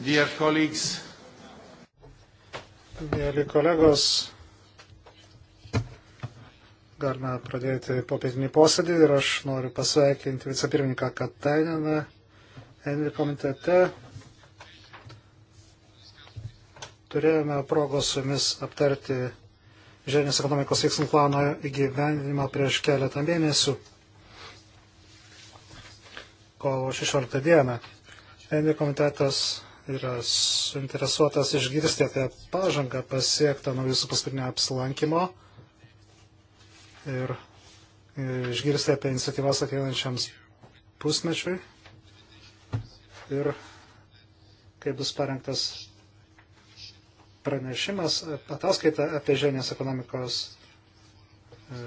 Dear colleagues. Mėly kolegos, galime pradėti popietinį posėdį ir aš noriu pasveikinti vicepirmininką Kataineną Envi komitete. Turėjome progos su jumis aptarti Žemės ekonomikos veiksmų plano įgyvendinimą prieš keletą mėnesių, kovo 16 dieną. Endi komitetas yra suinteresuotas išgirsti apie pažangą pasiektą nuo jūsų paskutinio apsilankimo ir e, išgirsti apie iniciatyvas ateinančiams pusmečiui ir kai bus parengtas pranešimas, ataskaita apie žemės ekonomikos e,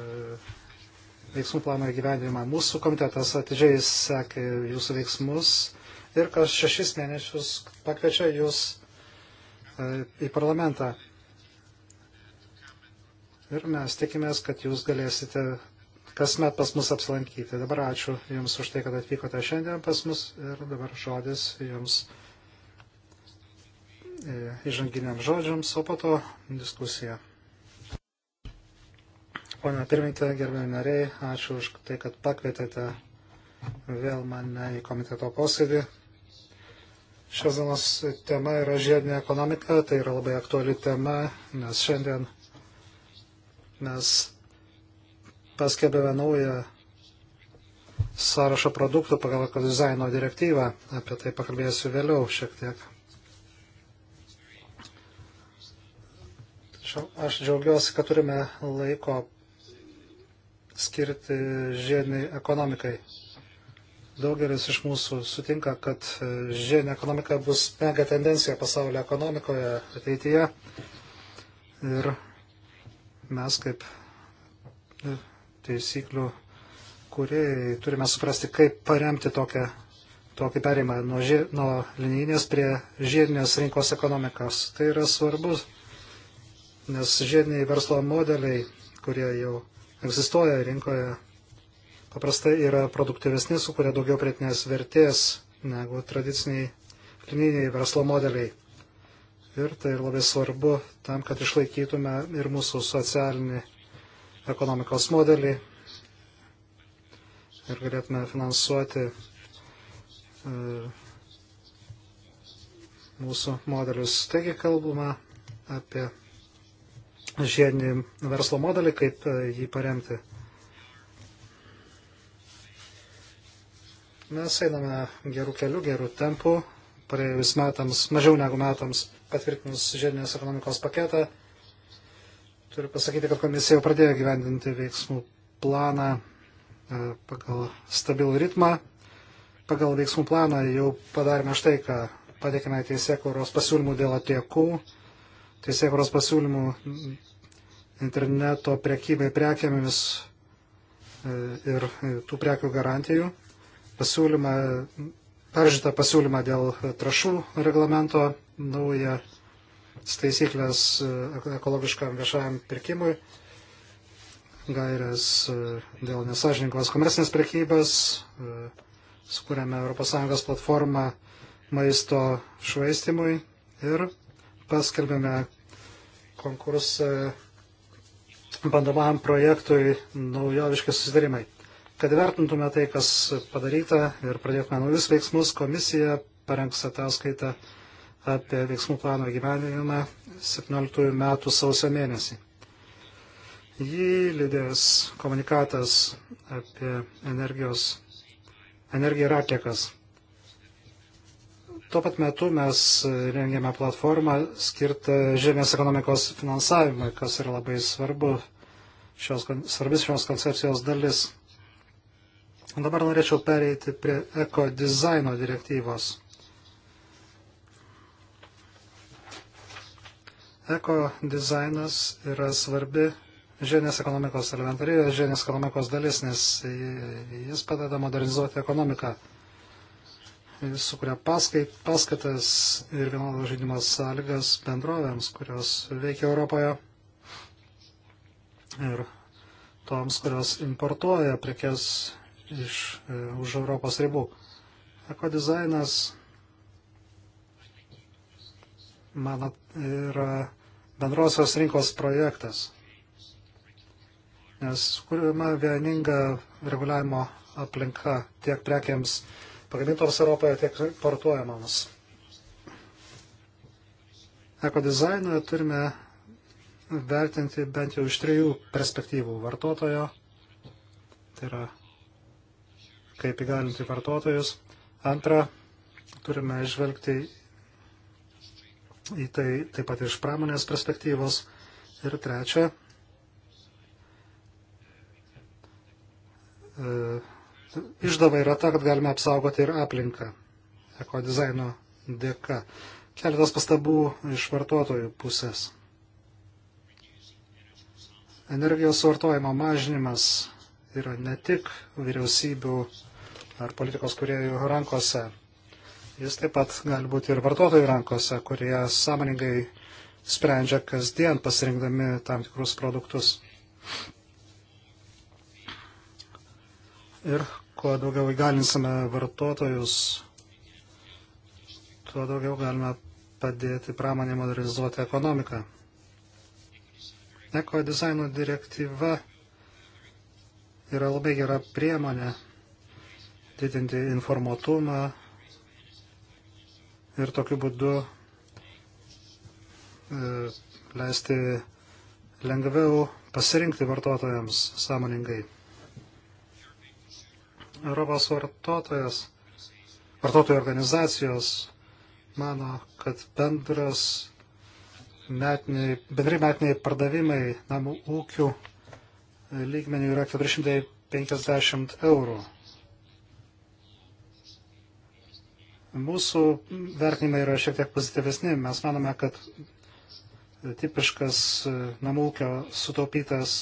veiksmų plano įgyvendinimą. Mūsų komitetas atidžiai sekė jūsų veiksmus ir kas šešis mėnesius pakviečia jūs e, į parlamentą. Ir mes tikimės, kad jūs galėsite kasmet pas mus apsilankyti. Dabar ačiū Jums už tai, kad atvykote šiandien pas mus ir dabar žodis Jums e, įžanginiam žodžiams, o po to diskusija. Pone pirmininkė, gerbėjai nariai, ačiū už tai, kad pakvietėte vėl mane į komiteto posėdį. Šios dienos tema yra žiedinė ekonomika, tai yra labai aktuali tema, nes šiandien mes paskelbėme naują sąrašą produktų pagal ekodizaino direktyvą. Apie tai pakalbėsiu vėliau šiek tiek. Aš džiaugiuosi, kad turime laiko skirti žiediniai ekonomikai. Daugelis iš mūsų sutinka, kad e, žiedinė ekonomika bus mega tendencija pasaulio ekonomikoje ateityje. Ir mes kaip e, taisyklių kuriai turime suprasti, kaip paremti tokią, tokį perimą nuo, ži, nuo linijinės prie žiedinės rinkos ekonomikos. Tai yra svarbus, nes žiediniai verslo modeliai, kurie jau egzistuoja rinkoje, paprastai yra produktyvesni, sukuria daugiau prietinės vertės negu tradiciniai lininiai verslo modeliai. Ir tai labai svarbu tam, kad išlaikytume ir mūsų socialinį ekonomikos modelį ir galėtume finansuoti e, mūsų modelius. Taigi kalbama apie žiedinį verslo modelį, kaip e, jį paremti. Mes einame gerų kelių, gerų tempų, praėjus metams, mažiau negu metams patvirtinus žiedinės ekonomikos paketą. Turiu pasakyti, kad komisija jau pradėjo gyvendinti veiksmų planą e, pagal stabilų ritmą. Pagal veiksmų planą jau padarėme štai, ką patekėme teisėkuros pasiūlymų dėl atliekų, teisėkuros pasiūlymų interneto prekybai prekiamis e, ir tų prekių garantijų pasiūlymą, peržiūrėtą pasiūlymą dėl trašų reglamento, naują taisyklės e, ekologiškam viešajam pirkimui, gairės e, dėl nesažininkos komersinės prekybos, e, sukūrėme ES platformą maisto švaistimui ir paskelbėme konkursą bandomam projektui naujoviški susidarimai. Kad vertintume tai, kas padaryta ir pradėtume naujus veiksmus, komisija parengs ataskaitą apie veiksmų plano gyvenimą 17 metų sausio mėnesį. Jį lydės komunikatas apie energijos, energiją ir atliekas. Tuo pat metu mes rengėme platformą skirtą žemės ekonomikos finansavimui, kas yra labai svarbu šios, svarbis šios koncepcijos dalis. Dabar norėčiau pereiti prie eko dizaino direktyvos. Eko dizainas yra svarbi žiedinės ekonomikos elementari, žiedinės ekonomikos dalis, nes jis padeda modernizuoti ekonomiką. Jis sukuria paskait, paskatas ir vienodo žaidimo sąlygas bendrovėms, kurios veikia Europoje ir toms, kurios importuoja prekes iš, e, už Europos ribų. Ekodizainas, man yra bendrosios rinkos projektas, nes kuriama vieninga reguliavimo aplinka tiek prekiams pagamintoms Europoje, tiek importuojamams. Ekodizainą turime vertinti bent jau iš trijų perspektyvų - vartotojo, tai yra kaip įgalinti vartotojus. Antra, turime žvelgti į tai taip pat iš pramonės perspektyvos. Ir trečia, e, išdava yra ta, kad galime apsaugoti ir aplinką eko dizaino dėka. Keletas pastabų iš vartotojų pusės. Energijos suvartojimo mažinimas yra ne tik vyriausybių ar politikos kuriejų rankose, jis taip pat gali būti ir vartotojų rankose, kurie sąmoningai sprendžia kasdien pasirinkdami tam tikrus produktus. Ir kuo daugiau įgalinsime vartotojus, tuo daugiau galime padėti pramonė modernizuoti ekonomiką. Eko dizaino direktyva yra labai gera priemonė didinti informuotumą ir tokiu būdu e, leisti lengviau pasirinkti vartotojams sąmoningai. Europos vartotojas, vartotojų organizacijos mano, kad bendras metiniai, bendrai metiniai pardavimai namų ūkių lygmenių yra 450 eurų. Mūsų vertinimai yra šiek tiek pozityvesni. Mes manome, kad tipiškas e, namūkio sutaupytas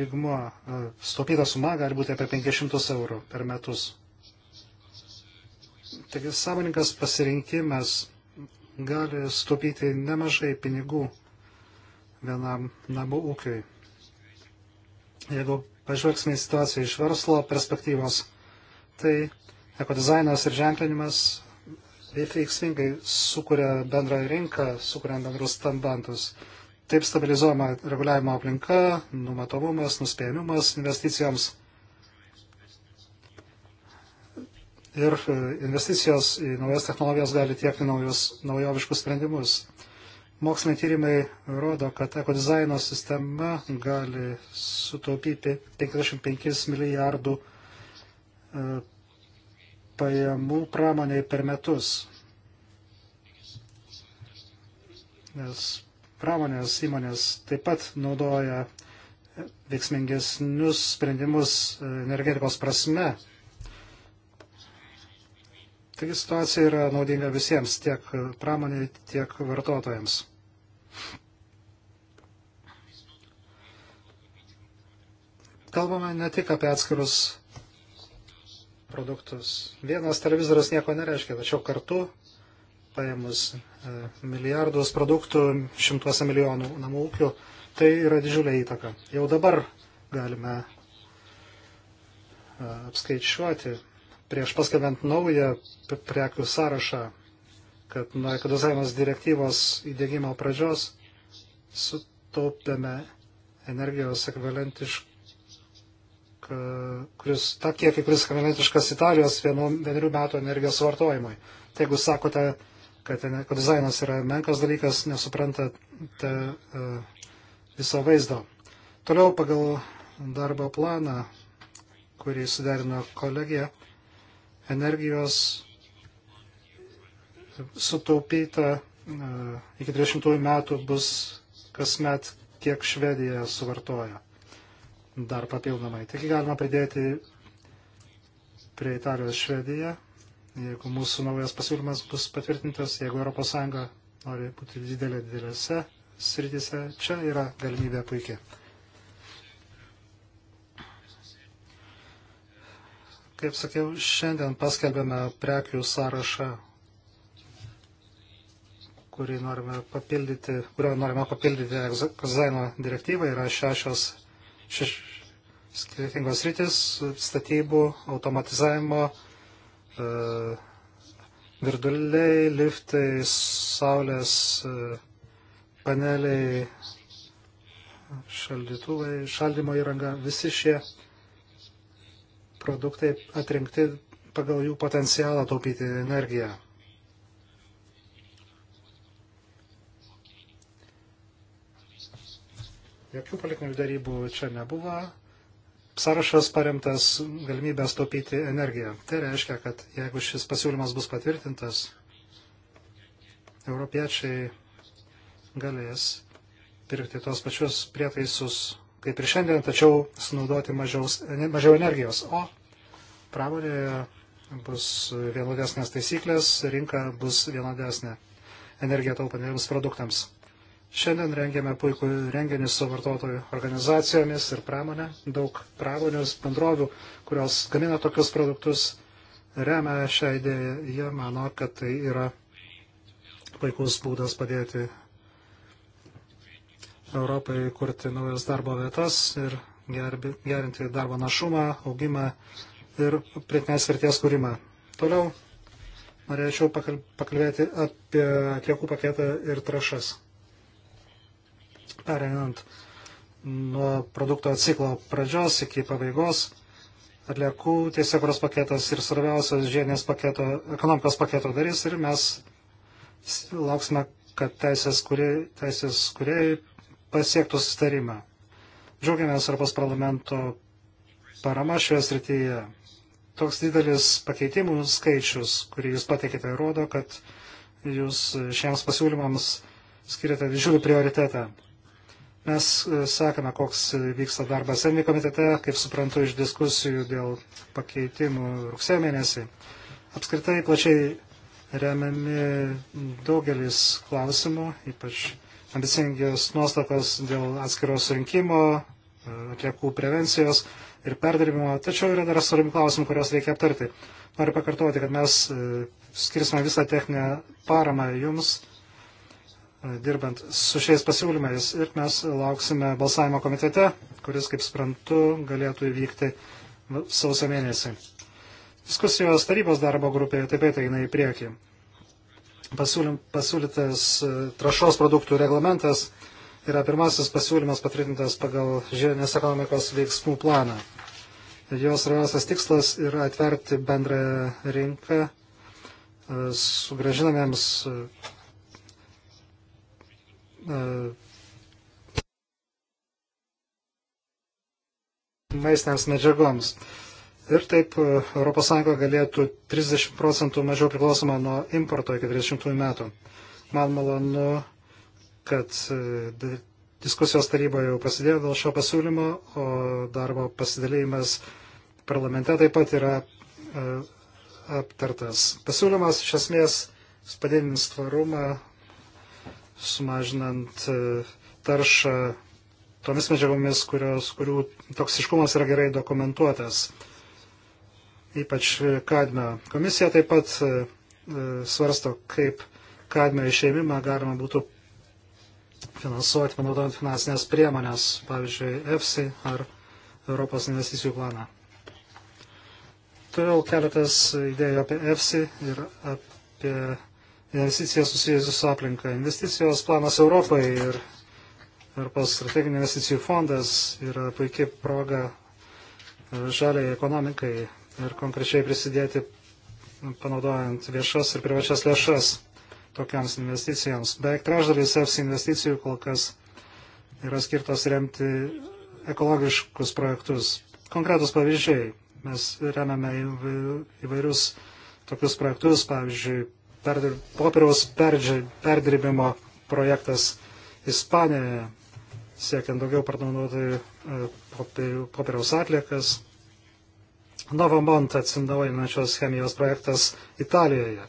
lygmuo, e, sutaupyta suma gali būti apie 500 eurų per metus. Taigi sąmoninkas pasirinkimas gali sutaupyti nemažai pinigų vienam namų ūkiui. Jeigu pažvelgsime į situaciją iš verslo perspektyvos, tai ekodizainas ir ženklinimas veiksmingai sukuria bendrą rinką, sukuria bendrus standartus. Taip stabilizuojama reguliavimo aplinka, numatomumas, nuspėjimumas investicijoms. Ir investicijos į naujas technologijas gali tiekti naujus, naujoviškus sprendimus. Moksliniai tyrimai rodo, kad ekodizaino sistema gali sutaupyti 55 milijardų e, pajamų pramoniai per metus. Nes pramonės įmonės taip pat naudoja veiksmingesnius sprendimus e, energetikos prasme. Taigi situacija yra naudinga visiems, tiek pramoniai, tiek vartotojams. Kalbame ne tik apie atskirus produktus. Vienas televizorius nieko nereiškia, tačiau kartu paėmus e, milijardus produktų šimtuose milijonų namų ūkių, tai yra didžiulė įtaka. Jau dabar galime e, apskaičiuoti prieš paskelbent naują prekių sąrašą kad nuo ekodozavimas direktyvos įdėgymo pradžios sutaupėme energijos ekvivalentišką kuris, tą kiekį, kuris ekvivalentiškas Italijos vienerių metų energijos vartojimui. Tai jeigu sakote, kad, kad dizainas yra menkas dalykas, nesuprantate uh, viso vaizdo. Toliau pagal darbo planą, kurį suderino kolegija, energijos sutaupyta e, iki 30 metų bus kasmet, kiek Švedija suvartoja dar papildomai. Taigi galima pridėti prie Italijos Švediją, jeigu mūsų naujas pasiūlymas bus patvirtintas, jeigu ES nori būti didelė didelėse srityse, čia yra galimybė puikia. Kaip sakiau, šiandien paskelbėme prekių sąrašą kurį norime papildyti, kurio norime papildyti dizaino direktyvą, yra šešios šeš, skirtingos rytis - statybų, automatizavimo, e, virduliai, liftai, saulės e, paneliai, šaldytuvai, šaldymo įranga, visi šie produktai atrinkti pagal jų potencialą taupyti energiją. Jokių politinių darybų čia nebuvo. Sąrašas paremtas galimybės taupyti energiją. Tai reiškia, kad jeigu šis pasiūlymas bus patvirtintas, europiečiai galės pirkti tos pačius prietaisus kaip ir šiandien, tačiau sunaudoti mažiaus, mažiau energijos. O pramonėje bus vienodesnės taisyklės, rinka bus vienodesnė energiją taupantiems produktams. Šiandien rengiame puikų renginį su vartotojų organizacijomis ir pramonė. Daug pramonės bendrovių, kurios gamina tokius produktus, remia šią idėją. Jie mano, kad tai yra puikus būdas padėti Europai kurti naujas darbo vietas ir gerbi, gerinti darbo našumą, augimą ir pritinės vertės kūrimą. Toliau norėčiau pakalbėti apie atliekų paketą ir trašas pereinant nuo produkto ciklo pradžios iki pabaigos, atliekų teisėkuros paketas ir svarbiausias žiedinės paketo, ekonomikos paketo darys ir mes lauksime, kad teisės, kurie, teisės kuriai pasiektų sustarimą. Džiaugiamės Europos parlamento parama šioje srityje. Toks didelis pakeitimų skaičius, kurį jūs pateikėte, rodo, kad jūs šiems pasiūlymams skiriate didžiulį prioritetą. Mes e, sekame, koks vyksta darbas Envi komitete, kaip suprantu iš diskusijų dėl pakeitimų rugsėjo mėnesį. Apskritai plačiai remiami daugelis klausimų, ypač ambicingios nuostatos dėl atskiros rinkimo, e, atliekų prevencijos ir perdarimo, tačiau yra dar svarbių klausimų, kuriuos reikia aptarti. Noriu pakartoti, kad mes e, skirsime visą techninę paramą jums dirbant su šiais pasiūlymais ir mes lauksime balsavimo komitete, kuris, kaip sprantu, galėtų įvykti sausio mėnesį. Diskusijos tarybos darbo grupėje taip pat eina į priekį. Pasiūlym, pasiūlytas e, trašos produktų reglamentas yra pirmasis pasiūlymas patvirtintas pagal žiedinės ekonomikos veiksmų planą. Jos svarbiausias tikslas yra atverti bendrą rinką e, sugražinamiems E, maistinėms medžiagoms. Ir taip ES galėtų 30 procentų mažiau priklausoma nuo importo iki 30 metų. Man malonu, kad e, diskusijos taryboje jau prasidėjo dėl šio pasiūlymo, o darbo pasidalėjimas parlamente taip pat yra e, aptartas. Pasiūlymas iš esmės padidins tvarumą sumažinant e, taršą tomis medžiagomis, kurios, kurių toksiškumas yra gerai dokumentuotas, ypač kadmio. Komisija taip pat e, e, svarsto, kaip kadmio išėmimą galima būtų finansuoti, panaudojant finansinės priemonės, pavyzdžiui, EFSI ar Europos investicijų planą. Toliau keletas idėjų apie EFSI ir apie investicijas susijusius su aplinka. Investicijos planas Europai ir Europos strateginių investicijų fondas yra puikia proga e, žaliai ekonomikai ir konkrečiai prisidėti panaudojant viešas ir privačias lėšas tokiams investicijoms. Beveik trešdalis EFSI investicijų kol kas yra skirtos remti ekologiškus projektus. Konkretus pavyzdžiai. Mes remiame įvairius tokius projektus, pavyzdžiui, perdir, popieriaus perdirbimo projektas Ispanijoje, siekiant daugiau parduoti e, popieriaus atliekas. Novamont atsinaujinančios chemijos projektas Italijoje.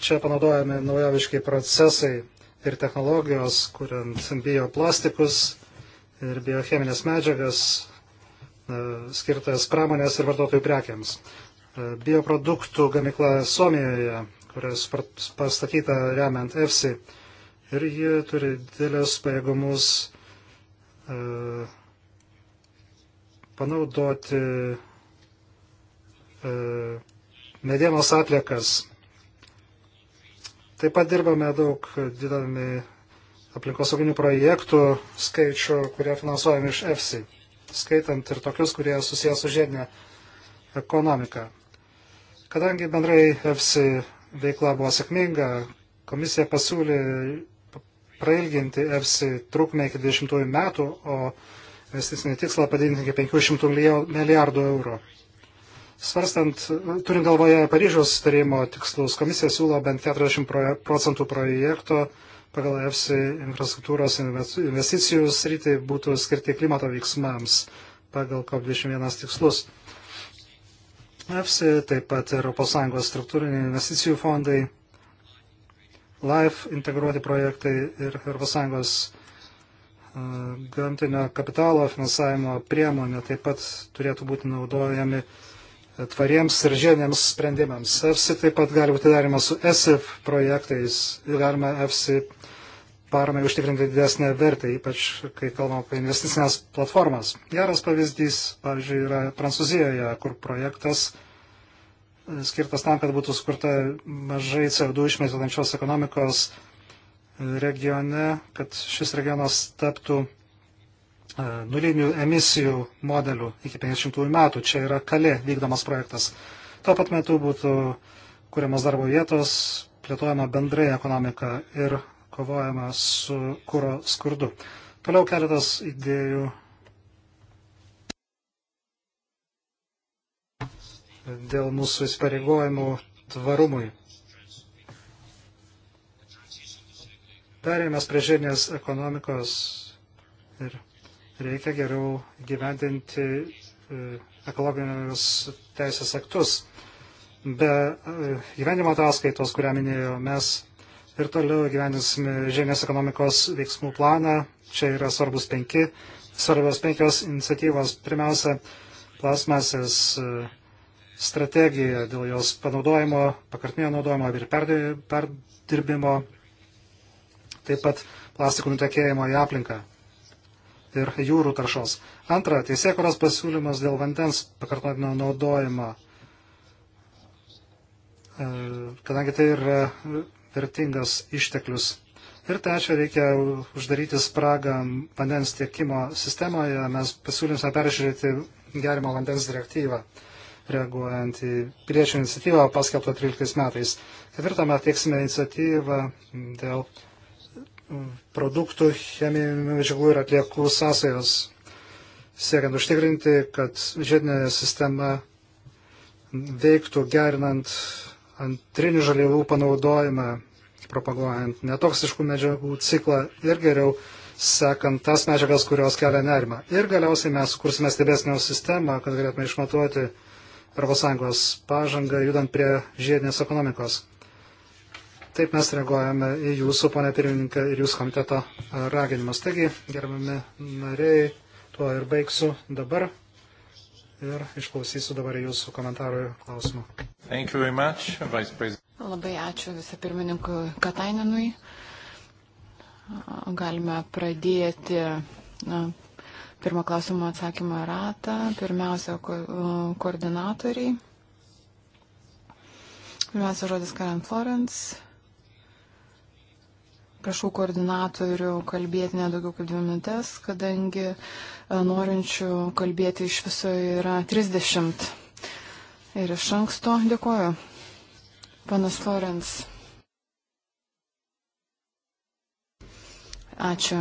Čia panaudojami naujoviškai procesai ir technologijos, kuriant bioplastikus ir biocheminės medžiagas e, skirtas pramonės ir vartotojų prekiams. E, bioproduktų gamikla Suomijoje kurias pastatyta remiant EFSI. Ir ji turi didelės pajėgumus e, panaudoti e, medienos atliekas. Taip pat dirbame daug didami aplinkosauginių projektų skaičių, kurie finansuojami iš EFSI, skaitant ir tokius, kurie susijęs su žiedinė ekonomika. Kadangi bendrai EFSI veikla buvo sėkminga. Komisija pasiūlė prailginti EFSI trukmę iki 20 metų, o investicinį tikslą padidinti iki 500 milijardų eurų. Svarstant, turint galvoje Paryžiaus sutarimo tikslus, komisija siūlo bent 40 procentų projekto pagal EFSI infrastruktūros investicijų sritį būtų skirti klimato veiksmams pagal COP21 tikslus. EFSI, taip pat ES struktūriniai investicijų fondai, LIFE integruoti projektai ir ES e, gamtinio kapitalo finansavimo priemonė taip pat turėtų būti naudojami e, tvariems ir žiediniams sprendimams. EFSI taip pat gali būti darima su ESIF projektais, galima EFSI paramai užtikrinti didesnę vertę, ypač kai kalbam apie investicinės platformas. Geras pavyzdys, pavyzdžiui, yra Prancūzijoje, kur projektas e, skirtas tam, kad būtų skurta mažai CO2 išmetančios ekonomikos e, regione, kad šis regionas taptų e, nulinių emisijų modelių iki 50 metų. Čia yra kalė vykdomas projektas. Tuo pat metu būtų kuriamas darbo vietos, plėtojama bendrai ekonomika ir kovojama su kūro skurdu. Toliau keletas idėjų dėl mūsų įsipareigojimų tvarumui. Perėjimas prie žiedinės ekonomikos ir reikia geriau gyvendinti e, ekologinius teisės aktus. Be e, gyvenimo ataskaitos, kurią minėjau, mes ir toliau gyveninsime žemės ekonomikos veiksmų planą. Čia yra svarbus penki, svarbios penkios iniciatyvos. Pirmiausia, plasmasės e, strategija dėl jos panaudojimo, pakartinio naudojimo ir perdirbimo, taip pat plastikų nutekėjimo į aplinką ir jūrų taršos. Antra, teisėkuros pasiūlymas dėl vandens pakartotinio naudojimo, e, kadangi tai yra vertingas išteklius. Ir trečia, reikia uždaryti spragą vandens tiekimo sistemoje. Mes pasiūlymsime peržiūrėti gerimo vandens direktyvą, reaguojant į priešinį iniciatyvą paskelbtą 13 metais. Ketvirtame teiksime iniciatyvą dėl produktų, cheminių medžiagų ir atliekų sąsajos, siekiant užtikrinti, kad žiedinė sistema veiktų gerinant antrinių žaliavų panaudojimą, propaguojant netoksiškų medžiagų ciklą ir geriau sekant tas medžiagas, kurios kelia nerimą. Ir galiausiai mes kursime stebėsnio sistemą, kad galėtume išmatuoti ES pažangą judant prie žiedinės ekonomikos. Taip mes reaguojame į jūsų, ponė pirmininkė, ir jūsų komiteto raginimus. Taigi, gerbami nariai, tuo ir baigsiu dabar ir išklausysiu dabar jūsų komentarų ir klausimų. Much, Labai ačiū vicepirmininkui Katainenui. Galime pradėti na, pirmą klausimą atsakymą ratą. Pirmiausia, ko, koordinatoriai. Pirmiausia, žodis Karen Florence prašau koordinatorių kalbėti nedaugiau kaip dvi minutės, kadangi e, norinčių kalbėti iš viso yra 30. Ir iš anksto dėkoju. Panas Florens. Ačiū.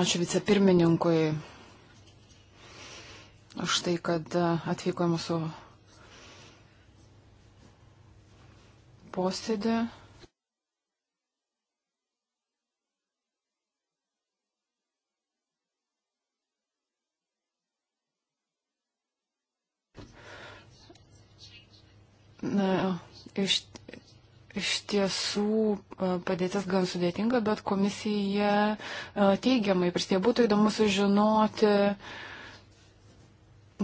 Ačiū vicepirmininkui už tai, kad e, atvyko į mūsų posėdį. Na, iš, iš tiesų padėtis gan sudėtinga, bet komisija teigiamai prisidėjo. Būtų įdomu sužinoti,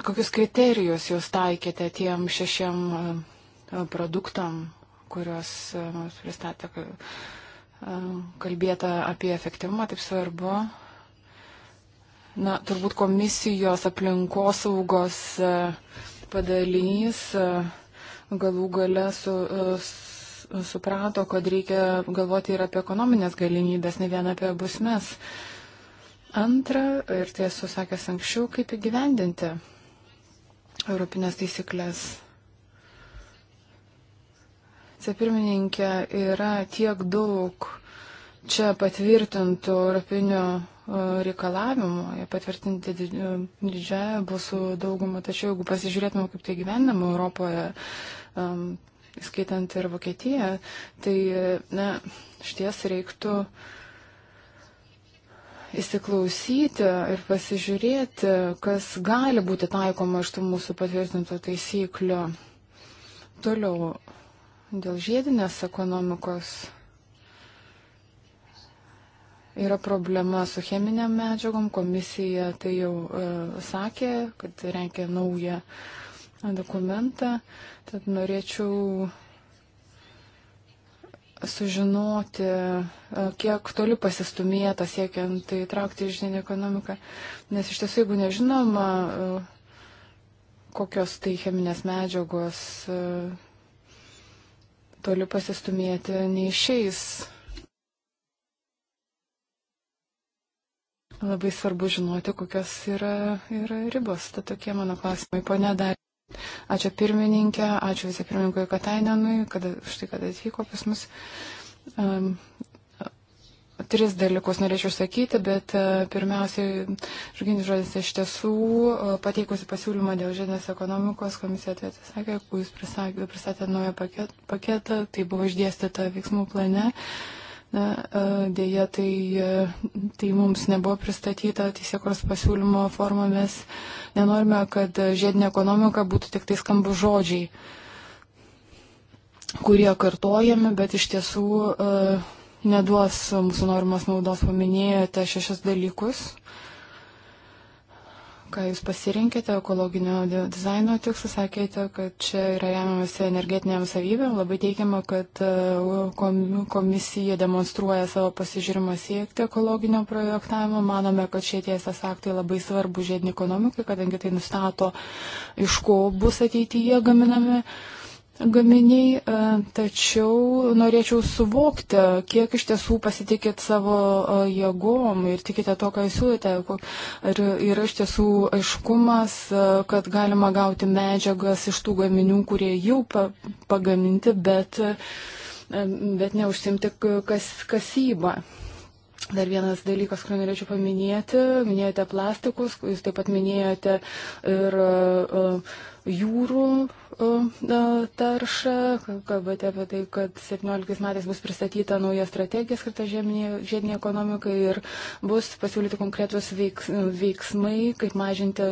kokius kriterijus jūs taikėte tiem šešiem produktam, kuriuos mums pristatė kalbėta apie efektyvumą, taip svarbu. Na, turbūt komisijos aplinkosaugos padalys. Uh, galų gale su, e, su, suprato, kad reikia galvoti ir apie ekonominės galimybės, ne vien apie busmes. Antra, ir tai esu sakęs anksčiau, kaip įgyvendinti Europinės taisyklės. Cepirmininkė yra tiek daug čia patvirtintų Europinio reikalavimų patvirtinti didžiąją balsų daugumą. Tačiau jeigu pasižiūrėtume, kaip tai gyvenama Europoje, um, skaitant ir Vokietiją, tai na, šties reiktų įsiklausyti ir pasižiūrėti, kas gali būti taikoma iš tų mūsų patvirtintų taisyklių. Toliau dėl žiedinės ekonomikos yra problema su cheminiam medžiagom. Komisija tai jau e, sakė, kad reikia naują dokumentą. Tad norėčiau sužinoti, e, kiek toli pasistumėta siekiant tai traukti į žininį ekonomiką. Nes iš tiesų, jeigu nežinoma, e, kokios tai cheminės medžiagos e, toli pasistumėti neišeis. Labai svarbu žinoti, kokios yra, yra ribos. Tad tokie mano klausimai, ponė Darė. Ačiū pirmininkė, ačiū vicepirmininkui Katainenui, kad štai kad atvyko pas mus. Um, Tris dalykus norėčiau sakyti, bet e, pirmiausiai, žurginis žodis iš tiesų, e, pateikusi pasiūlymą dėl žemės ekonomikos, komisija tai atsisakė, kai jūs pristatėte naują paketą, paketą, tai buvo išdėstyta veiksmų plane. Uh, Na, e, dėja, tai, e, tai mums nebuvo pristatyta teisėkos pasiūlymo forma, mes nenorime, kad žiedinė ekonomika būtų tik tai skambų žodžiai, kurie kartojami, bet iš tiesų e, neduos mūsų norimos naudos. Paminėjote šešis dalykus. Uh, ką jūs pasirinkėte ekologinio dizaino tikslą, sakėte, kad čia yra remiamasi energetiniam savybėm, labai teikiama, kad e, komisija demonstruoja savo pasižiūrimą siekti ekologinio projektavimo. Manome, kad šie tiesės aktai labai svarbu žiedinį ekonomikai, kadangi tai nustato, iš ko bus ateityje gaminami. Uh, gaminiai, e, tačiau norėčiau suvokti, kiek iš tiesų pasitikit savo e, jėgom ir tikite to, ką jūs siūlite. Ar yra iš tiesų aiškumas, e, kad galima gauti medžiagas iš tų gaminių, kurie jau pagaminti, bet, bet neužsimti kas, kasybą. Dar vienas dalykas, kurį norėčiau paminėti, minėjote plastikus, jūs taip pat minėjote ir uh, jūrų e, taršą, kalbate apie tai, kad 17 metais bus pristatyta nauja strategija skirta žiedinė ekonomikai ir bus pasiūlyti konkretus veiks, veiksmai, kaip mažinti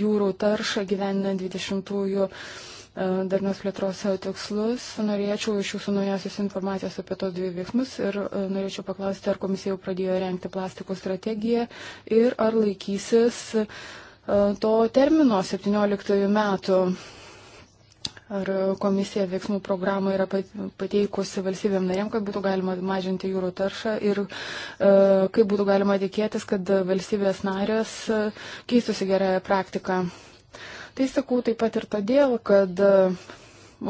jūrų taršą gyvenant 20-ųjų e, darnios plėtros tikslus. Norėčiau iš jūsų naujausios informacijos apie tos dvi veiksmus ir e, norėčiau paklausti, ar komisija jau pradėjo renkti plastikų strategiją ir ar laikysis uh, E, to termino 17 metų. Ar komisija veiksmų programą yra pateikusi valstybėm narėm, kad būtų galima mažinti jūrų taršą ir e, kaip būtų galima tikėtis, kad valstybės narės e, keistųsi gerąją praktiką. Tai sakau taip pat ir todėl, kad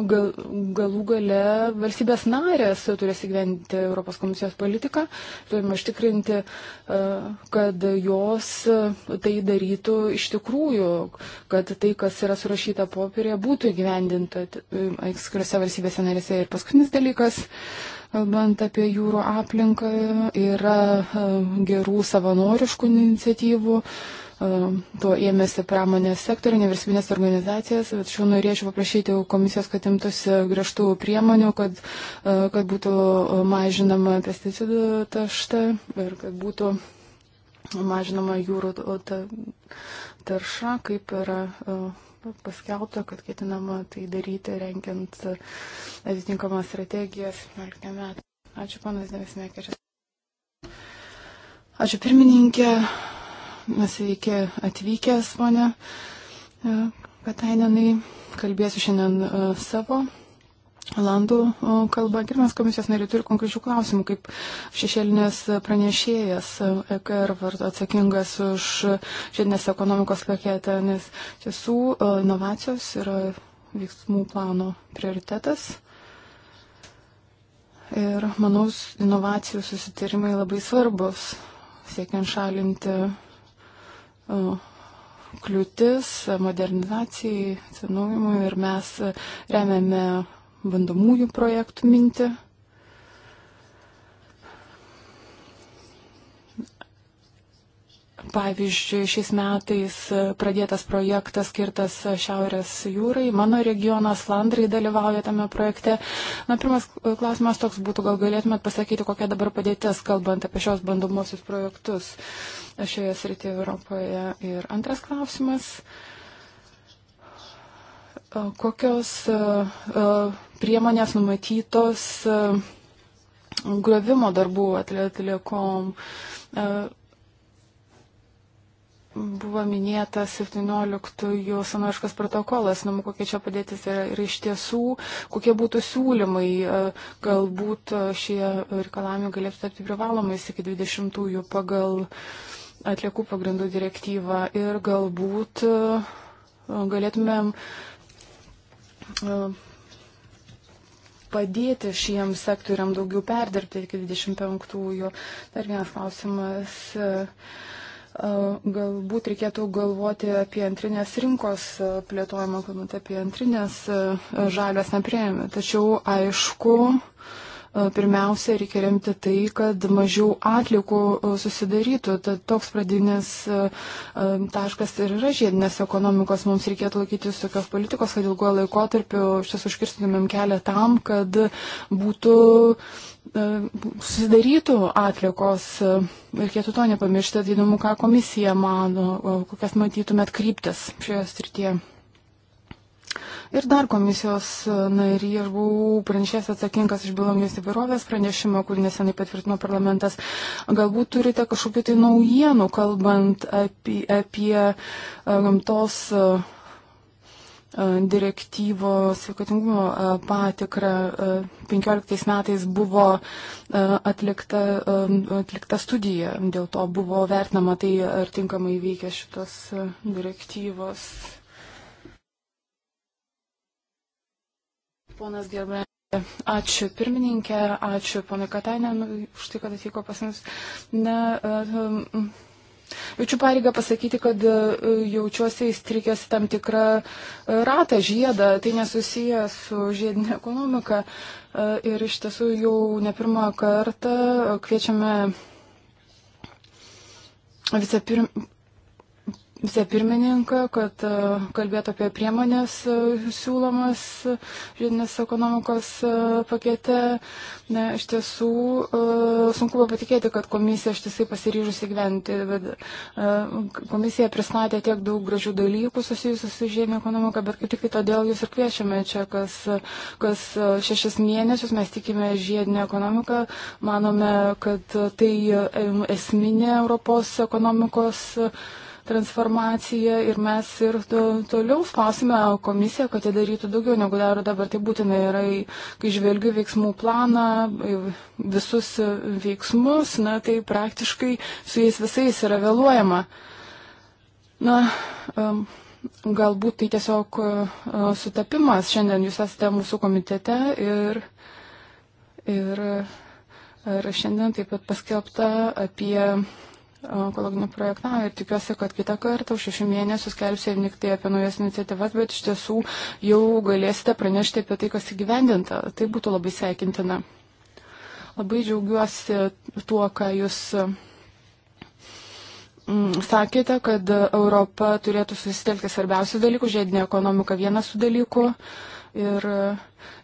gal, galų gale valstybės narės turės įgyventi Europos komisijos politiką, turime ištikrinti, e, kad jos e, tai darytų iš tikrųjų, kad tai, kas yra surašyta popierė, būtų įgyvendinta e, atskirose valstybėse narėse. Ir paskutinis dalykas kalbant apie jūrų aplinką, yra gerų savanoriškų iniciatyvų, to ėmėsi pramonės sektorių, nevyriausybinės organizacijas. Tačiau norėčiau paprašyti komisijos, kad imtųsi griežtų priemonių, kad, e, kad būtų mažinama pesticidų tašta ir kad būtų mažinama jūrų tarša, kaip yra e, paskelbta, kad ketinama tai daryti, renkiant atitinkamas strategijas 17 metų. Ačiū, panas Devesmekeris. Ačiū, pirmininkė. Sveiki atvykęs, ponė Katainenai. E, Kalbėsiu šiandien e, savo Landų e, kalba. Gerbiamas komisijos nariai turi konkrečių klausimų, kaip šešėlinės pranešėjas EKR vardu atsakingas už žiedinės ekonomikos paketą, nes tiesų inovacijos yra veiksmų plano prioritetas. Ir manau, inovacijų susitarimai labai svarbus, siekiant šalinti kliūtis modernizacijai, atsinaujimui ir mes remiame bandomųjų projektų mintį. Pavyzdžiui, šiais metais pradėtas projektas skirtas Šiaurės jūrai. Mano regionas Landrai dalyvauja tame projekte. Na, pirmas klausimas toks būtų, gal galėtumėt pasakyti, kokia dabar padėtis, kalbant apie šios bandomosius projektus šioje srityje Europoje. Ir antras klausimas. Kokios e, e, priemonės numatytos e, grovimo darbų atliekom? Atli buvo minėtas 17-ųjų sanoiškas protokolas, nu, kokia čia padėtis yra ir iš tiesų, kokie būtų siūlymai, e, galbūt e, šie reikalavimai galėtų tapti privalomais iki 20-ųjų pagal atliekų pagrindų direktyvą ir galbūt e, galėtumėm padėti šiems sektoriam daugiau perdirbti iki 25-ųjų. Dar vienas klausimas. Uh, Galbūt reikėtų galvoti apie antrinės rinkos plėtojimą, kalbant apie antrinės žalias neprieimę. Tačiau aišku, E, pirmiausia, reikia remti tai, kad mažiau atlikų e, susidarytų. Tad toks pradinis e, taškas ir yra žiedinės ekonomikos. Mums reikėtų laikytis tokios politikos, kad ilguoju laikotarpiu šis užkirstumėm kelią tam, kad būtų susidarytų atlikos. Reikėtų to nepamiršti, įdomu, ką komisija mano, kokias matytumėt kryptis šioje srityje. Ir dar komisijos narį, aš buvau pranešęs atsakingas iš biologijos įvairovės pranešimo, kurį nesenai patvirtino parlamentas. Galbūt turite kažkokiu tai naujienų, kalbant apie, apie e, gamtos e, e, direktyvo sveikatingumo patikrą. 15 metais buvo atlikta, atlikta studija, dėl to buvo vertinama tai, ar tinkamai veikia šitos direktyvos Ponas Gerbė. Ačiū pirmininkė, ačiū ponai Katainė nu, už tai, kad atvyko pas mus. Na, um, jaučiu pareigą pasakyti, kad e, jaučiuosi įstrikęs tam tikrą e, ratą, žiedą, tai nesusiję su žiedinė ekonomika. E, ir iš tiesų jau ne pirmą kartą kviečiame vicepirm, vicepirmininką, kad e, kalbėtų apie priemonės e, siūlomas e, žiedinės ekonomikos pakete. Ne, iš tiesų sunku buvo patikėti, kad komisija iš tiesai pasiryžusi gyventi. Bet komisija pristatė tiek daug gražių dalykų susijusių su žiedinė ekonomika, bet kaip tik tai todėl jūs ir kviečiame čia, kas, kas šešis mėnesius mes tikime žiedinę ekonomiką. Manome, kad tai esminė Europos ekonomikos. Uh, transformaciją ir mes ir to, toliau spausime komisiją, kad jie darytų daugiau negu daro dabar. Tai būtina yra, kai žvelgiu veiksmų planą, visus veiksmus, na, tai praktiškai su jais visais yra vėluojama. Na, um, galbūt tai tiesiog e, sutapimas. Šiandien jūs esate mūsų komitete ir, ir, ir šiandien taip pat paskelbta apie ekologinio projektą ir tikiuosi, kad kitą kartą už šešių mėnesių skelbsiu ne tik tai apie naujas iniciatyvas, bet iš tiesų jau galėsite pranešti apie tai, kas įgyvendinta. Tai būtų labai sveikintina. Labai džiaugiuosi tuo, ką jūs mm, sakėte, kad Europa turėtų susitelkti svarbiausių dalykų, žiedinė ekonomika vienas su dalyku. Uh, ir,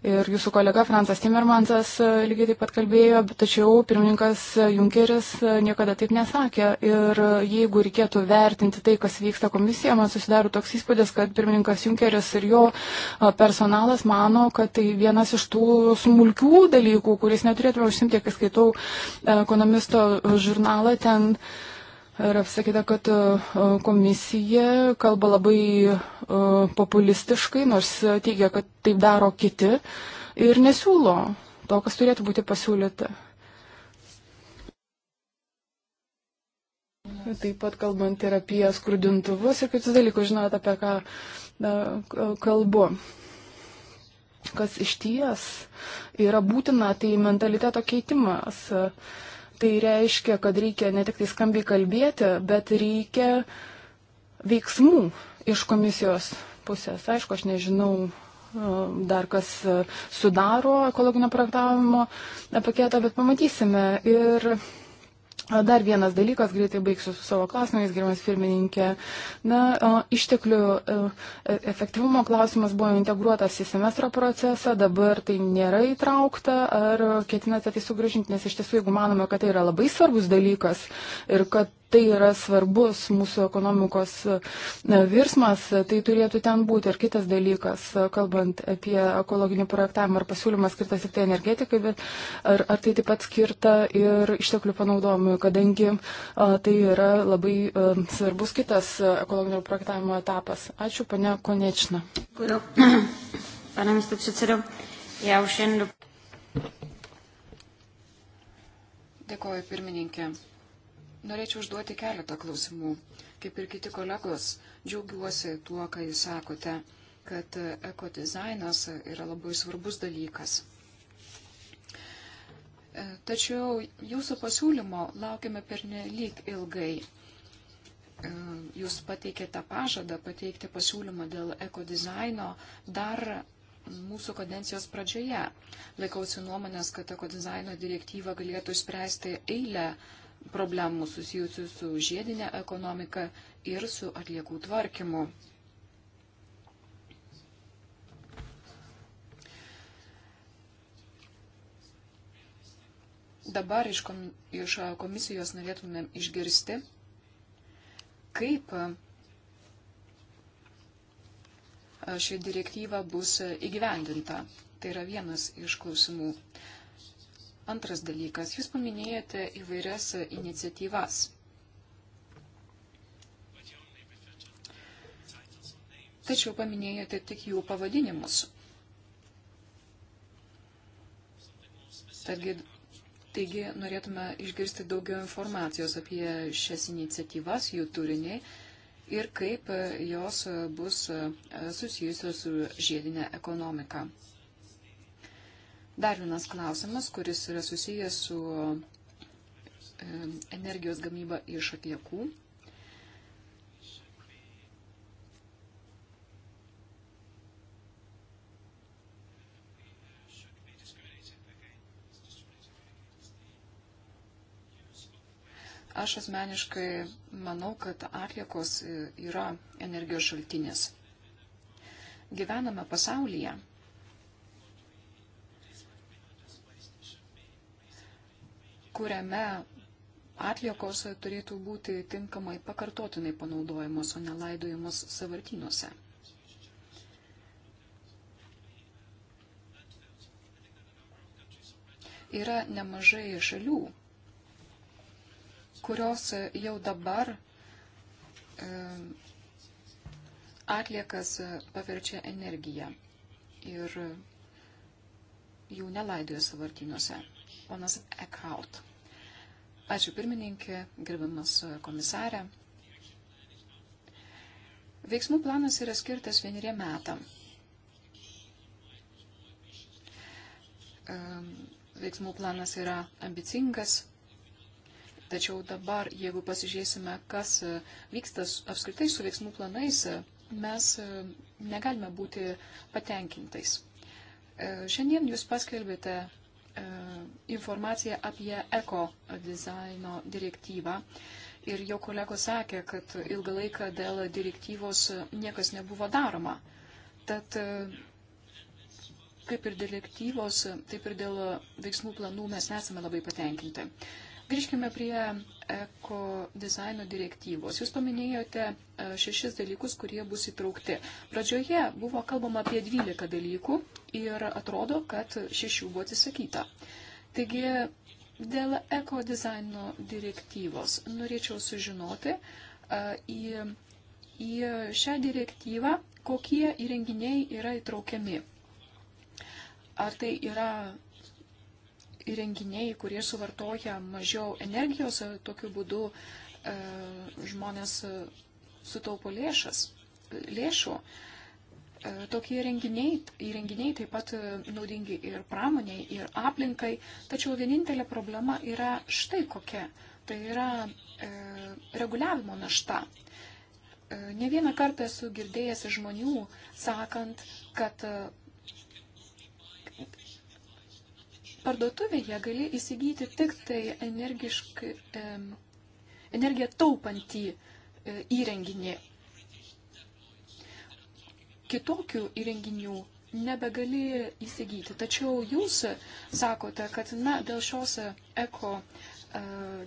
ir jūsų kolega Fransas Timmermansas e, lygiai taip pat kalbėjo, tačiau pirmininkas Junkeris e, niekada taip nesakė. Ir e, jeigu reikėtų vertinti tai, kas vyksta komisija, man susidaro toks įspūdis, kad pirmininkas Junkeris ir jo personalas mano, kad tai vienas iš tų smulkių dalykų, kuris neturėtume užsimti, kai skaitau ekonomisto žurnalą ten. Uh, Yra sakyta, kad e, e, komisija kalba labai e, populistiškai, nors teigia, kad taip daro kiti ir nesiūlo to, kas turėtų būti pasiūlyta. Taip pat kalbant ir apie skrudintuvus ir kitus dalykus, žinot, apie ką na, kalbu. Kas iš ties yra būtina, tai mentaliteto keitimas. Uh, Tai reiškia, kad reikia ne tik tai skambiai kalbėti, bet reikia veiksmų iš komisijos pusės. Aišku, aš nežinau e, dar kas e, sudaro ekologinio projektavimo e, paketą, bet pamatysime. Ir Dar vienas dalykas, greitai baigsiu su savo klausimais, gerimas pirmininkė. Na, išteklių e, e, efektyvumo klausimas buvo integruotas į semestro procesą, dabar tai nėra įtraukta, ar ketinate tai sugražinti, nes iš tiesų, jeigu manome, kad tai yra labai svarbus dalykas ir kad tai yra svarbus mūsų ekonomikos e, virsmas, tai turėtų ten būti. Ir kitas dalykas, e, kalbant apie ekologinį projektavimą, ar pasiūlymas skirtas tik tai energetikai, bet ar, ar tai taip pat skirta ir išteklių panaudojimui, kadangi a, e, tai yra labai a, svarbus kitas ekologinio projektavimo etapas. Ačiū, pane Konečna. Pane místo předsedo, já už jen do... Dėkuoju pirmininkė. Norėčiau užduoti keletą klausimų. Kaip ir kiti kolegos, džiaugiuosi tuo, ką jūs sakote, kad ekodizainas yra labai svarbus dalykas. E, tačiau jūsų pasiūlymo laukiame per nelik ilgai. E, jūs pateikėte pažadą pateikti pasiūlymą dėl ekodizaino dar mūsų kadencijos pradžioje. Laikausi nuomonės, kad ekodizaino direktyva galėtų išspręsti eilę problemų susijusių su žiedinė ekonomika ir su atliekų tvarkymu. Dabar iš komisijos norėtumėm išgirsti, kaip ši direktyva bus įgyvendinta. Tai yra vienas iš klausimų. Antras dalykas, jūs paminėjote įvairias iniciatyvas. Tačiau paminėjote tik jų pavadinimus. Taigi, taigi norėtume išgirsti daugiau informacijos apie šias iniciatyvas, jų turinį ir kaip jos bus susijusios su žiedinė ekonomika. Dar vienas klausimas, kuris yra susijęs su e, energijos gamyba iš atliekų. aš asmeniškai manau, kad atliekos e, yra energijos šaltinis. Gyvename pasaulyje, kuriame atliekos turėtų būti tinkamai pakartotinai panaudojamos, o nelaidojamos savartynuose. Yra nemažai šalių, kurios jau dabar e, atliekas paverčia energiją ir jų nelaidoja savartynuose. Ponas Eckhout. Ačiū pirmininkė, gerbiamas komisarė. Veiksmų planas yra skirtas vieneriem metam. Ehm, veiksmų planas yra ambicingas, tačiau dabar, jeigu pasižiūrėsime, kas e, vyksta apskritai su veiksmų planais, e, mes e, negalime būti patenkintais. Šiandien jūs paskelbėte E, informaciją apie eko dizaino direktyvą. Ir jau kolegos sakė, kad ilgą laiką dėl direktyvos niekas nebuvo daroma. Tad e, kaip ir direktyvos, taip ir dėl veiksmų planų mes nesame labai patenkinti. Grįžkime prie eko dizaino direktyvos. Jūs paminėjote e, šešis dalykus, kurie bus įtraukti. Pradžioje buvo kalbama apie 12 dalykų ir atrodo, kad šešių buvo atsisakyta. Taigi, dėl eko dizaino direktyvos norėčiau sužinoti e, į, į šią direktyvą, kokie įrenginiai yra įtraukiami. Ar tai yra įrenginiai, kurie suvartoja mažiau energijos, tokiu būdu e, žmonės e, sutaupo lėšas, lėšų. E, tokie įrenginiai, įrenginiai taip pat naudingi ir pramoniai, ir aplinkai, tačiau vienintelė problema yra štai kokia. Tai yra e, reguliavimo našta. E, ne vieną kartą esu girdėjęs žmonių sakant, kad parduotuvėje gali įsigyti tik tai energiškai, energiją taupantį e, įrenginį. Kitokių įrenginių nebegali įsigyti. Tačiau jūs sakote, kad na, dėl šios eko e,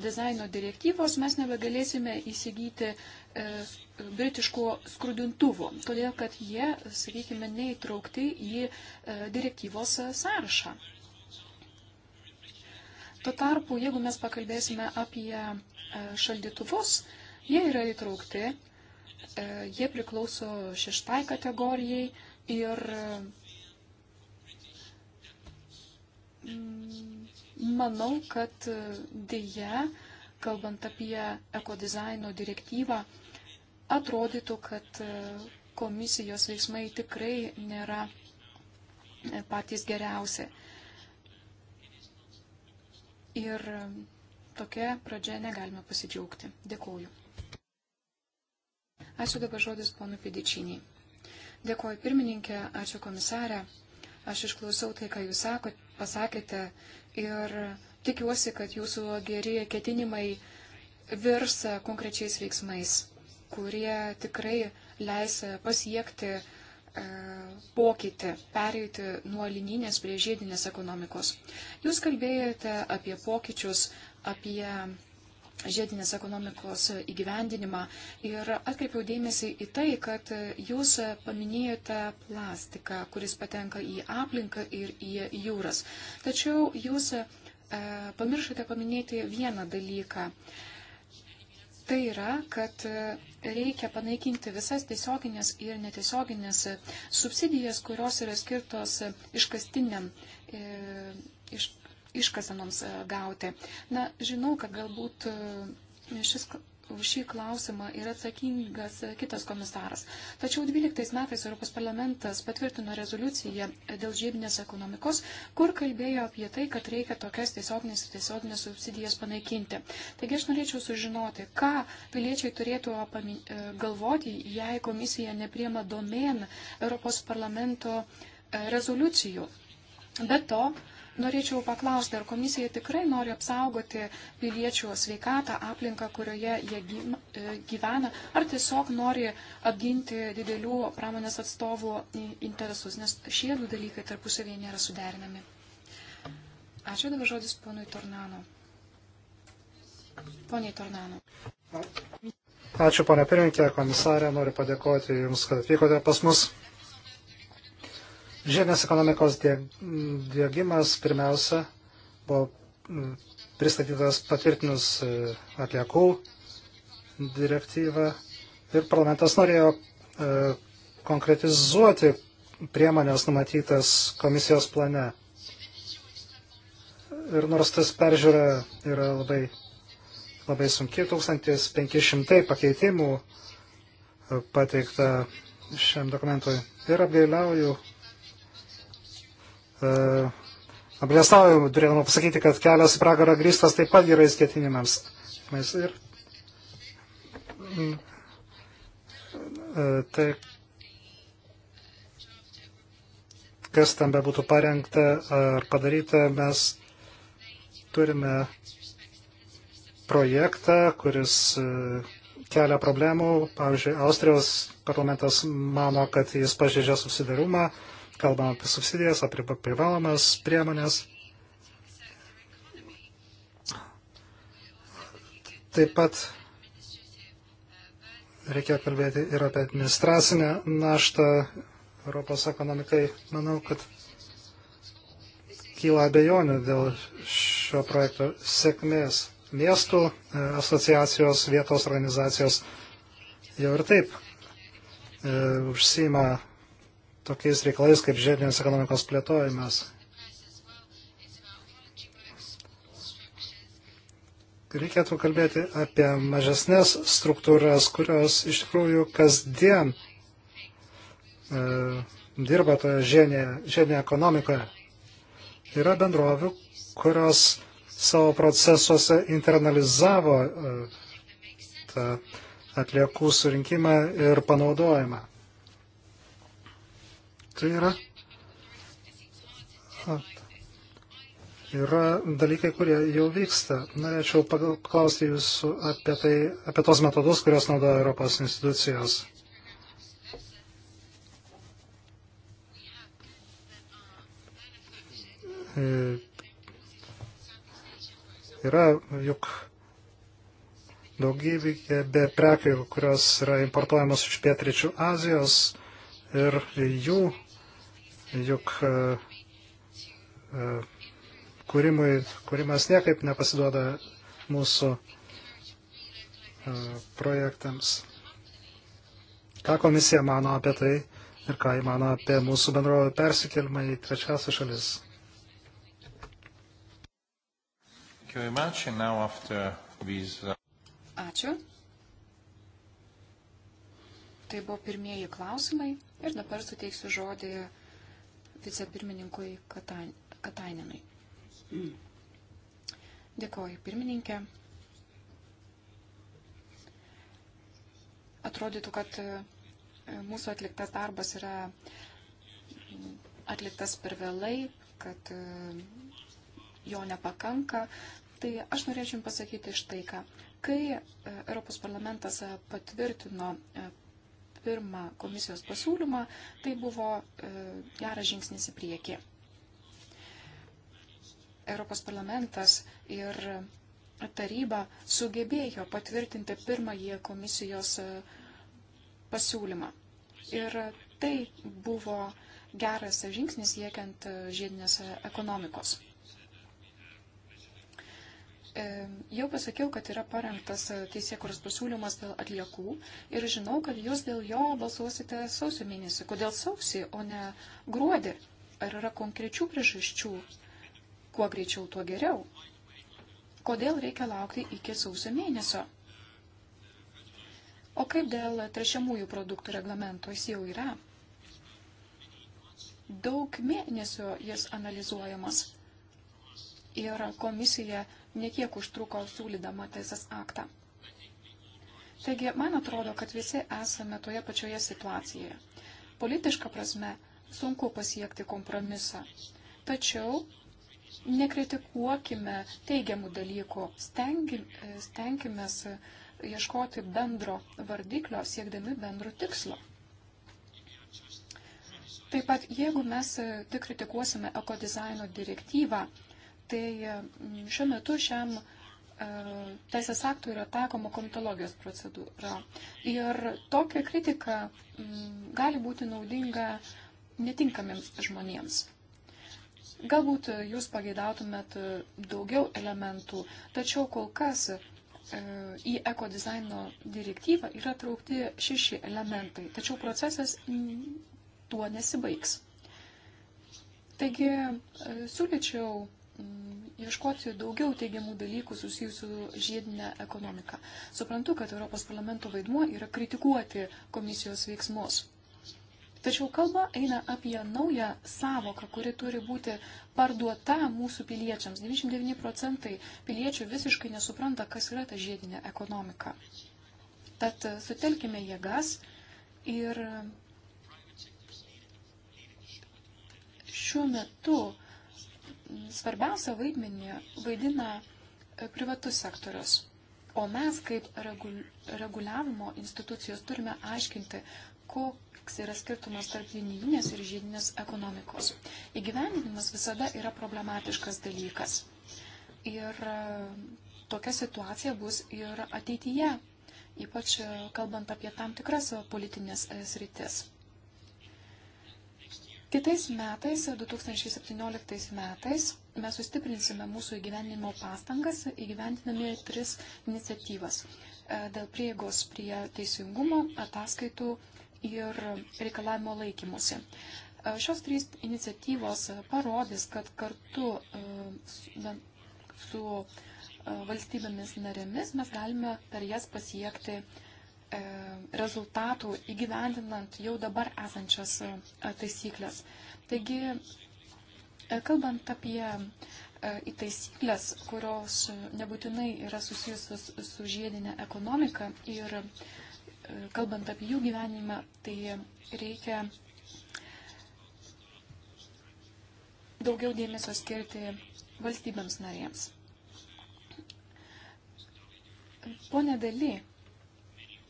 dizaino direktyvos mes nebegalėsime įsigyti e, britiško skrudintuvo, todėl kad jie, sakykime, neįtraukti į direktyvos sąrašą. Tuo tarpu, jeigu mes pakalbėsime apie e, šaldytuvus, jie yra įtraukti, e, jie priklauso šeštai kategorijai ir mm, manau, kad dėje, kalbant apie ekodizaino direktyvą, atrodytų, kad e, komisijos veiksmai tikrai nėra patys geriausi. Ir um, tokia pradžia negalime pasidžiaugti. Dėkuoju. Ačiū dabar žodis ponu Pidičiniai. Dėkuoju pirmininkė, ačiū komisarė. Aš išklausiau tai, ką jūs sakot, pasakėte ir tikiuosi, kad jūsų geri ketinimai virs konkrečiais veiksmais, kurie tikrai leis pasiekti E, pokytį, pereiti nuo lininės prie žiedinės ekonomikos. Jūs kalbėjote apie pokyčius, apie žiedinės ekonomikos įgyvendinimą ir atkreipiau dėmesį į tai, kad jūs paminėjote plastiką, kuris patenka į aplinką ir į jūras. Tačiau jūs e, pamiršote paminėti vieną dalyką. E, Tai yra, kad e, reikia panaikinti visas tiesioginės ir netiesioginės e, subsidijas, kurios yra skirtos e, iškastiniam iš, iškasenoms gauti. Na, žinau, kad galbūt šis už šį klausimą yra atsakingas kitas komisaras. Tačiau 12 metais Europos parlamentas patvirtino rezoliuciją dėl žiedinės ekonomikos, kur kalbėjo apie tai, kad reikia tokias tiesioginės ir tiesioginės subsidijas panaikinti. Taigi aš norėčiau sužinoti, ką piliečiai turėtų e, galvoti, jei komisija nepriema domen Europos parlamento e, rezoliucijų. Be to, Norėčiau paklausti, ar komisija tikrai nori apsaugoti piliečių sveikatą, aplinką, kurioje jie e, gyvena, ar tiesiog nori apginti didelių pramonės atstovų interesus, nes šie du dalykai tarpusavėje nėra suderinami. Ačiū dabar žodis ponui Tornano. Poniai Tornano. Ačiū, ponia pirmininkė, komisarė, noriu padėkoti Jums, kad atvykote pas mus. Žemės ekonomikos dėgymas pirmiausia buvo mm, pristatytas patvirtinus e, atliekų direktyvą ir parlamentas norėjo e, konkretizuoti priemonės numatytas komisijos plane. Ir nors tas peržiūra yra labai, labai sunki, 1500 pakeitimų e, pateikta šiam dokumentui. Ir apgailiauju, E, apgalėstauju, turėdama pasakyti, kad kelias į pragarą grįstas taip pat gerais ketinimams. Ir mm. e, tai, kas tam bebūtų parengta ar padaryta, mes turime projektą, kuris e, kelia problemų. Pavyzdžiui, Austrijos parlamentas mano, kad jis pažeidžia susidarumą kalbam apie subsidijas, apie privalomas priemonės. Taip pat reikia kalbėti ir apie administracinę naštą Europos ekonomikai. Manau, kad kyla abejonių dėl šio projekto sėkmės. Miestų e, asociacijos, vietos organizacijos jau ir taip e, užsima tokiais reikalais kaip žiedinės ekonomikos plėtojimas. Reikėtų kalbėti apie mažesnės struktūras, kurios iš tikrųjų kasdien e, dirba toje žiedinėje ekonomikoje. Yra bendrovių, kurios savo procesuose internalizavo e, tą atliekų surinkimą ir panaudojimą. Tai yra, yra dalykai, kurie jau vyksta. Norėčiau paklausti jūsų apie, tai, apie tos metodus, kurios naudoja Europos institucijos. E, yra juk daugybė be prekių, kurios yra importuojamos iš pietričių Azijos ir jų juk e, e, kūrimui, kūrimas niekaip nepasiduoda mūsų e, projektams. Ką komisija mano apie tai ir ką jį mano apie mūsų bendrovę persikėlimą į trečiasią šalis? Uh, Ačiū. Tai buvo pirmieji klausimai ir dabar suteiksiu žodį vicepirmininkui Katainenui. Dėkoju, pirmininkė. Atrodytų, kad e, mūsų atliktas darbas yra mm, atliktas per vėlai, kad e, jo nepakanka. Tai aš norėčiau jums pasakyti štai ką. Kai e, Europos parlamentas patvirtino pirmą komisijos pasiūlymą, tai buvo e, geras žingsnis į priekį. Europos parlamentas ir taryba sugebėjo patvirtinti pirmąjį komisijos e, pasiūlymą. Ir tai buvo geras žingsnis siekiant e, žiedinės ekonomikos. E, jau pasakiau, kad yra parengtas teisėkuros pasiūlymas dėl atliekų ir žinau, kad jūs dėl jo balsuosite sausio mėnesį. Kodėl sausį, o ne gruodį? Ar yra konkrečių priežasčių? Kuo greičiau, tuo geriau. Kodėl reikia laukti iki sausio mėnesio? O kaip dėl trešiamųjų produktų reglamento jis jau yra? Daug mėnesio jis analizuojamas ir komisija nekiek užtruko siūlydama teisės aktą. Taigi, man atrodo, kad visi esame toje pačioje situacijoje. Politiška prasme sunku pasiekti kompromisą. Tačiau nekritikuokime teigiamų dalykų, stenkime ieškoti bendro vardiklio, siekdami bendro tikslo. Taip pat, jeigu mes tik kritikuosime ekodizaino direktyvą, Tai mm, šiuo metu šiam e, teisės aktų yra taikoma komitologijos procedūra. Ir tokia kritika mm, gali būti naudinga netinkamiems žmonėms. Galbūt jūs pageidautumėt daugiau elementų, tačiau kol kas e, į ekodizaino direktyvą yra traukti šeši elementai, tačiau procesas tuo nesibaigs. Taigi e, siūlyčiau Mm, ieškoti daugiau teigiamų dalykų susijusių su žiedinė ekonomika. Suprantu, kad Europos parlamento vaidmuo yra kritikuoti komisijos veiksmus. Tačiau kalba eina apie naują savoką, kuri turi būti parduota mūsų piliečiams. 99 procentai piliečių visiškai nesupranta, kas yra ta žiedinė ekonomika. Tad sutelkime jėgas ir šiuo metu uh, svarbiausią vaidmenį vaidina e, privatus sektorius. O mes kaip reguliavimo institucijos turime aiškinti, koks yra skirtumas tarp linijinės ir žiedinės ekonomikos. Įgyvendinimas visada yra problematiškas dalykas. Ir e, tokia situacija bus ir ateityje, ypač e, kalbant apie tam tikras politinės sritis. Kitais metais, 2017 metais, mes sustiprinsime mūsų įgyvendinimo pastangas, įgyvendinami tris iniciatyvas e, dėl prieigos prie teisingumo, ataskaitų ir reikalavimo laikymusi. E, šios trys iniciatyvos parodys, kad kartu e, su valstybėmis narėmis mes galime per jas pasiekti uh, E, rezultatų įgyvendinant jau dabar esančias e, taisyklės. Taigi, e, kalbant apie į taisyklės, kurios nebūtinai yra susijusios su žiedinė ekonomika ir kalbant apie jų gyvenimą, tai reikia daugiau dėmesio skirti valstybėms narėms. Pone Dali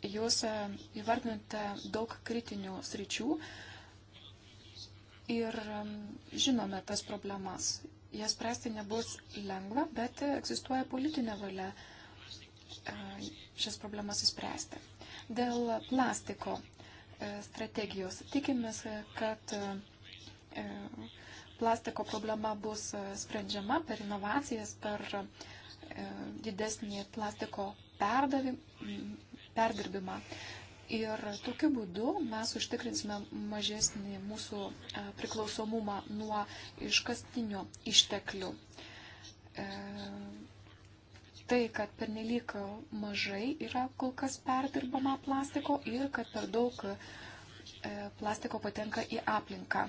Jūs e, įvardinote daug kritinių sričių ir e, žinome tas problemas. Jas prasti nebus lengva, bet egzistuoja politinė valia e, šias problemas įspręsti. Dėl plastiko strategijos tikimės, kad plastiko problema bus sprendžiama per inovacijas, per didesnį plastiko perdavimą perdirbimą. Ir tokiu būdu mes užtikrinsime mažesnį mūsų e, priklausomumą nuo iškastinių išteklių. E, tai, kad pernelyg mažai yra kol kas perdirbama plastiko ir kad per daug e, plastiko patenka į aplinką.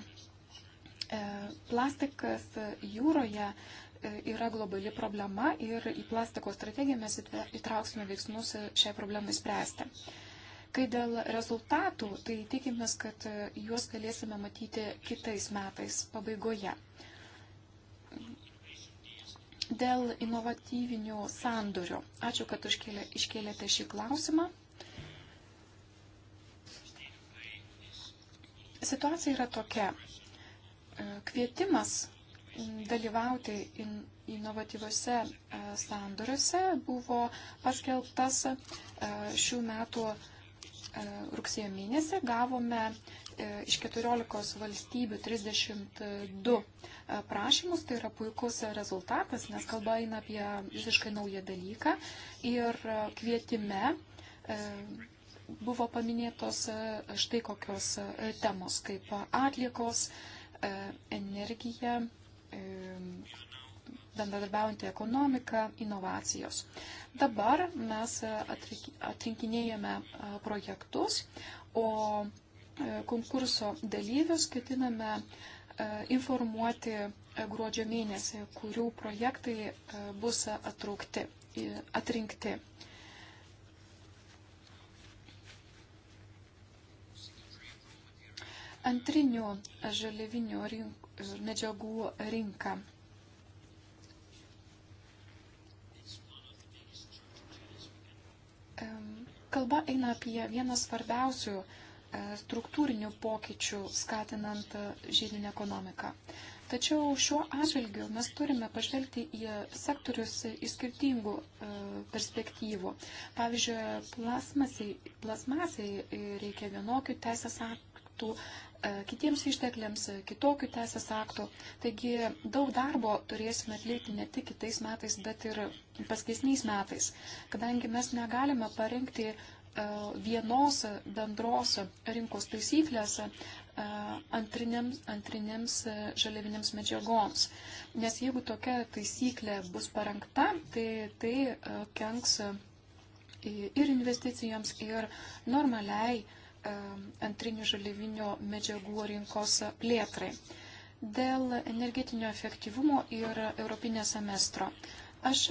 E, plastikas jūroje E, yra globali problema ir į plastiko strategiją mes įtrauksime veiksmus e, šiai problemai spręsti. Kai dėl rezultatų, tai tikimės, kad e, juos galėsime matyti kitais metais pabaigoje. Dėl inovatyvinių sandorių. Ačiū, kad iškėlė, iškėlėte šį klausimą. Situacija yra tokia. Kvietimas dalyvauti in, inovatyviuose e, sandoriuose buvo paskelbtas e, šių metų e, rugsėjo mėnesį. Gavome iš 14 valstybių 32 prašymus. Tai yra puikus rezultatas, nes kalba eina apie visiškai naują dalyką. Ir kvietime buvo paminėtos štai kokios temos, kaip atliekos, energija bendradarbiaujantį ekonomiką, inovacijos. Dabar mes e, atrinkinėjame e, projektus, o e, konkurso dalyvius ketiname informuoti gruodžio mėnesį, kurių projektai bus atrukti, atrinkti. antrinių žaliavinių rink, medžiagų rinką. Kalba eina apie vieną svarbiausių e, struktūrinių pokyčių skatinant žiedinę ekonomiką. Tačiau šiuo atžvilgiu mes turime pažvelgti į sektorius iš skirtingų e, perspektyvų. Pavyzdžiui, plasmasiai, plasmasiai reikia vienokių teisės aktų, E, kitiems ištekliams, e, kitokių teisės aktų. Taigi daug darbo turėsime atlikti ne tik kitais metais, bet ir paskesniais metais, kadangi mes negalime parengti e, vienos bendros rinkos taisyklės antrinėms, antrinėms žaliavinėms medžiagoms. Nes jeigu tokia taisyklė bus parengta, tai tai kenks ir investicijoms, ir normaliai uh, antrinių žaliavinių medžiagų rinkos plėtrai. Dėl energetinio efektyvumo ir europinio semestro. Aš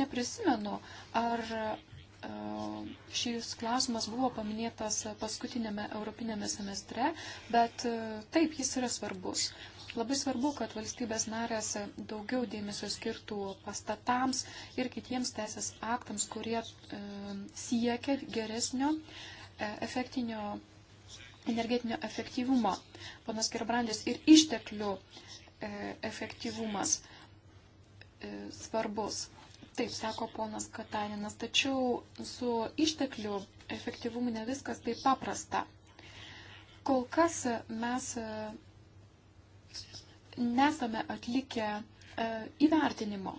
neprisimenu, ar šis klausimas buvo paminėtas paskutinėme europinėme semestre, bet e, taip, jis yra svarbus. Labai svarbu, kad valstybės narės daugiau dėmesio skirtų pastatams ir kitiems teisės aktams, kurie e, siekia geresnio E, efektinio, energetinio efektyvumo, panas Gerbrandis, ir išteklių e, efektyvumas e, svarbus. Taip, sako ponas Kataninas, tačiau su išteklių efektyvumu ne viskas taip paprasta. Kol kas mes nesame atlikę įvertinimo.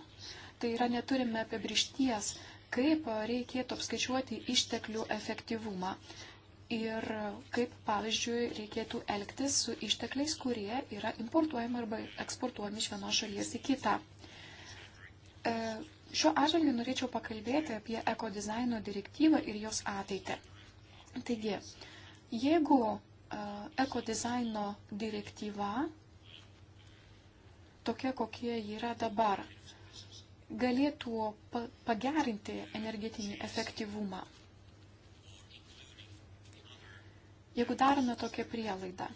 Tai yra neturime apibrišties, kaip reikėtų apskaičiuoti išteklių efektyvumą ir kaip, pavyzdžiui, reikėtų elgtis su ištekliais, kurie yra importuojami arba eksportuojami iš vienos šalies į kitą. E, šiuo atžvilgiu norėčiau pakalbėti apie ekodizaino direktyvą ir jos ateitį. Taigi, jeigu e, ekodizaino direktyva tokia, kokie ji yra dabar, galėtų pagerinti energetinį efektyvumą. Jeigu darome tokią prielaidą,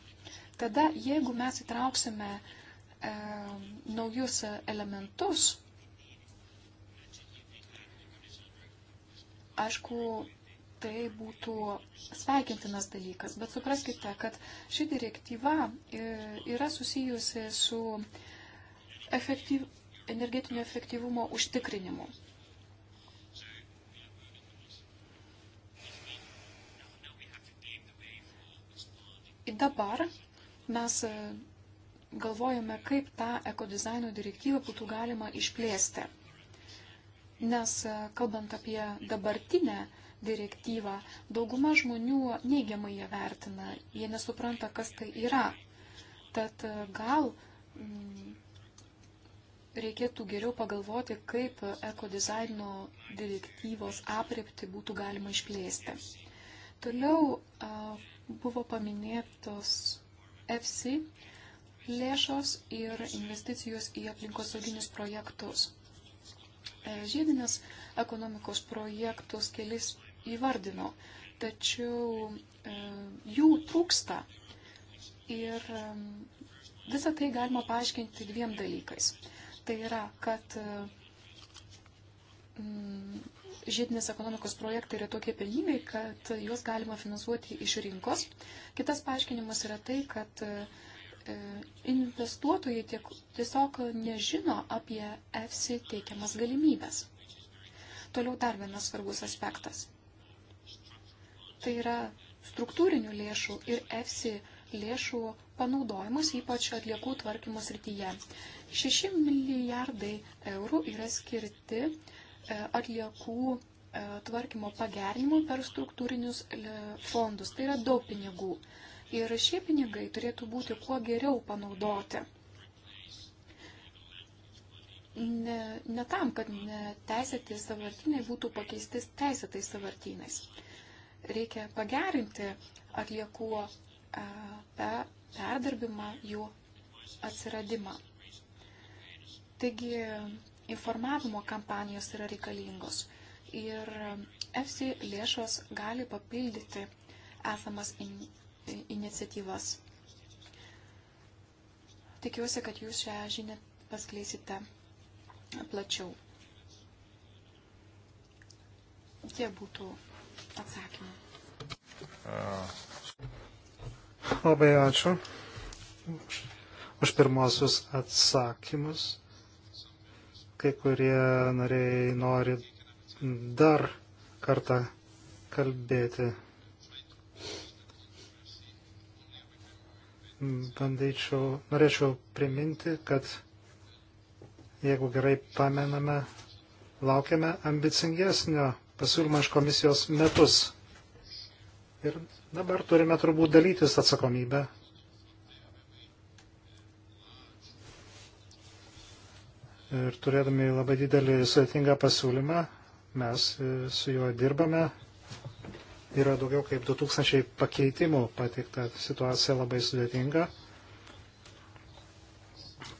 tada jeigu mes įtrauksime e, naujus elementus, aišku, tai būtų sveikintinas dalykas, bet supraskite, kad ši direktyva e, yra susijusi su efektyv, energetinio efektyvumo užtikrinimu. Ir dabar mes e, galvojame, kaip tą ekodizaino direktyvą būtų galima išplėsti. Nes e, kalbant apie dabartinę direktyvą, dauguma žmonių neigiamai ją vertina, jie nesupranta, kas tai yra. Tad e, gal m, reikėtų geriau pagalvoti, kaip ekodizaino direktyvos apriepti būtų galima išplėsti. Toliau a, buvo paminėtos FC lėšos ir investicijos į aplinkosauginius projektus. E, žiedinės ekonomikos projektus kelis įvardino, tačiau a, e, jų trūksta. Ir a, e, visą tai galima paaiškinti dviem dalykais. Tai yra, kad mm, žiedinės ekonomikos projektai yra tokie pelningai, kad juos galima finansuoti iš rinkos. Kitas paaiškinimas yra tai, kad e, investuotojai tiek, tiesiog nežino apie EFSI teikiamas galimybės. Toliau dar vienas svarbus aspektas. Tai yra struktūrinių lėšų ir EFSI lėšų panaudojimas, ypač atliekų tvarkymo srityje. 6 milijardai eurų yra skirti e, atliekų e, tvarkymo pagerinimui per struktūrinius e, fondus. Tai yra daug pinigų. Ir šie pinigai turėtų būti kuo geriau panaudoti. Ne, ne tam, kad teisėti savartinai būtų pakeisti teisėtais savartinais. Reikia pagerinti atliekų pe, perdarbimą, jų atsiradimą. Taigi informavimo kampanijos yra reikalingos ir EFSI lėšos gali papildyti esamas in, iniciatyvas. Tikiuosi, kad jūs šią žinią paskleisite plačiau. Tie būtų atsakymai. Labai ačiū už pirmosius atsakymus kai kurie nariai nori dar kartą kalbėti. Bandyčiau, norėčiau priminti, kad jeigu gerai pamename, laukiame ambicingesnio pasiūlymo iš komisijos metus. Ir dabar turime turbūt dalytis atsakomybę Ir turėdami labai didelį sudėtingą pasiūlymą, mes e, su juo dirbame. Yra daugiau kaip 2000 pakeitimų pateikta situacija labai sudėtinga,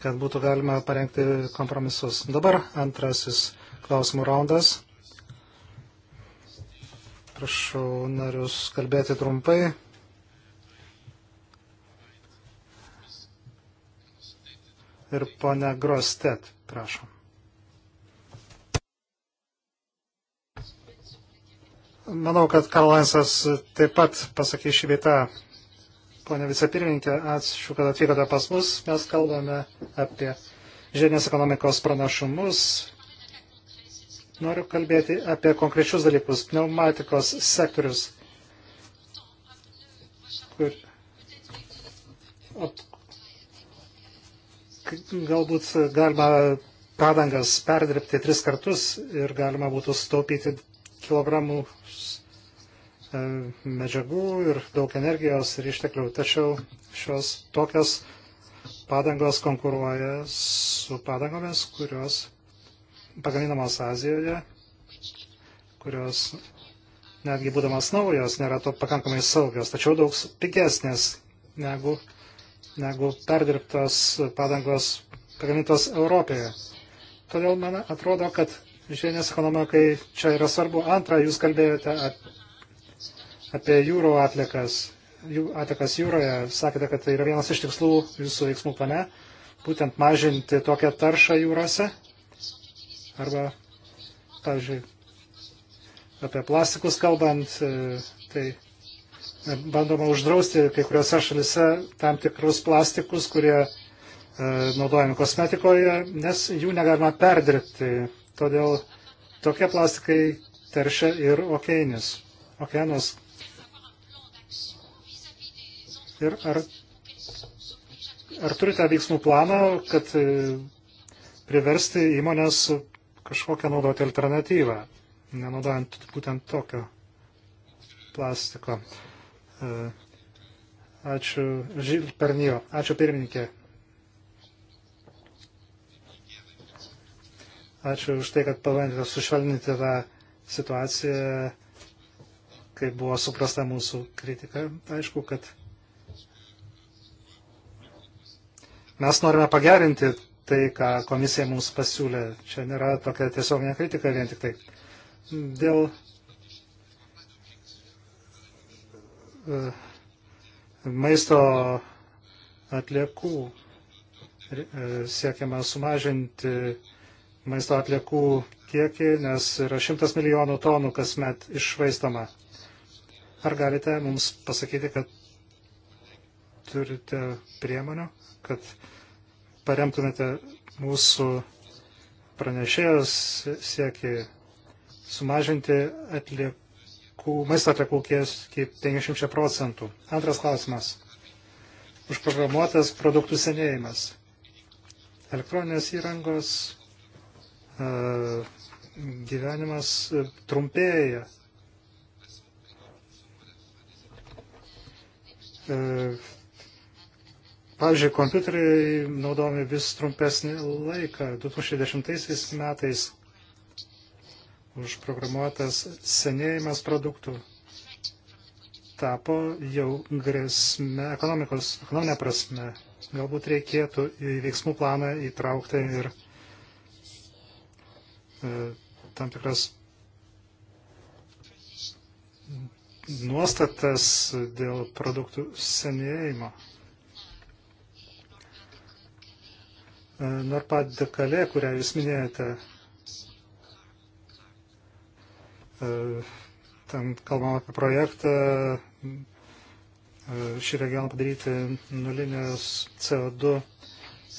kad būtų galima parengti kompromisus. Dabar antrasis klausimų raundas. Prašau narius kalbėti trumpai. ir ponia Grostet. Prašom. Manau, kad Karlansas taip pat pasakys šį vietą. Pone vicepirmininkė, ačiū, kad atvykote pas mus. Mes kalbame apie žiedinės ekonomikos pranašumus. Noriu kalbėti apie konkrečius dalykus. Pneumatikos sektorius. Kur... Op, galbūt galima padangas perdirbti tris kartus ir galima būtų sutaupyti kilogramų e, medžiagų ir daug energijos ir išteklių. Tačiau šios tokios padangos konkuruoja su padangomis, kurios pagaminamos Azijoje, kurios netgi būdamas naujos nėra to pakankamai saugios, tačiau daug pigesnės negu uh, negu perdirbtos padangos pagamintos Europoje. Todėl man atrodo, kad žiedinės ekonomikai čia yra svarbu. Antra, jūs kalbėjote apie jūro atlikas, jų, atlikas jūroje. Sakėte, kad tai yra vienas iš tikslų jūsų veiksmų plane, būtent mažinti tokią taršą jūrose. Arba, pavyzdžiui, apie plastikus kalbant, e, tai bandoma uždrausti kai kuriuose šalise tam tikrus plastikus, kurie e, naudojami kosmetikoje, nes jų negalima perdirbti. Todėl tokie plastikai teršia ir okeinis, okeanus. Ir ar, ar turite veiksmų planą, kad e, priversti įmonės kažkokią naudoti alternatyvą, nenaudojant būtent tokio plastiko? E, ačiū, Žil Pernijo. Ačiū pirmininkė. Ačiū už tai, kad pabandėte sušvelninti tą situaciją, kai buvo suprasta mūsų kritika. Aišku, kad mes norime pagerinti tai, ką komisija mums pasiūlė. Čia nėra tokia tiesioginė kritika vien tik tai. Dėl maisto atliekų. E, siekiama sumažinti maisto atliekų kiekį, nes yra šimtas milijonų tonų kasmet išvaistoma. Ar galite mums pasakyti, kad turite priemonių, kad paremtumėte mūsų pranešėjos siekį sumažinti atliekų atliekų, maisto atliekų kiekį 50 procentų. Antras klausimas. Užprogramuotas produktų senėjimas. Elektroninės įrangos e, gyvenimas e, trumpėja. E, pavyzdžiui, kompiuteriai naudojami vis trumpesnį laiką. 2010 metais užprogramuotas senėjimas produktų tapo jau grėsme ekonomikos, ekonominė prasme. Galbūt reikėtų į veiksmų planą įtraukti ir e, tam tikras nuostatas dėl produktų senėjimo. E, Norpad dekalė, kurią jūs minėjote, E, ten kalbam apie projektą e, šį regioną padaryti nulinės CO2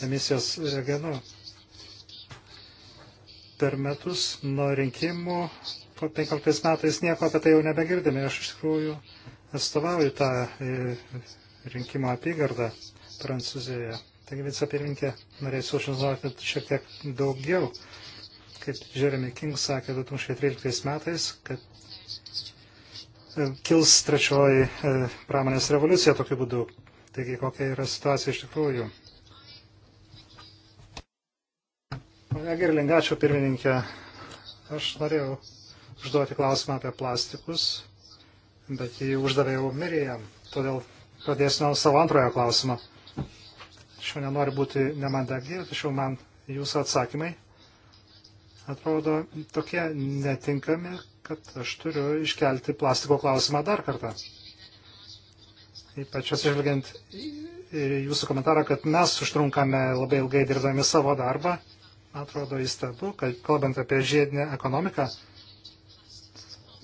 emisijos regionu. Per metus nuo rinkimų, po 15 metais nieko apie tai jau nebegirdime. Aš iš tikrųjų atstovauju tą e, rinkimo apygardą Prancūzijoje. Taigi vicepirinkė, norėčiau žinoti šiek tiek daugiau kaip Jeremy King sakė 2013 metais, kad e, kils trečioji e, pramonės revoliucija tokiu būdu. Taigi kokia yra situacija iš tikrųjų. Pane Gerling, ačiū pirmininkė. Aš norėjau užduoti klausimą apie plastikus, bet jį uždavė jau Mirijam. Todėl pradėsiu nuo savo antrojo klausimo. Aš jau nenoriu būti nemandagi, tačiau man jūsų atsakymai atrodo tokie netinkami, kad aš turiu iškelti plastiko klausimą dar kartą. Ypač atsižvelgiant ir jūsų komentarą, kad mes užtrunkame labai ilgai dirbdami savo darbą. Man atrodo įstabu, kad kalbant apie žiedinę ekonomiką,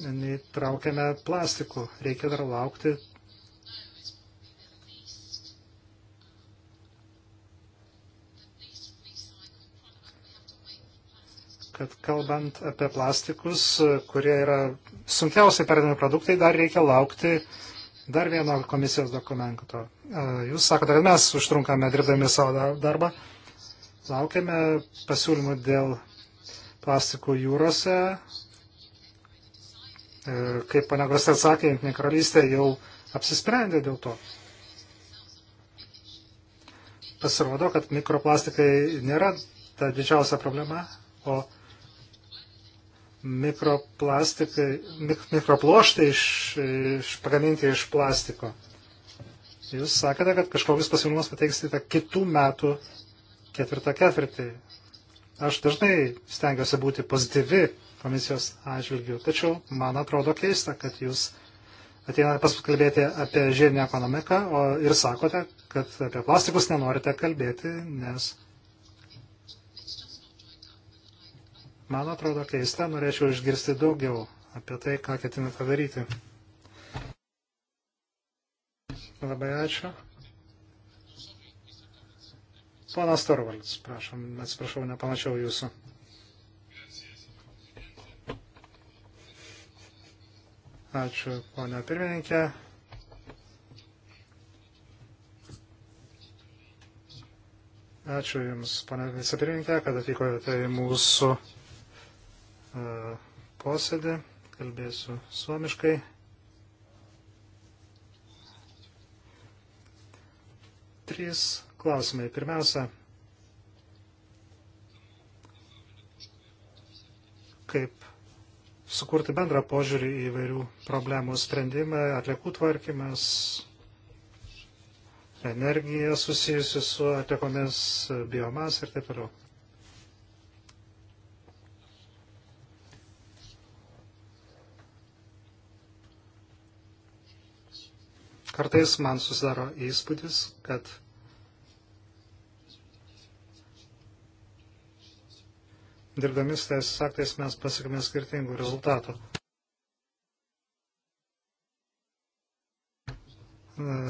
neįtraukiame plastikų. Reikia dar laukti kad kalbant apie plastikus, kurie yra sunkiausiai perdami produktai, dar reikia laukti dar vieno komisijos dokumento. Jūs sakote, kad mes užtrunkame dirbdami savo darbą. Laukiame pasiūlymų dėl plastikų jūrose. E, kaip pane Grastė atsakė, Junktinė karalystė jau apsisprendė dėl to. Pasirodo, kad mikroplastikai nėra ta didžiausia problema, o mikroplastikai, mik, mikroploštai iš, iš, pagaminti iš plastiko. Jūs sakėte, kad kažkokius pasiūlymus pateiksite kitų metų ketvirtą ketvirtį. Aš dažnai stengiuosi būti pozityvi komisijos atžvilgių, tačiau man atrodo keista, kad jūs ateinate pasikalbėti apie žiedinę ekonomiką o, ir sakote, kad apie plastikus nenorite kalbėti, nes Man atrodo keista, norėčiau išgirsti daugiau apie tai, ką ketinate daryti. Labai ačiū. Ponas Torvalds, prašom, atsiprašau, nepamačiau jūsų. Ačiū, ponia pirmininkė. Ačiū Jums, ponia vicepirmininkė, kad atvykote į mūsų posėdį, kalbėsiu suomiškai. Trys klausimai. Pirmiausia, kaip sukurti bendrą požiūrį į vairių problemų sprendimą, atliekų tvarkymas, energija susijusi su atliekomis biomas ir taip toliau. Kartais man susidaro įspūdis, kad dirbdami su teisės aktais mes pasiekime skirtingų rezultatų.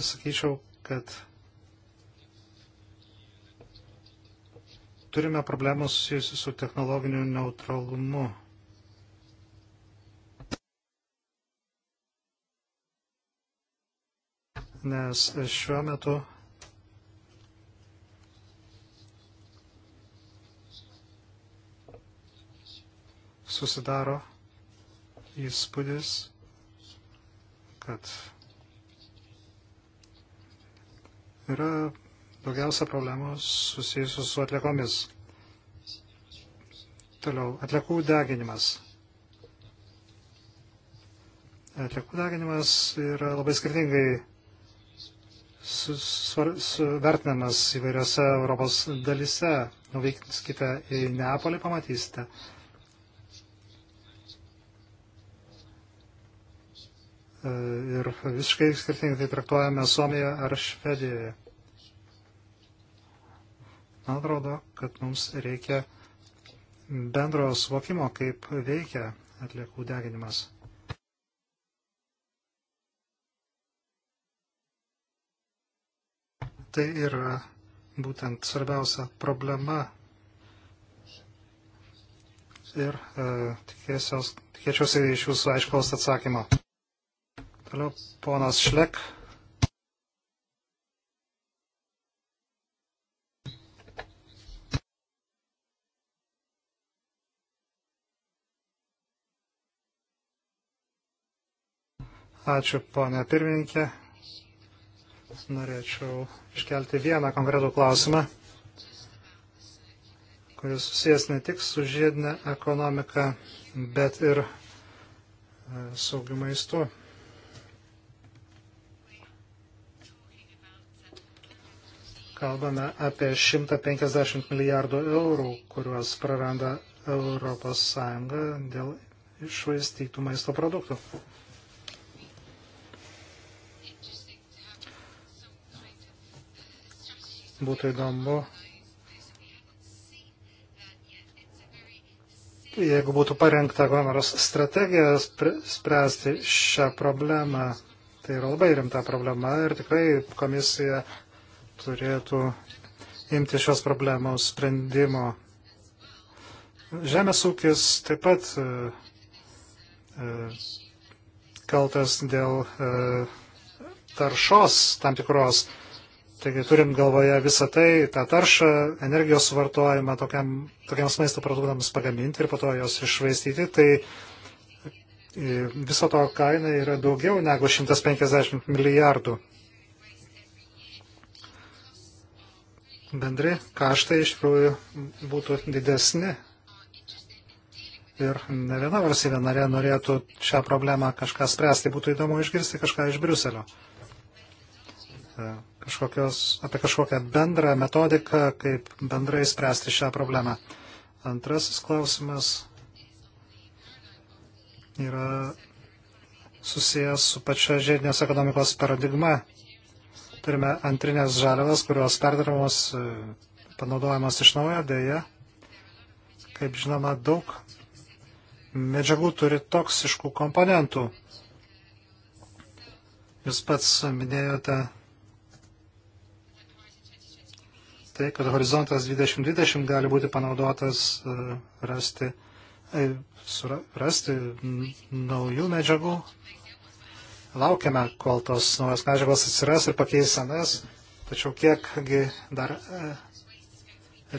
Sakyčiau, kad turime problemų susijusių su technologiniu neutralumu. nes šiuo metu susidaro įspūdis, kad yra daugiausia problemų susijusių su atliekomis. Toliau, atliekų deginimas. Atliekų deginimas yra labai skirtingai vertinamas įvairiose Europos dalise. Nuveiskite į Neapolį, pamatysite. E, ir visiškai skirtingai tai traktuojame Suomijoje ar Švedijoje. Man atrodo, kad mums reikia bendro suvokimo, kaip veikia atliekų deginimas. tai yra būtent svarbiausia problema. Ir e, tikėčiausi iš jūsų aiškaus atsakymo. Toliau ponas Šlek. Ačiū, ponė pirmininkė norėčiau iškelti vieną konkretų klausimą, kuris susijęs ne tik su žiedinė ekonomika, bet ir e, saugiu maistu. Kalbame apie 150 milijardų eurų, kuriuos praranda ES dėl išvaistytų maisto produktų. būtų įdomu, jeigu būtų parengta kokia nors strategija spręsti šią problemą. Tai yra labai rimta problema ir tikrai komisija turėtų imti šios problemos sprendimo. Žemės ūkis taip pat e, e, kaltas dėl e, taršos tam tikros. Taigi turint galvoje visą tai, tą taršą, energijos vartojimą tokiam, tokiams maisto produktams pagaminti ir po to jos išvaistyti, tai e, viso to kaina yra daugiau negu 150 milijardų. Bendri kaštai iš tikrųjų būtų didesni. Ir ne viena valstybė narė norėtų šią problemą kažką spręsti. Būtų įdomu išgirsti kažką iš Briuselio apie kažkokią bendrą metodiką, kaip bendrai spręsti šią problemą. Antrasis klausimas yra susijęs su pačia žiedinės ekonomikos paradigma. Turime antrinės žaliavas, kurios perdaromos, e, panaudojamos iš naujo, dėja. Kaip žinoma, daug medžiagų turi toksiškų komponentų. Jūs pats minėjote tai, kad horizontas 2020 gali būti panaudotas e, rasti, e, surasti naujų medžiagų. Laukiame, kol tos naujos medžiagos atsiras ir pakeis senas, tačiau kiekgi dar e,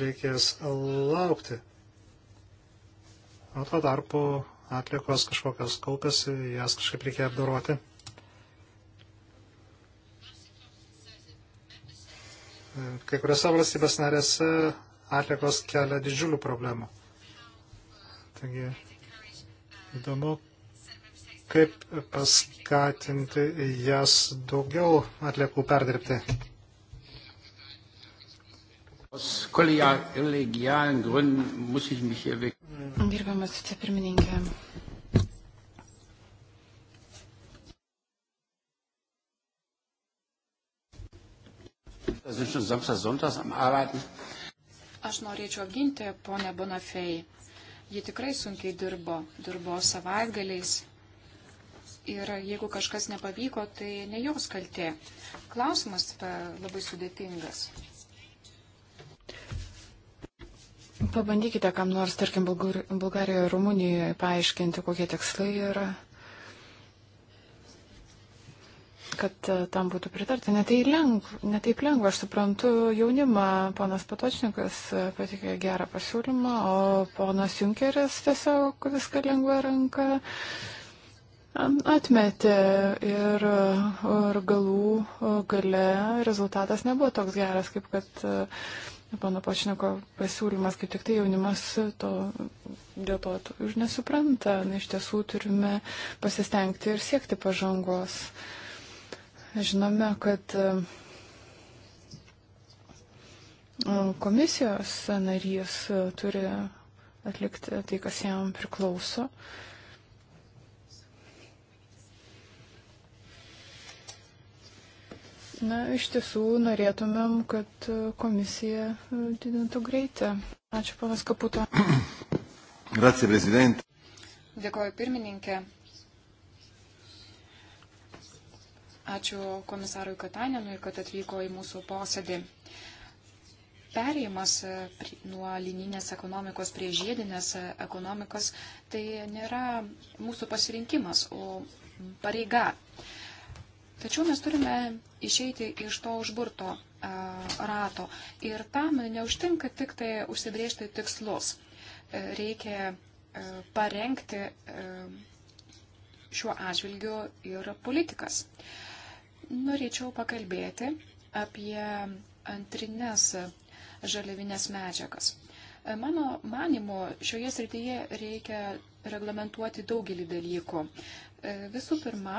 reikės laukti. O tuo tarpu atliekos kažkokios kaupiasi, jas kažkaip reikia apdoroti. Kai kuriuose valstybės narėse atlikos kelia didžiulių problemų. Taigi įdomu, kaip paskatinti jas daugiau atliekų perdirbti. Gerbiamas vicepirmininkė, Aš norėčiau apginti ponę Bonafei. Ji tikrai sunkiai dirbo, dirbo savaitgaliais. Ir jeigu kažkas nepavyko, tai ne jos kaltė. Klausimas labai sudėtingas. Pabandykite kam nors, tarkim, Bulgarijoje, Rumunijoje paaiškinti, kokie tikslai yra kad e, tam būtų pritarta. Netaip lengva, netaip lengva, aš suprantu jaunimą. Ponas Patočnikas e, patikė gerą pasiūlymą, o ponas Junkeris tiesiog viską lengva ranka atmetė ir, e, ir galų gale rezultatas nebuvo toks geras, kaip kad Pana Pašniko pasiūlymas, kaip tik tai jaunimas to, dėl to už nesupranta. Na, iš tiesų turime pasistengti ir siekti pažangos. Uh, Žinome, kad e, komisijos narys e, turi atlikti tai, kas jam priklauso. Na, iš tiesų norėtumėm, kad e, komisija didintų greitį. Ačiū, panas Kaputo. Grazie, prezidentė. Dėkoju, pirmininkė. Ačiū komisarui Katanenui, kad atvyko į mūsų posėdį. Perėjimas e, nuo lininės ekonomikos prie žiedinės e, ekonomikos tai nėra mūsų pasirinkimas, o pareiga. Tačiau mes turime išeiti iš to užburto e, rato ir tam neužtenka tik tai užsibriežti tikslus. Reikia parengti šiuo atžvilgiu ir politikas. Uh, norėčiau pakalbėti apie antrinės žaliavinės medžiagas. Mano manimu, šioje srityje reikia reglamentuoti daugelį dalykų. Visų pirma,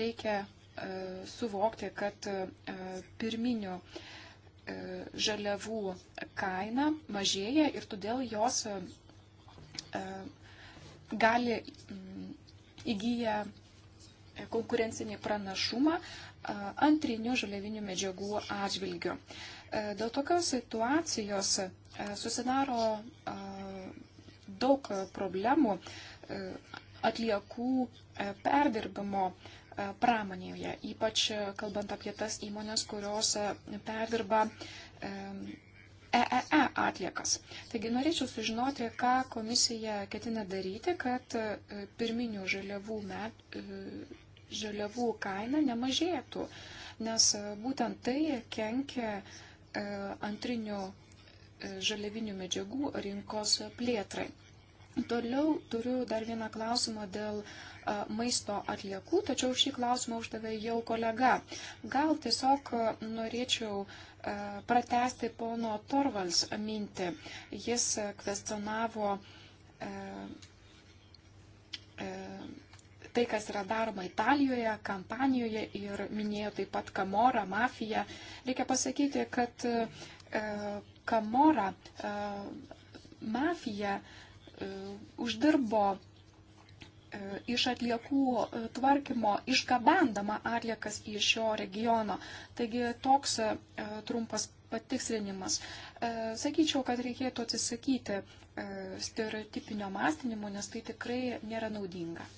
reikia e, suvokti, kad e, pirminių e, žaliavų kaina mažėja ir todėl jos gali įgyja konkurencinį pranašumą antrinių žaliavinių medžiagų atžvilgių. E, dėl tokios situacijos e, susidaro daug problemų e, atliekų perdirbimo pramonėje, ypač kalbant apie tas įmonės, kurios perdirba EEE atliekas. Taigi norėčiau sužinoti, ką komisija ketina daryti, kad pirminių žaliavų met, žaliavų kaina nemažėtų, nes e, būtent tai kenkia e, antrinių e, žaliavinių medžiagų rinkos plėtrai. Toliau turiu dar vieną klausimą dėl maisto atliekų, tačiau šį klausimą uždavė jau kolega. Gal tiesiog norėčiau pratesti pono Torvalds mintį. Jis kvestionavo tai, kas yra daroma Italijoje, kampanijoje ir minėjo taip pat Kamora, mafija. Reikia pasakyti, kad e, Kamora, e, mafija e, uždirbo iš atliekų tvarkymo išgabendama atliekas iš šio regiono. Taigi toks trumpas patikslinimas. Sakyčiau, kad reikėtų atsisakyti stereotipinio mąstymo, nes tai tikrai nėra naudinga.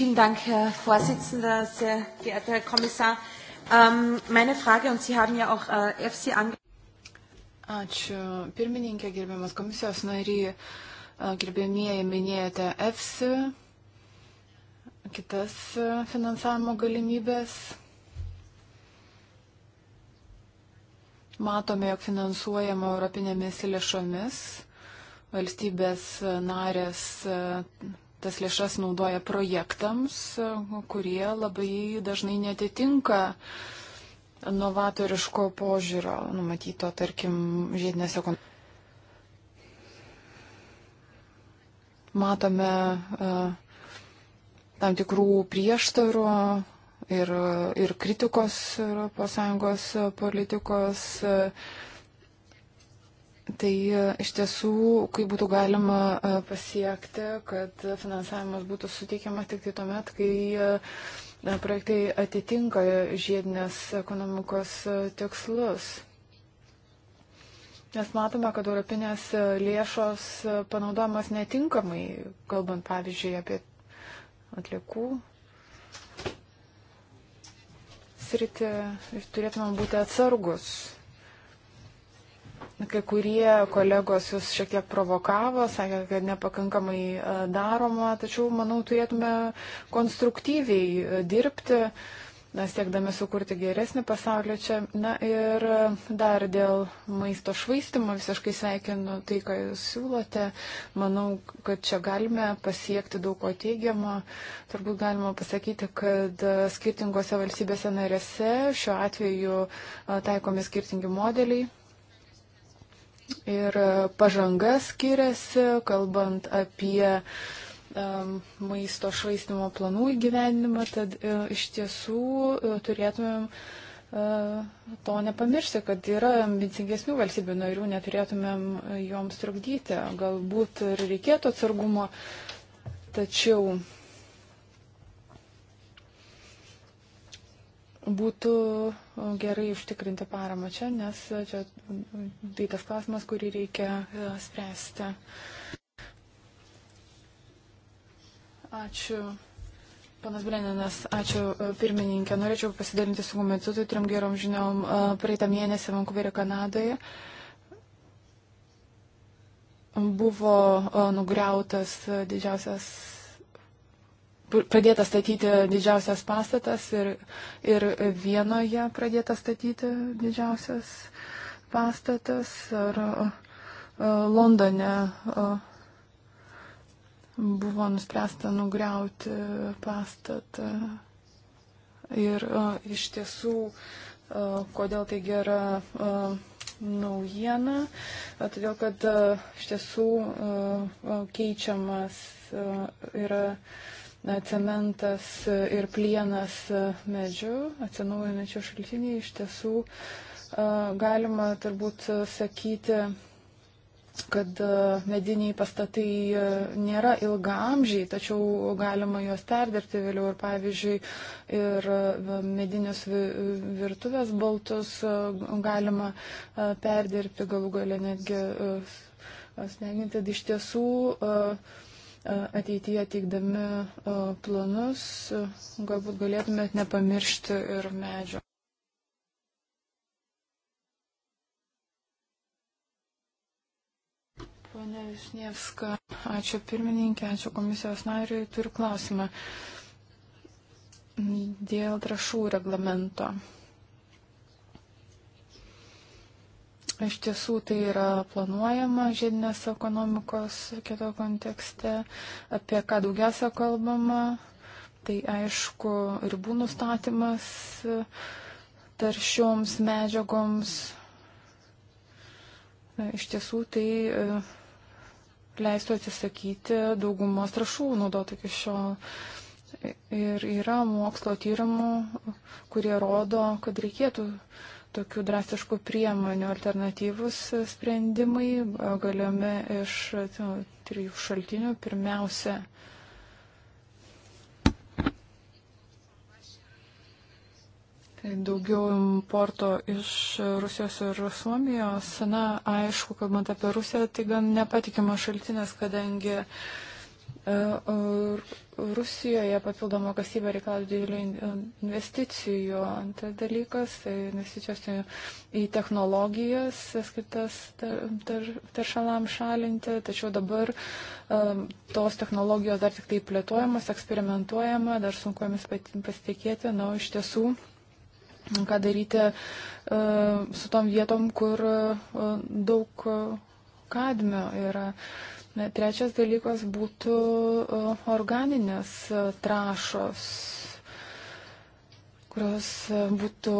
Vielen Dank, Herr Vorsitzender, sehr geehrter Herr Kommissar. Ähm, meine Frage, und Sie haben ja auch äh, EFSI angesprochen. Ačiū pirmininkė, gerbiamas komisijos nary, äh, gerbėmieji minėjote EFSI, kitas äh, finansavimo galimybės. Matome, jog finansuojama europinėmis lėšomis. Valstybės narės tas lėšas naudoja projektams, kurie labai dažnai netitinka novatoriško požiūrio, numatyto, tarkim, žiedinės ekonomikos. Matome uh, tam tikrų prieštarų ir, ir kritikos ES politikos. Uh, Tai e, iš tiesų, kaip būtų galima e, pasiekti, kad finansavimas būtų suteikiamas tik tai tuomet, kai e, projektai atitinka žiedinės ekonomikos tikslus. Nes matome, kad europinės lėšos panaudojamas netinkamai, kalbant pavyzdžiui apie atliekų sritį, turėtume būti atsargus Kai kurie kolegos jūs šiek tiek provokavo, sakė, kad nepakankamai e, daroma, tačiau, manau, turėtume konstruktyviai e, dirbti, siekdami sukurti geresnį pasaulį čia. Na ir e, dar dėl maisto švaistimo visiškai sveikinu tai, ką jūs siūlote. Manau, kad čia galime pasiekti daug ko teigiamo. Turbūt galima pasakyti, kad skirtingose valstybėse narėse šiuo atveju taikomi skirtingi modeliai ir pažanga skiriasi, kalbant apie maisto švaistimo planų įgyvendinimą, tad e, iš tiesų e, turėtumėm e, to nepamiršti, kad yra ambicingesnių valstybių narių, neturėtumėm joms trukdyti. Galbūt ir reikėtų atsargumo, tačiau būtų gerai užtikrinti paramą čia, nes čia tai tas klausimas, kurį reikia e, spręsti. Ačiū. Panas Breninas, ačiū e, pirmininkė. Norėčiau pasidalinti su komitu, tai turim gerom žiniom e, praeitą mėnesį Vankuverio Kanadoje. Buvo nugriautas didžiausias pradėtas statyti didžiausias pastatas ir, ir vienoje pradėtas statyti didžiausias pastatas ar Londone buvo nuspręsta nugriauti pastatą. Ir iš tiesų, kodėl tai gera naujiena, todėl kad iš tiesų keičiamas yra cementas ir plienas medžių, atsinaujinančių šaltiniai iš tiesų galima turbūt sakyti, kad mediniai pastatai nėra ilgamžiai, tačiau galima juos perdirbti vėliau ir pavyzdžiui ir medinius virtuvės baltus galima perdirbti galų galę netgi smeginti. Tai iš tiesų uh, ateityje teikdami planus, galbūt galėtumėt nepamiršti ir medžio. Pane Višnievska, ačiū pirmininkė, ačiū komisijos nariui, turiu klausimą dėl trašų reglamento. Iš tiesų tai yra planuojama žiedinės ekonomikos kito kontekste, apie ką daugiausia kalbama, tai aišku ribų nustatymas taršioms medžiagoms. Iš tiesų tai e, leistų atsisakyti daugumos trašų naudotų iki šiol. E, ir yra mokslo tyrimų, kurie rodo, kad reikėtų tokių drastiškų priemonių. Alternatyvus sprendimai galimi iš trijų šaltinių. Pirmiausia, tai daugiau importo iš Rusijos ir Suomijos. Na, aišku, kalbant apie Rusiją, tai gan nepatikimas šaltinis, kadangi. Uh, uh, Rusijoje papildoma kasyba reikalauja didelių investicijų. Antras dalykas tai - investicijos į technologijas skirtas teršalams tar, šalinti, tačiau dabar um, tos technologijos dar tik tai plėtojamos, eksperimentuojama, dar sunku jomis pasitikėti. Na, iš tiesų, ką daryti uh, su tom vietom, kur uh, daug uh, kadmio yra. Uh, Trečias dalykas būtų e, organinės e, trašos kurios e, būtų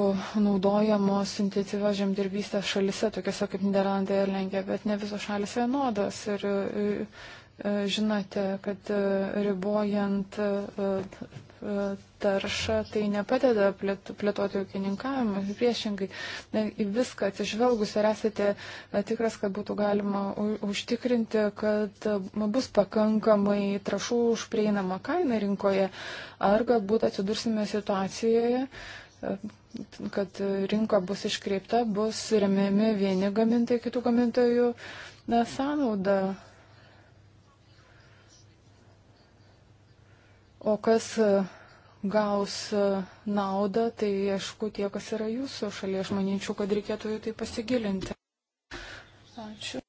naudojamos intensyvios žemdirbystės šalise, tokiuose kaip Niderlandai ir Lenkija, bet ne visos šalis vienodos. Ir žinote, kad ribojant taršą, tai nepadeda plėtoti ūkininkavimą. Priešingai, į viską atsižvelgus, ar esate tikras, kad būtų galima užtikrinti, kad bus pakankamai trašų už prieinamą kainą rinkoje, ar galbūt atsidursime situacijoje kad rinka bus iškreipta, bus remiami vieni gamintojai kitų gamintojų sąnauda. O kas gaus e, naudą, tai aišku tie, kas yra jūsų šalyje. Aš manyčiau, kad reikėtų jų tai pasigilinti. Ačiū.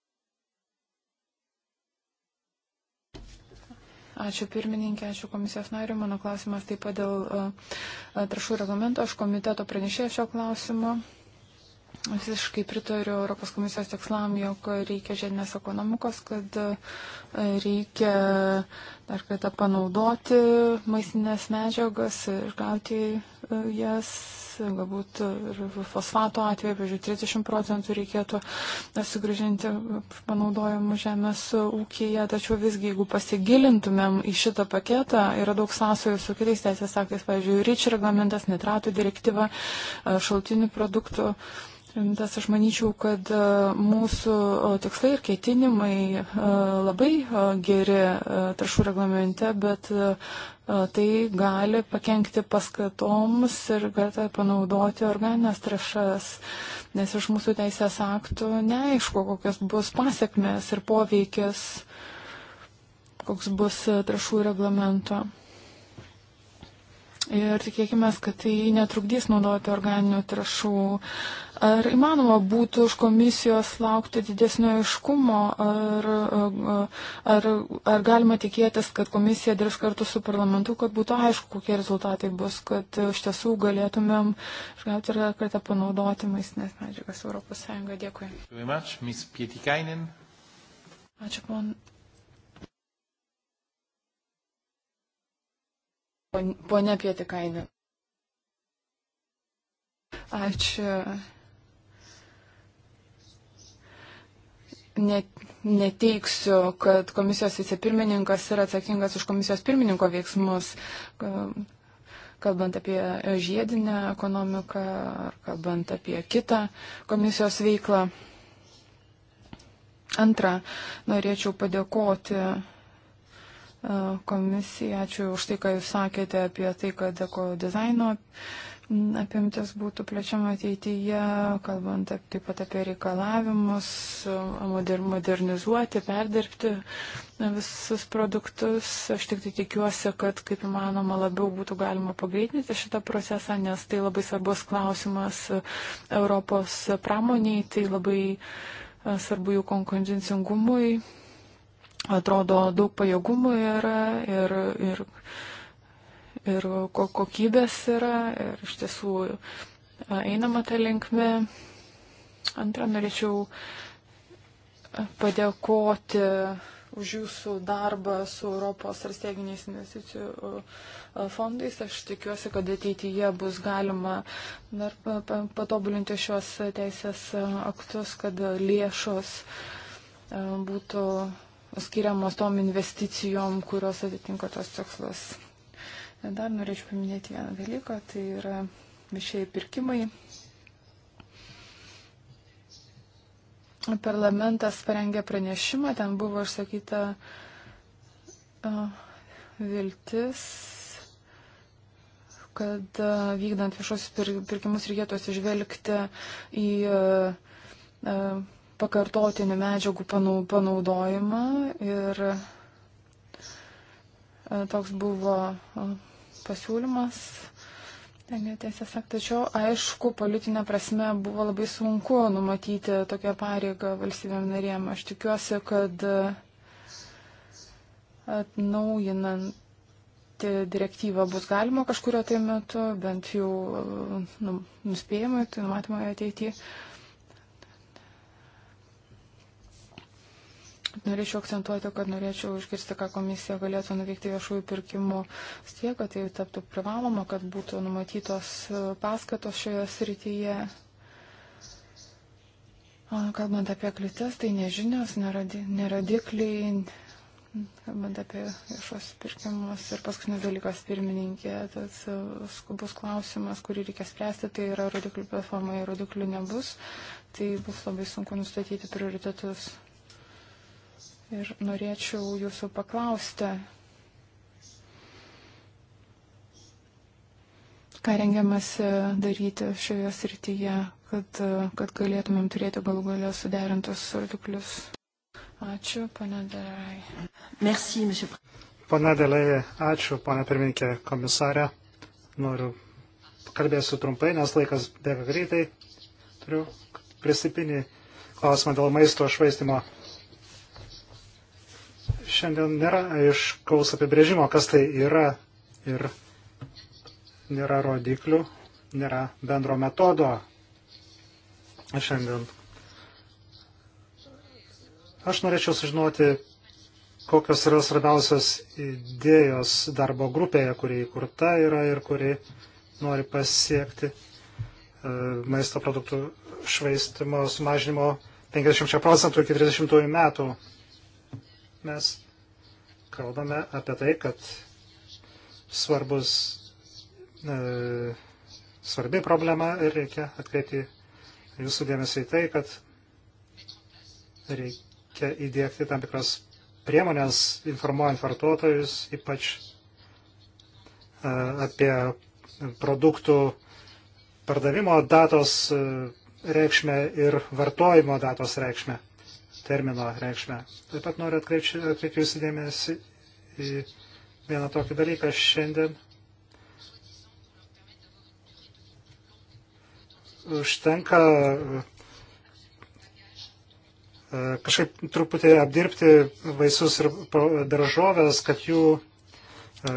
Ačiū pirmininkė, ačiū komisijos nariu. Mano klausimas taip pat dėl e, e, trašų reglamento. Aš komiteto pranešėjau šio klausimo. Visiškai pritariu Europos komisijos tikslam, jog reikia žiedinės ekonomikos, kad e, reikia dar kartą panaudoti maistinės medžiagas ir gauti e, jas, galbūt ir fosfato atveju, pavyzdžiui, 30 procentų reikėtų sugrįžinti panaudojimų žemės ūkyje, tačiau visgi, jeigu pasigilintumėm į šitą paketą, yra daug sąsojų su kitais teisės aktais, pavyzdžiui, REACH reglamentas, nitratų direktyva, e, šaltinių produktų Pirmininkas, aš manyčiau, kad e, mūsų tikslai ir ketinimai e, labai e, geri trašų reglamente, bet tai gali pakengti paskatoms ir galite panaudoti organinės trašas, nes iš mūsų teisės aktų neaišku, kokios bus pasiekmes ir poveikis, koks bus trašų reglamento ir tikėkime, kad tai netrukdys naudoti organinių trašų. Ar įmanoma būtų iš komisijos laukti didesnio aiškumo, ar, ar, ar galima tikėtis, kad komisija dirbs kartu su parlamentu, kad būtų aišku, kokie rezultatai bus, kad iš tiesų galėtumėm išgauti ir dar kartą panaudoti maistinės medžiagas Europos Sąjungoje. Dėkui. Ačiū, pon, Pone Pietikainė. Ačiū. Net, neteiksiu, kad komisijos vicepirmininkas yra atsakingas už komisijos pirmininko veiksmus, kalbant apie žiedinę ekonomiką, kalbant apie kitą komisijos veiklą. Antra, norėčiau padėkoti komisija. Ačiū už tai, ką Jūs sakėte apie tai, kad eko dizaino apimtis būtų plečiama ateityje, kalbant taip pat apie reikalavimus, modernizuoti, perdirbti visus produktus. Aš tik tai tikiuosi, kad kaip įmanoma labiau būtų galima pagreitinti šitą procesą, nes tai labai svarbus klausimas Europos pramoniai, tai labai svarbu jų konkurencingumui atrodo daug pajėgumų yra ir, ir, ir kokybės yra ir iš tiesų einama tą linkmę. Antra, norėčiau padėkoti už jūsų darbą su Europos strateginiais investicijų fondais. Aš tikiuosi, kad ateityje bus galima dar patobulinti šios teisės aktus, kad lėšos būtų skiriamos tom investicijom, kurios atitinka tos tikslus. Dar norėčiau paminėti vieną dalyką, tai yra viešieji pirkimai. Parlamentas parengė pranešimą, ten buvo išsakyta uh, viltis, kad uh, vykdant viešosius pir pirkimus reikėtų atsižvelgti į uh, uh, pakartotinį medžiagų panaudojimą ir e, toks buvo e, pasiūlymas. Teisės aktačiau, aišku, politinė prasme buvo labai sunku numatyti tokią pareigą valstybėm narėm. Aš tikiuosi, kad e, atnaujinant direktyvą bus galima kažkurio tai metu, bent jau nu, nuspėjimai, tai numatymoje ateityje Norėčiau akcentuoti, kad norėčiau išgirsti, ką komisija galėtų nuveikti viešųjų pirkimų stie, kad tai taptų privaloma, kad būtų numatytos paskatos šioje srityje. Kalbant apie kliūtis, tai nežinios, neradikliai, kalbant apie viešos pirkimus. Ir paskutinis dalykas, pirmininkė, tas uh, skubus klausimas, kurį reikia spręsti, tai yra rodiklių platforma, jei rodiklių nebus, tai bus labai sunku nustatyti prioritetus. Ir norėčiau jūsų paklausti, ką rengiamasi daryti šioje srityje, kad, kad galėtumėm turėti galų galę suderintus rodiklius. Ačiū, pana Delerai. Merci, monsieur. Pana Delerai, ačiū, pana pirmininkė komisarė. Noriu kalbėsiu trumpai, nes laikas bėga greitai. Turiu prisipinį klausimą dėl maisto švaistimo šiandien nėra aiškaus apibrėžimo, kas tai yra ir nėra rodiklių, nėra bendro metodo šiandien. Aš norėčiau sužinoti, kokios yra svarbiausios idėjos darbo grupėje, kuri įkurta yra ir kuri nori pasiekti e, maisto produktų švaistimo sumažinimo 50 procentų iki 30 metų mes kalbame apie tai, kad svarbus, e, svarbi problema ir reikia atkreipti jūsų dėmesį į tai, kad reikia įdėkti tam tikras priemonės informuojant vartotojus, ypač e, apie produktų pardavimo datos e, reikšmę ir vartojimo datos reikšmę termino reikšmę. Taip pat noriu atkreipti jūsų dėmesį į vieną tokį dalyką šiandien. Užtenka e, kažkaip truputį apdirbti vaisius ir daržovės, kad jų, e,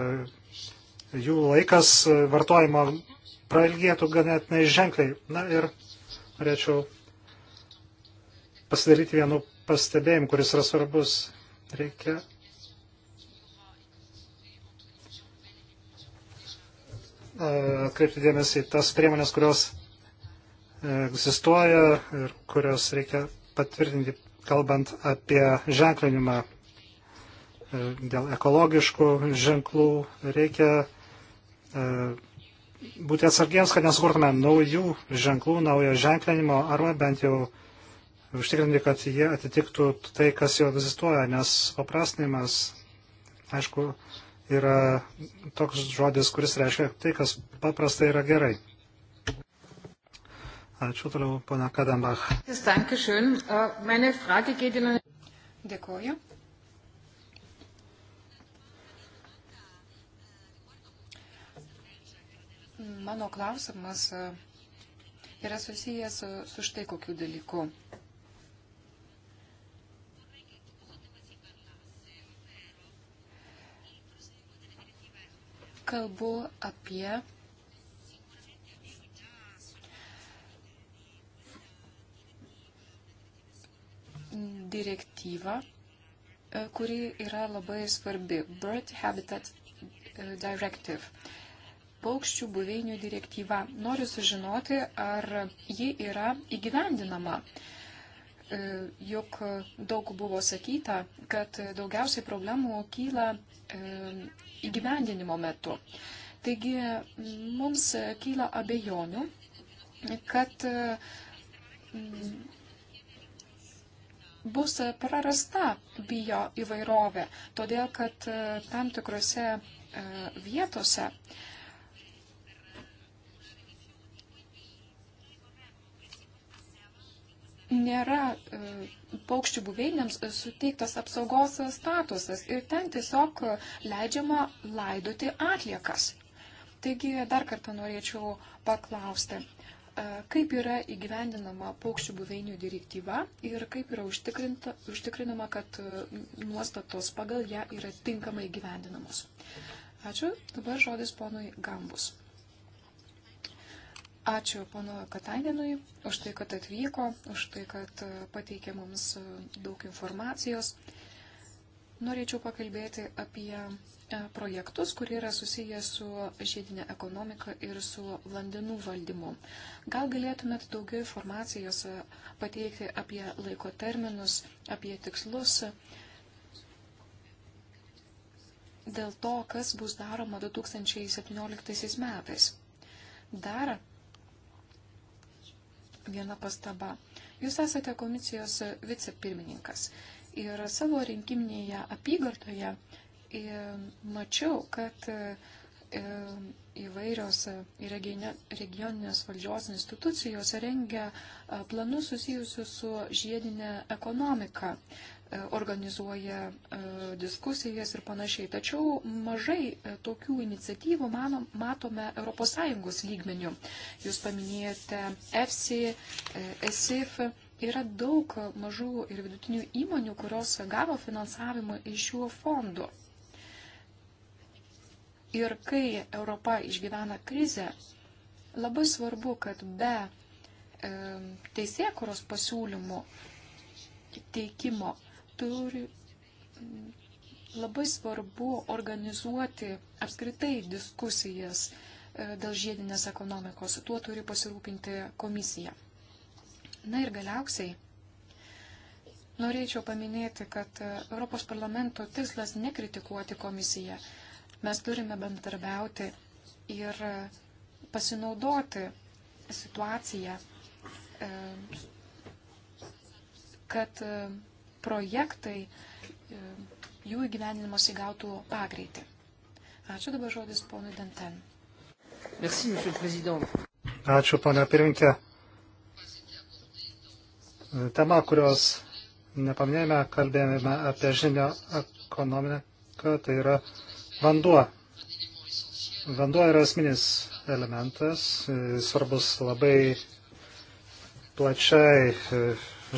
jų laikas vartojimo prailgėtų ganėtinai ženkliai. Na ir norėčiau pasidaryti vienu pastebėjimų, kuris yra svarbus. Reikia atkreipti dėmesį į tas priemonės, kurios e, egzistuoja ir kurios reikia patvirtinti, kalbant apie ženklinimą e, dėl ekologiškų ženklų. Reikia e, būti atsargiems, kad nesukurtume naujų ženklų, naujo ženklinimo arba bent jau ir užtikrinti, kad jie atitiktų tai, kas jau egzistuoja, nes paprastinimas, aišku, yra toks žodis, kuris reiškia tai, kas paprastai yra gerai. Ačiū toliau, pana Kadambach. Äh, Dėkuoju. Mano klausimas äh, yra susijęs su, su štai kokiu dalyku. kalbu apie direktyvą, e, kuri yra labai svarbi - Bird Habitat e, Directive. Paukščių buveinių direktyva. Noriu sužinoti, ar ji yra įgyvendinama. Uh, E, juk daug buvo sakyta, kad daugiausiai problemų kyla e, įgyvendinimo metu. Taigi mums kyla abejonių, kad mm, bus prarasta bio įvairovė, todėl kad e, tam tikrose vietose uh, nėra e, paukščių buveinėms e, suteiktas apsaugos statusas ir ten tiesiog leidžiama laidoti atliekas. Taigi dar kartą norėčiau paklausti, e, kaip yra įgyvendinama paukščių buveinių direktyva ir kaip yra užtikrinama, kad nuostatos pagal ją yra tinkamai įgyvendinamos. Ačiū. Dabar žodis ponui Gambus. Ačiū pano Katainenui už tai, kad atvyko, už tai, kad e, pateikė mums e, daug informacijos. Norėčiau pakalbėti apie e, projektus, kurie yra susiję su žiedinė ekonomika ir su vandenų valdymu. Gal galėtumėt daugiau informacijos pateikti apie laiko terminus, apie tikslus, dėl to, kas bus daroma 2017 metais. Dar viena pastaba. Jūs esate komisijos vicepirmininkas ir savo rinkiminėje apygardoje mačiau, kad įvairios e, regioninės valdžios institucijos rengia planus susijusius su žiedinė ekonomika. E, organizuoja e, diskusijas ir panašiai. Tačiau mažai e, tokių iniciatyvų manom, matome ES lygmenių. Jūs paminėjote EFSI, ESIF. Yra daug mažų ir vidutinių įmonių, kurios gavo finansavimą iš šių fondų. Ir kai Europa išgyvena krizę, labai svarbu, kad be e, teisėkuros pasiūlymų teikimo turi labai svarbu organizuoti apskritai diskusijas e, dėl žiedinės ekonomikos. Tuo turi pasirūpinti komisija. Na ir galiausiai norėčiau paminėti, kad e, Europos parlamento tikslas nekritikuoti komisiją. Mes turime bendarbiauti ir e, pasinaudoti situaciją, kad projektai, e, jų įgyvendinimas įgautų pagreitį. Ačiū dabar žodis ponui Danten. Merci, Ačiū, ponia pirminkė. Tema, kurios nepaminėjome, kalbėjome apie žinio ekonomiką, tai yra vanduo. Vanduo yra asmenis elementas, svarbus labai plačiai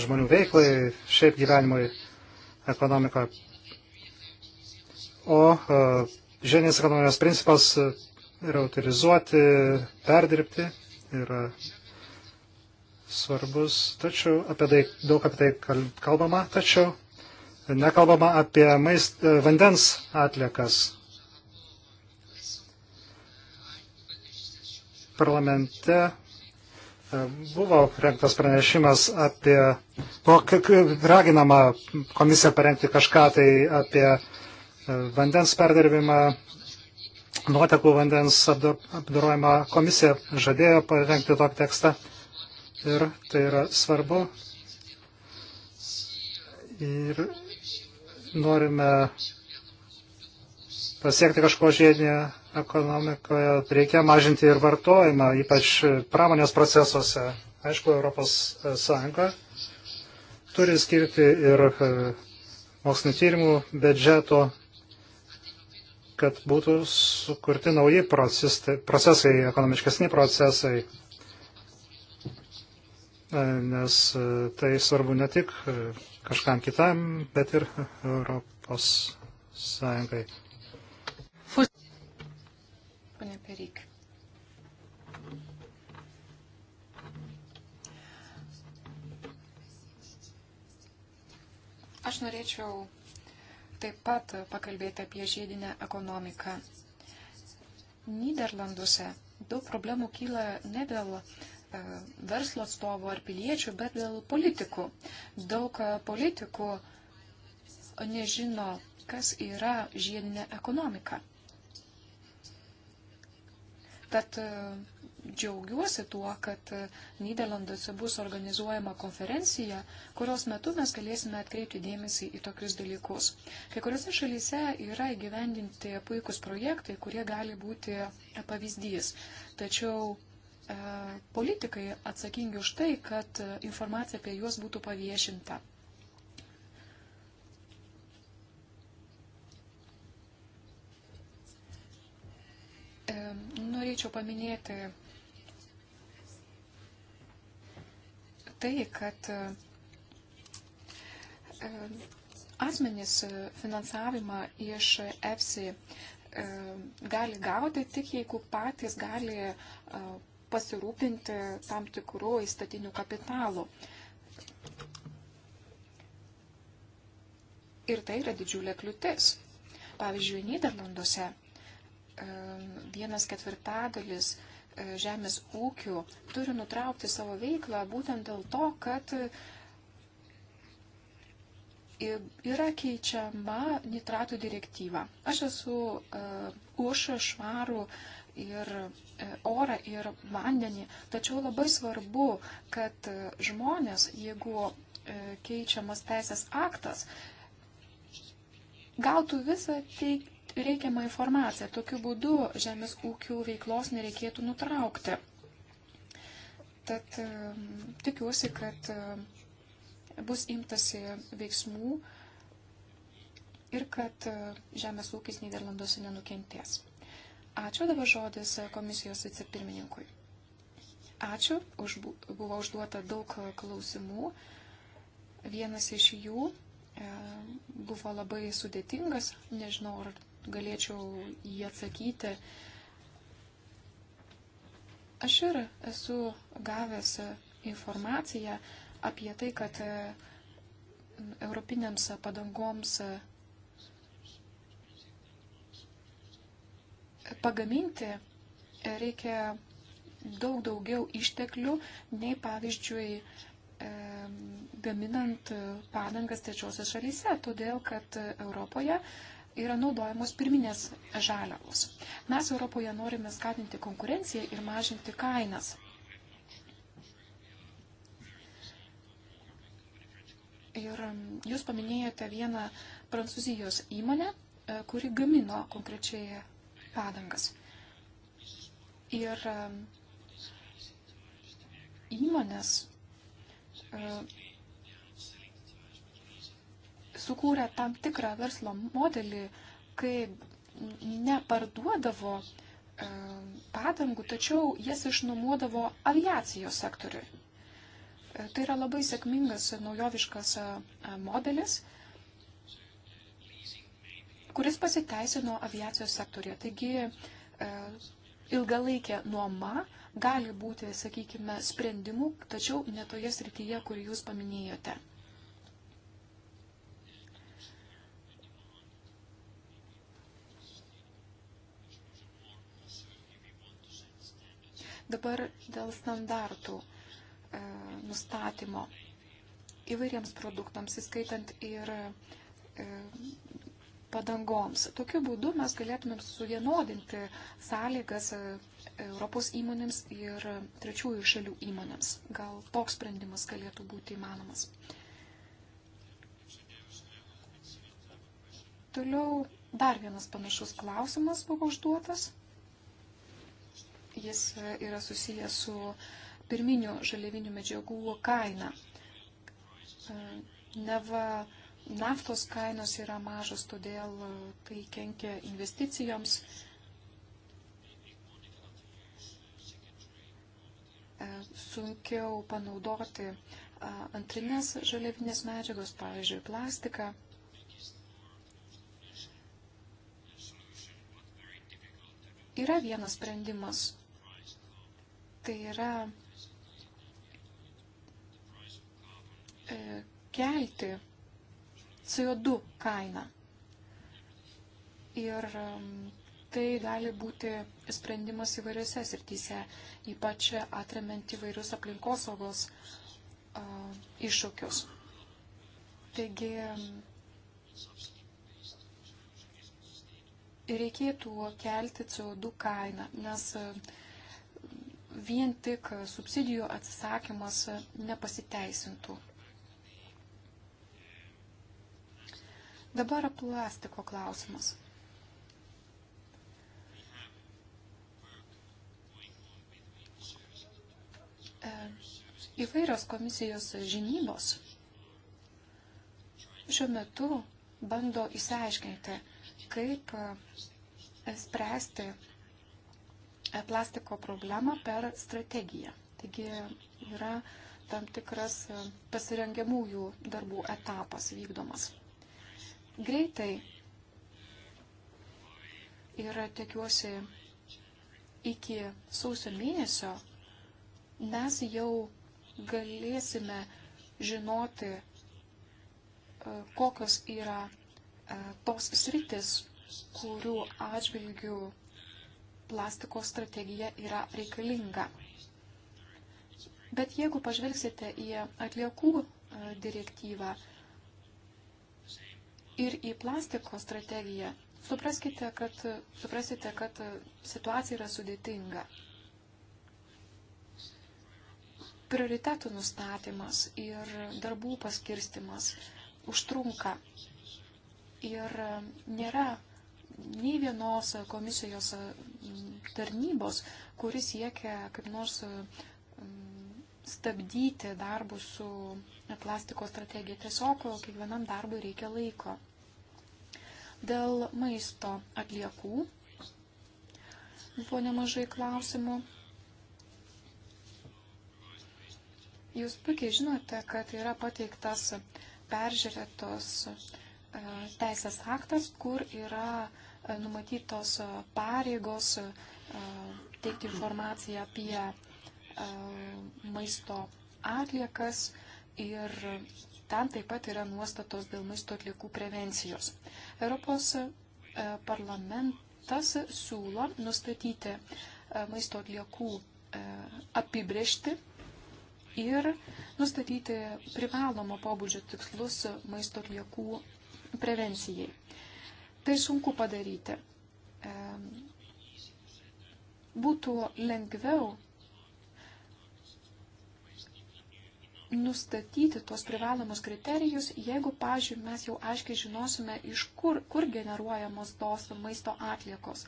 žmonių veiklai, šiaip gyvenimui ekonomikoje. O e, žiedinės ekonomijos principas yra utilizuoti, perdirbti yra svarbus, tačiau apie tai daug apie tai kalbama, tačiau nekalbama apie maist, e, vandens atliekas. Parlamente Buvo renktas pranešimas apie, buvo raginama komisija parengti kažką tai apie e, vandens perdirbimą, nuotekų vandens apdorojimą. Komisija žadėjo parengti tokį tekstą ir tai yra svarbu. Ir norime pasiekti kažko žiedinėje ekonomikoje reikia mažinti ir vartojimą, ypač pramonės procesuose. Aišku, Europos Sąjunga turi skirti ir e, mokslinio tyrimų biudžeto, kad būtų sukurti nauji procesai, procesai ekonomiškesni procesai, e, nes e, tai svarbu ne tik kažkam kitam, bet ir Europos Sąjungai ponia Perik. Aš norėčiau taip pat pakalbėti apie žiedinę ekonomiką. Niderlanduose daug problemų kyla ne dėl e, verslo atstovų ar piliečių, bet dėl politikų. Daug e, politikų nežino, kas yra žiedinė ekonomika. Tad e, džiaugiuosi tuo, kad e, Niderlanduose bus organizuojama konferencija, kurios metu mes galėsime atkreipti dėmesį į tokius dalykus. Kai kuriuose šalyse yra įgyvendinti puikus projektai, kurie gali būti pavyzdys. Tačiau e, politikai atsakingi už tai, kad e, informacija apie juos būtų paviešinta. Norėčiau paminėti tai, kad e, e, asmenys finansavimą iš EFSI gali gauti tik jeigu patys gali e, pasirūpinti tam tikrų įstatinių kapitalų. Ir tai yra didžiulė kliūtis. Pavyzdžiui, Niderlanduose vienas ketvirtadalis e, žemės ūkių turi nutraukti savo veiklą būtent dėl to, kad e, yra keičiama nitratų direktyva. Aš esu uh, už švarų ir orą ir vandenį, tačiau labai svarbu, kad žmonės, jeigu keičiamas teisės aktas, gautų visą teik, reikiamą informaciją. Tokiu būdu žemės ūkių veiklos nereikėtų nutraukti. Tad tikiuosi, kad bus imtasi veiksmų ir kad žemės ūkis Niderlanduose nenukentės. Ačiū dabar žodis komisijos vicepirmininkui. Ačiū, už, buvo užduota daug klausimų. Vienas iš jų e, buvo labai sudėtingas, nežinau, ar galėčiau jį atsakyti. Aš ir esu gavęs informaciją apie tai, kad e, europinėms padangoms e, pagaminti e, reikia daug daugiau išteklių nei, pavyzdžiui, gaminant padangas trečiosios šalyse, todėl kad Europoje yra naudojamos pirminės žaliavos. Mes Europoje norime skatinti konkurenciją ir mažinti kainas. Ir jūs paminėjote vieną prancūzijos įmonę, e, kuri gamino konkrečiai padangas. Ir įmonės e, sukūrė tam tikrą verslo modelį, kai neparduodavo e, padangų, tačiau jas išnuomodavo aviacijos sektoriui. E, tai yra labai sėkmingas naujoviškas e, modelis, kuris pasiteisino aviacijos sektorija. Taigi ilgalaikė nuoma gali būti, sakykime, sprendimu, tačiau ne toje srityje, kur jūs paminėjote. Dabar dėl standartų e, nustatymo įvairiems produktams, įskaitant ir e, padangoms. Tokiu būdu mes galėtumėm suvienodinti sąlygas e, Europos įmonėms ir trečiųjų šalių įmonėms. Gal toks sprendimas galėtų būti įmanomas. Toliau dar vienas panašus klausimas buvo užduotas jis e, yra susijęs su pirminių žaliavinių medžiagų kaina. E, neva naftos kainos yra mažos, todėl e, tai kenkia investicijoms. Sunkiau panaudoti antrinės žaliavinės medžiagos, pavyzdžiui, plastiką. Yra vienas sprendimas, Tai yra e, kelti CO2 kainą. Ir tai gali būti sprendimas įvairiose srityse, ypač atremiant įvairius aplinkosaugos iššūkius. Taigi reikėtų kelti CO2 kainą, nes uh, vien tik subsidijų atsisakymas nepasiteisintų. Dabar plastiko klausimas. E, įvairios komisijos žinybos šiuo metu bando įsiaiškinti, kaip e, spręsti E, plastiko problemą per strategiją. Taigi yra tam tikras e, pasirengiamųjų darbų etapas vykdomas. Greitai ir tikiuosi iki sausio mėnesio mes jau galėsime žinoti, e, kokios yra tos sritis, kurių atžvilgių plastiko strategija yra reikalinga. Bet jeigu pažvelgsite į atliekų e, direktyvą ir į plastiko strategiją, supraskite, kad, suprasite, kad e, situacija yra sudėtinga. Prioritetų nustatymas ir darbų paskirstimas užtrunka ir e, nėra nei vienos komisijos tarnybos, kuris siekia kaip nors stabdyti darbus su plastiko strategija. Tiesiog kiekvienam darbui reikia laiko. Dėl maisto atliekų buvo nemažai klausimų. Jūs puikiai žinote, kad yra pateiktas peržiūrėtos e, teisės aktas, kur yra uh, numatytos e, pareigos e, teikti informaciją apie e, maisto atliekas ir ten taip pat yra nuostatos dėl maisto atliekų prevencijos. Europos parlamentas siūlo nustatyti maisto atliekų apibriežti ir nustatyti privalomo pobūdžio tikslus maisto atliekų prevencijai. Tai sunku padaryti. Būtų lengviau nustatyti tuos privalomus kriterijus, jeigu, pažiūrėjau, mes jau aiškiai žinosime, iš kur, kur generuojamos tos maisto atliekos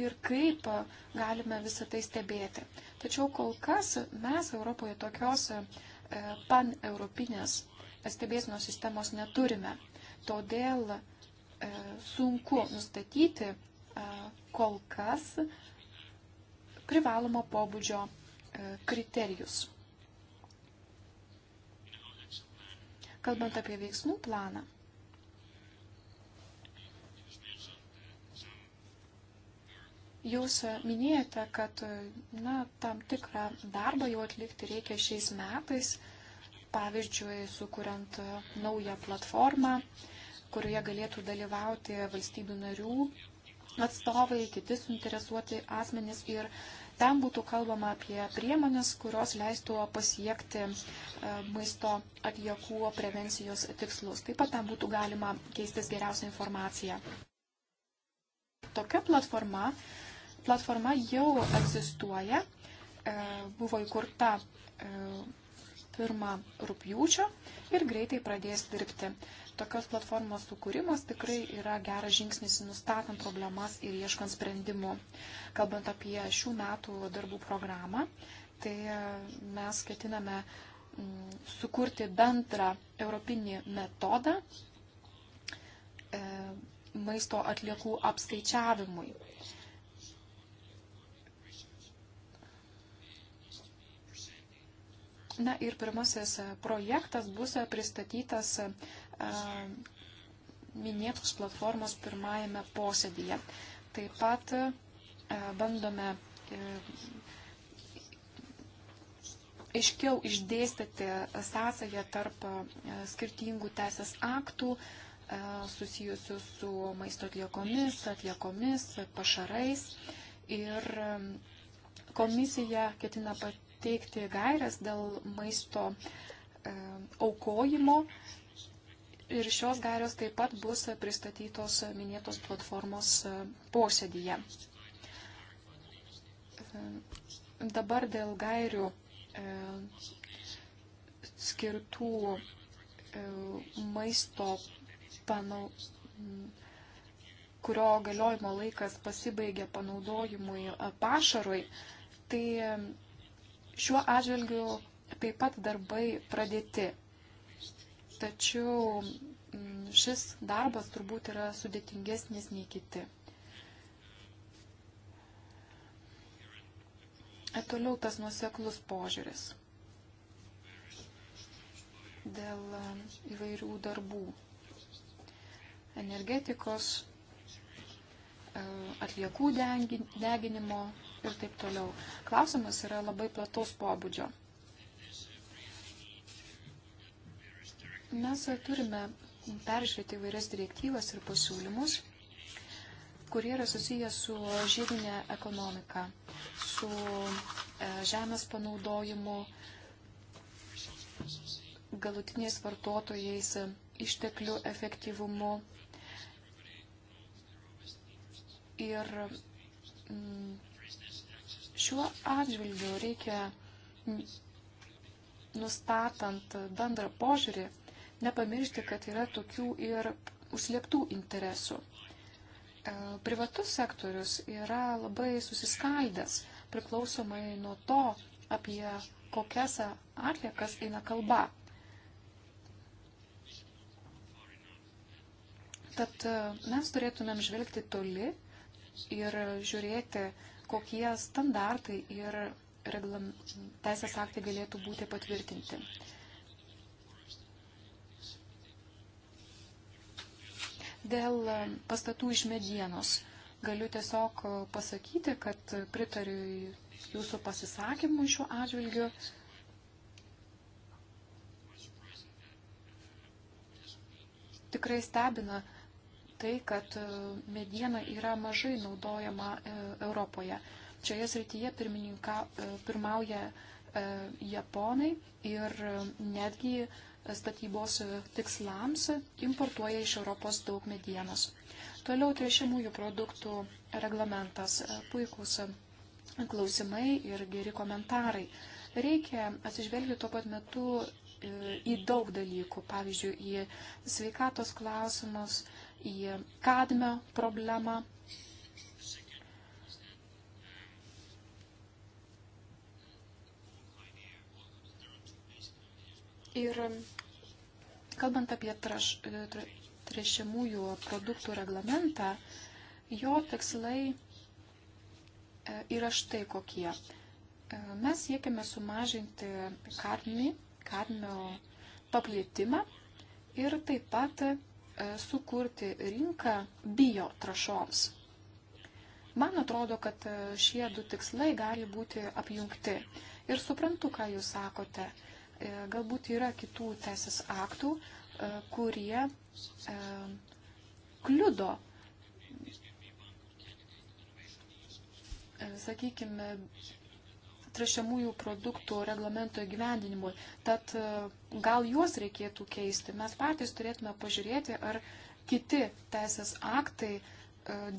ir kaip galime visą tai stebėti. Tačiau kol kas mes Europoje tokios e, pan-europinės stebėsino sistemos neturime. Todėl E, sunku nustatyti e, kol kas privalomo pobūdžio e, kriterijus. Kalbant apie veiksmų planą, Jūs minėjote, kad na, tam tikrą darbą jau atlikti reikia šiais metais, pavyzdžiui, sukuriant naują platformą, kurioje galėtų dalyvauti valstybių narių atstovai, kiti suinteresuoti asmenys ir ten būtų kalbama apie priemonės, kurios leistų pasiekti e, maisto atliekų prevencijos tikslus. Taip pat ten būtų galima keistis geriausią informaciją. Tokia platforma, platforma jau egzistuoja, e, buvo įkurta e, pirmą rūpjūčio ir greitai pradės dirbti tokios platformos sukūrimas tikrai yra geras žingsnis nustatant problemas ir ieškant sprendimų. Kalbant apie šių metų darbų programą, tai mes ketiname mm, sukurti bendrą europinį metodą e, maisto atliekų apskaičiavimui. Na ir pirmasis e, projektas bus pristatytas minėtos platformos pirmajame posėdėje. Taip pat bandome e, aiškiau išdėstyti sąsąją tarp skirtingų teisės aktų susijusių su maisto atliekomis, atliekomis, pašarais. Ir komisija ketina pateikti gairias dėl maisto aukojimo ir šios gairios taip pat bus pristatytos minėtos platformos e, posėdyje. E, dabar dėl gairių e, skirtų maisto panau kurio galiojimo laikas pasibaigė panaudojimui pašarui, tai šiuo atžvilgiu taip pat darbai pradėti. Tačiau mm, šis darbas turbūt yra sudėtingesnis nei kiti. Ir e, toliau tas nuoseklus požiūris dėl e, įvairių darbų. Energetikos, e, atliekų deginimo ir taip toliau. Klausimas yra labai plataus pobūdžio. Mes turime peržiūrėti įvairias direktyvas ir pasiūlymus, kurie yra susijęs su žiedinė ekonomika, su e, žemės panaudojimu, galutiniais vartotojais, išteklių efektyvumu ir mm, šiuo atžvilgiu reikia nustatant bendrą požiūrį nepamiršti, kad yra tokių ir užslėptų interesų. E, privatus sektorius yra labai susiskaldęs priklausomai nuo to, apie kokias atliekas eina kalba. Tad e, mes turėtumėm žvelgti toli ir žiūrėti, kokie standartai ir reglam, teisės aktai galėtų būti patvirtinti. Dėl e, pastatų iš medienos galiu tiesiog e, pasakyti, kad pritariu jūsų pasisakymui šiuo atžvilgiu. Tikrai stebina tai, kad e, mediena yra mažai naudojama Europoje. Šioje srityje pirmauja Japonai ir netgi statybos tikslams importuoja iš Europos daug medienos. Toliau trešimųjų produktų reglamentas. Puikus klausimai ir geri komentarai. Reikia atsižvelgti tuo pat metu e, į daug dalykų, pavyzdžiui, į sveikatos klausimus, į kadmio problemą, Ir kalbant apie traš, e, trešiamųjų produktų reglamentą, jo tikslai e, yra štai kokie. E, mes siekime sumažinti kadmį, kadmio paplitimą ir taip pat sukurti rinką bio trašoms. Man atrodo, kad šie du tikslai gali būti apjungti. Ir suprantu, ką jūs sakote. E, galbūt yra kitų teisės aktų, e, kurie e, kliudo, sakykime, trašiamųjų produktų reglamento įgyvendinimui. Tad gal juos reikėtų keisti. Mes patys turėtume pažiūrėti, ar kiti teisės aktai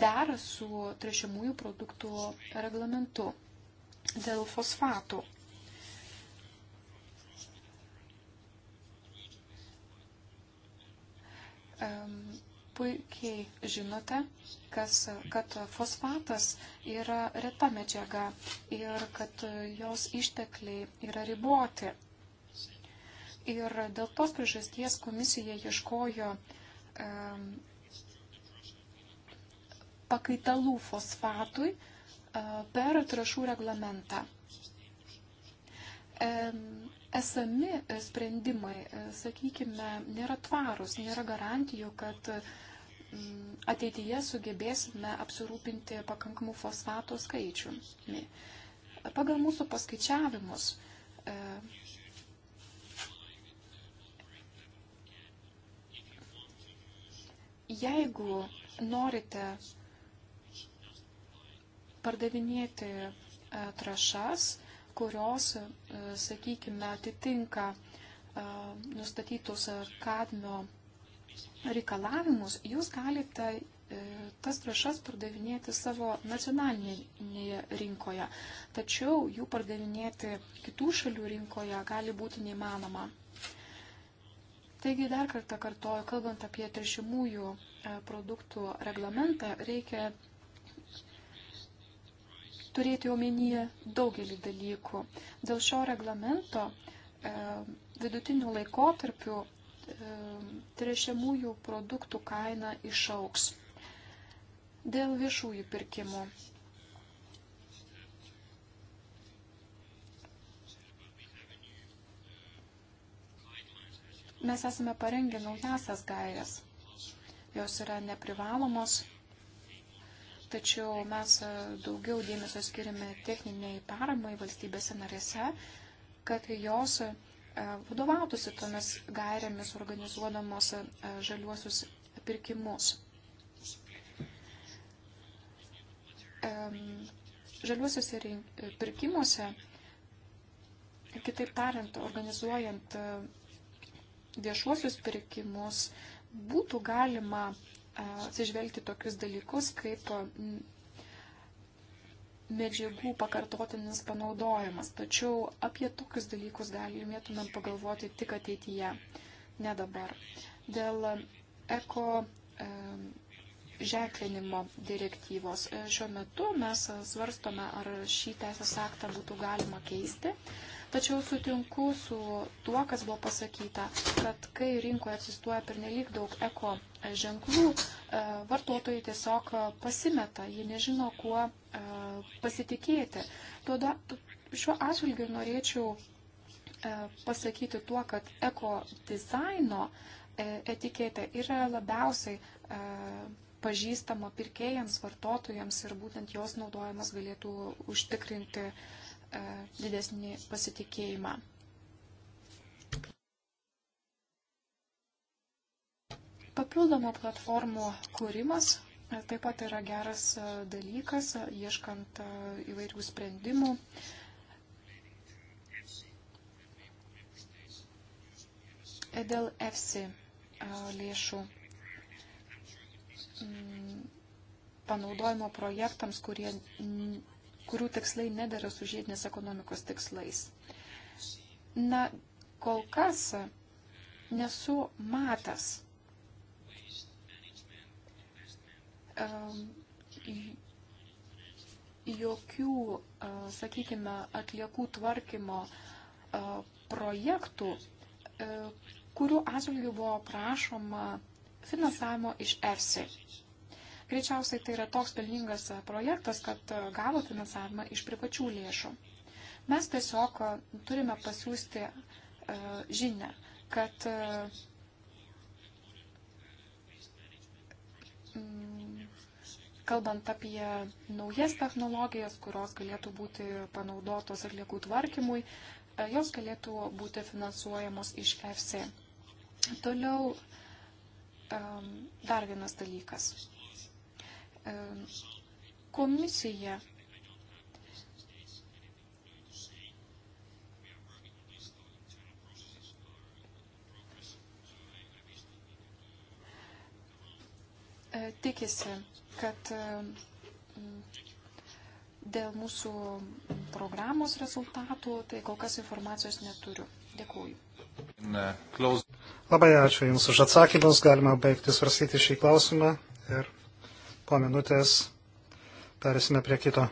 dera su trašiamųjų produktų reglamentu dėl fosfatų. puikiai žinote, kas, kad fosfatas yra reta medžiaga ir kad jos ištekliai yra riboti. Ir dėl tos priežasties komisija ieškojo e, pakaitalų fosfatui e, per trašų reglamentą esami e, sprendimai, e, sakykime, nėra tvarūs, nėra garantijų, kad mm, ateityje sugebėsime apsirūpinti pakankamų fosfato skaičių. Pagal mūsų paskaičiavimus e, jeigu norite pardavinėti trašas, kurios, e, sakykime, atitinka e, nustatytus kadmio reikalavimus, jūs galite e, tas trašas pardavinėti savo nacionalinėje rinkoje, tačiau jų pardavinėti kitų šalių rinkoje gali būti neįmanoma. Taigi dar kartą kartoju, kalbant apie trešimųjų produktų reglamentą, reikia turėti omenyje daugelį dalykų. Dėl šio reglamento e, vidutinių laikotarpių e, trešiamųjų produktų kaina išauks. Dėl viešųjų pirkimų. Mes esame parengę naujasias gairias. Jos yra neprivalomos tačiau mes e, daugiau dėmesio skirime techniniai paramai valstybėse narėse, kad jos e, vadovautųsi tomis gairėmis organizuodamos e, žaliuosius pirkimus. Žaliuosiuose pirkimuose, kitaip tariant, organizuojant viešuosius pirkimus, būtų galima uh, atsižvelgti tokius dalykus kaip mm, medžiagų pakartotinis panaudojimas. Tačiau apie tokius dalykus galėtumėm pagalvoti tik ateityje, ne dabar. Dėl e, eko e, ženklinimo direktyvos e, šiuo metu mes svarstome, ar šį teisės aktą būtų galima keisti. E, Tačiau sutinku su tuo, kas buvo pasakyta, kad kai rinkoje egzistuoja pernelyg daug eko ženklų, e, vartotojai tiesiog pasimeta, jie nežino, kuo e, pasitikėti. Tuoda, šiuo atžvilgiu norėčiau e, pasakyti tuo, kad eko dizaino etiketė yra labiausiai pažįstama pirkėjams, vartotojams ir būtent jos naudojimas galėtų užtikrinti uh, E, didesnį pasitikėjimą. Papildomų platformų kūrimas e, taip pat yra geras e, dalykas, ieškant įvairių sprendimų. Dėl EFSI lėšų panaudojimo projektams, kurie kurių tikslai nedara su žiedinės ekonomikos tikslais. Na, kol kas nesu matęs um, jokių, uh, sakykime, atliekų tvarkymo uh, projektų, uh, kurių atžvilgių buvo prašoma finansavimo iš EFSI. Greičiausiai tai yra toks pelningas e, projektas, kad e, gavo finansavimą iš privačių lėšų. Mes tiesiog e, turime pasiūsti žinę, kad mm, kalbant apie naujas technologijas, kurios galėtų būti panaudotos atliekų tvarkymui, jos galėtų būti finansuojamos iš FC. Toliau dar vienas dalykas komisija. Tikisi, kad mm, dėl mūsų programos rezultatų, tai kol kas informacijos neturiu. Dėkuoju. Labai ačiū Jums už atsakymus. Galime baigti svarstyti šį klausimą ir po minutės perėsime prie kito.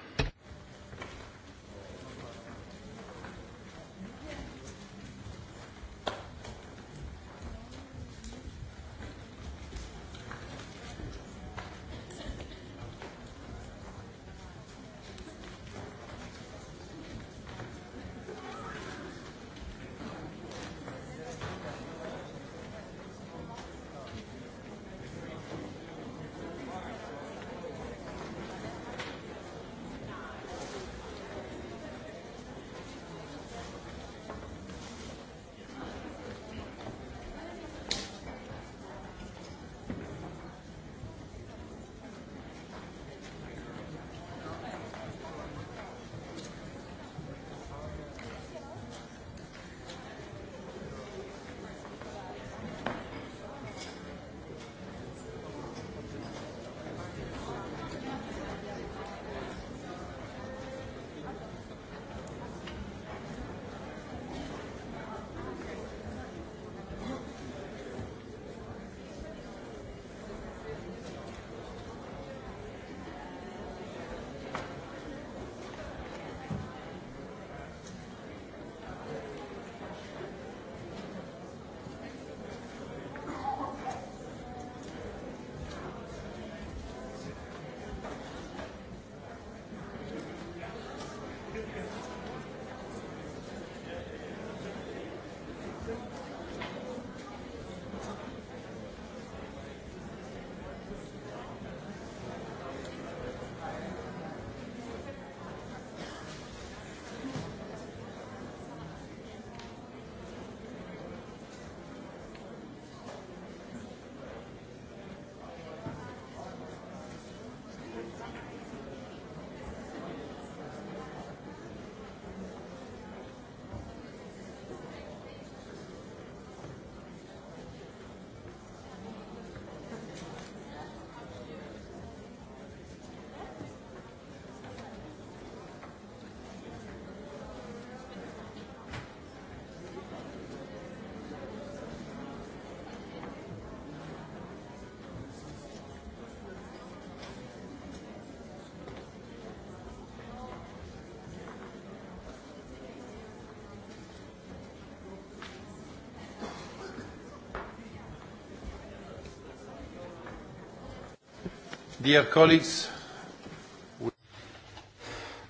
Dear colleagues.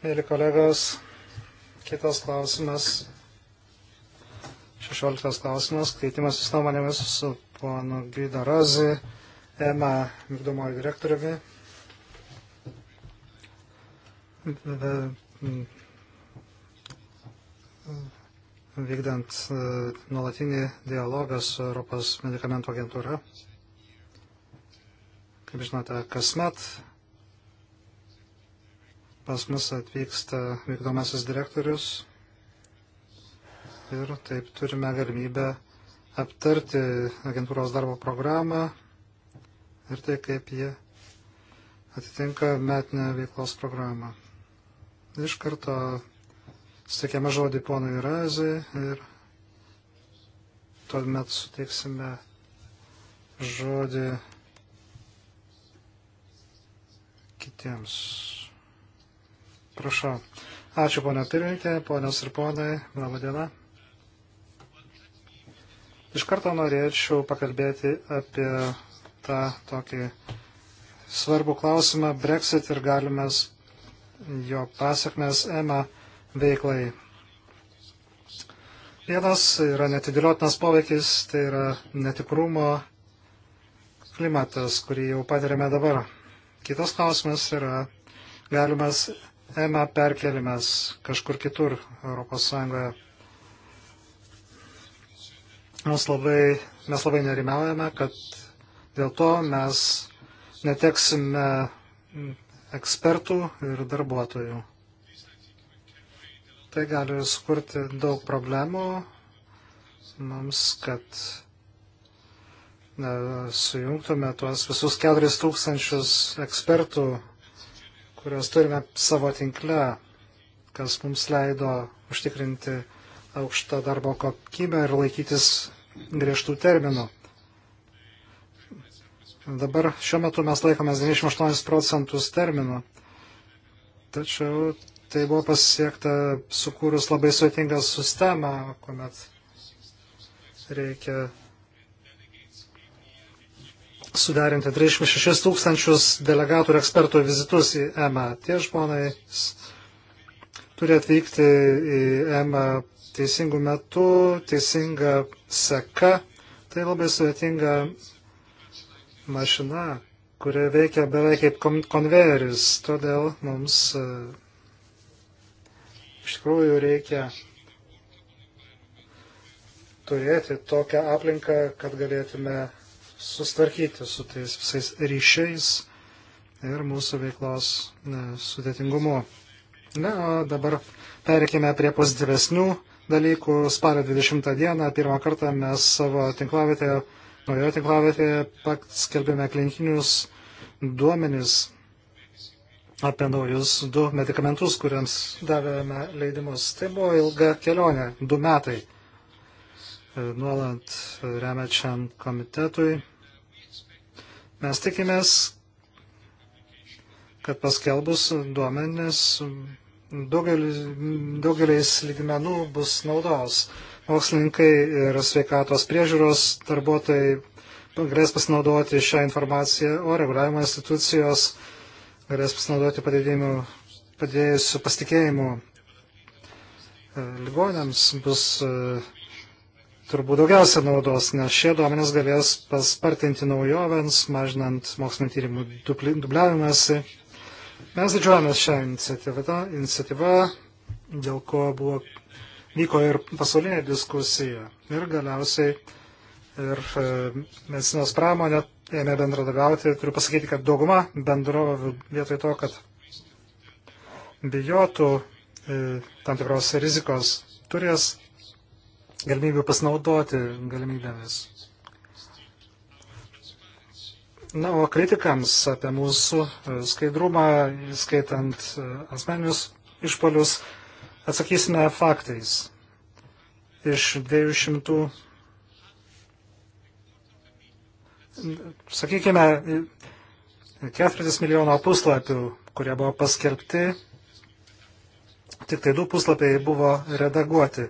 Mėly kolegos, kitas klausimas. 16 klausimas. Keitimas vis nuomonėmis su ponu Gvido Rozi, EMA vykdomojo direktoriumi. Vykdant e, nuolatinį dialogą su Europos medikamentų agentūra Kaip žinote, kasmet pas mus atvyksta vykdomasis direktorius ir taip turime galimybę aptarti agentūros darbo programą ir tai, kaip jie atitinka metinę veiklos programą. Iš karto suteikiame žodį ponui Razai ir tuomet suteiksime žodį kitiems. Prašau. Ačiū, ponia pirmininkė, ponios ir ponai. Labą dieną. Iš karto norėčiau pakalbėti apie tą tokį svarbų klausimą Brexit ir galimas jo pasiekmes EMA veiklai. Vienas yra netidėliotinas poveikis, tai yra netikrumo klimatas, kurį jau patiriame dabar. Kitas klausimas yra galimas EMA perkelimas kažkur kitur Europos Sąjungoje. Mums labai, mes labai nerimaujame, kad dėl to mes neteksime ekspertų ir darbuotojų. Tai gali sukurti daug problemų mums, kad sujungtume tuos visus 4000 ekspertų, kuriuos turime savo tinkle, kas mums leido užtikrinti aukštą darbo kokybę ir laikytis griežtų terminų. Dabar šiuo metu mes laikomės 98 procentus terminų, tačiau tai buvo pasiekta sukūrus labai sutingas sistemą, kuomet reikia suderinti 36 tūkstančius delegatų ir ekspertų vizitus į EMA. Tie žmonės turi atvykti į EMA teisingų metų, teisinga seka. Tai labai sudėtinga mašina, kuri veikia beveik kaip konvejeris. Todėl mums e, iš tikrųjų reikia turėti tokią aplinką, kad galėtume sustarkyti su tais visais ryšiais ir mūsų veiklos e, sudėtingumu. Na, o dabar perkime prie pozityvesnių dalykų. Spalio 20 dieną pirmą kartą mes savo tinklavietėje, naujoje tinklavietėje paskelbėme klinikinius duomenis apie naujus du medikamentus, kuriems davėme leidimus. Tai buvo ilga kelionė, du metai e, nuolat remečiam komitetui Mes tikimės, kad paskelbus duomenis daugelis, daugelis lygmenų bus naudos. Mokslininkai ir sveikatos priežiūros darbuotojai galės pasinaudoti šią informaciją, o reguliavimo institucijos galės pasinaudoti padėjusių pasitikėjimų. Ligonėms bus uh, turbūt daugiausia naudos, nes šie duomenys galės paspartinti naujovens, mažinant mokslinio tyrimų dubliavimąsi. Mes didžiuojamės šią iniciatyvą, iniciatyvą, dėl ko buvo, vyko ir pasaulinė diskusija. Ir galiausiai ir e, medicinos pramonė ėmė bendradarbiauti. Turiu pasakyti, kad dauguma bendrovių vietoj to, kad bijotų e, tam tikros rizikos, turės galimybių pasinaudoti galimybėmis. Na, o kritikams apie mūsų e, skaidrumą, skaitant e, asmeninius išpolius, atsakysime faktais. Iš 200, sakykime, 40 milijono puslapių, kurie buvo paskelbti, tik tai du puslapiai buvo redaguoti.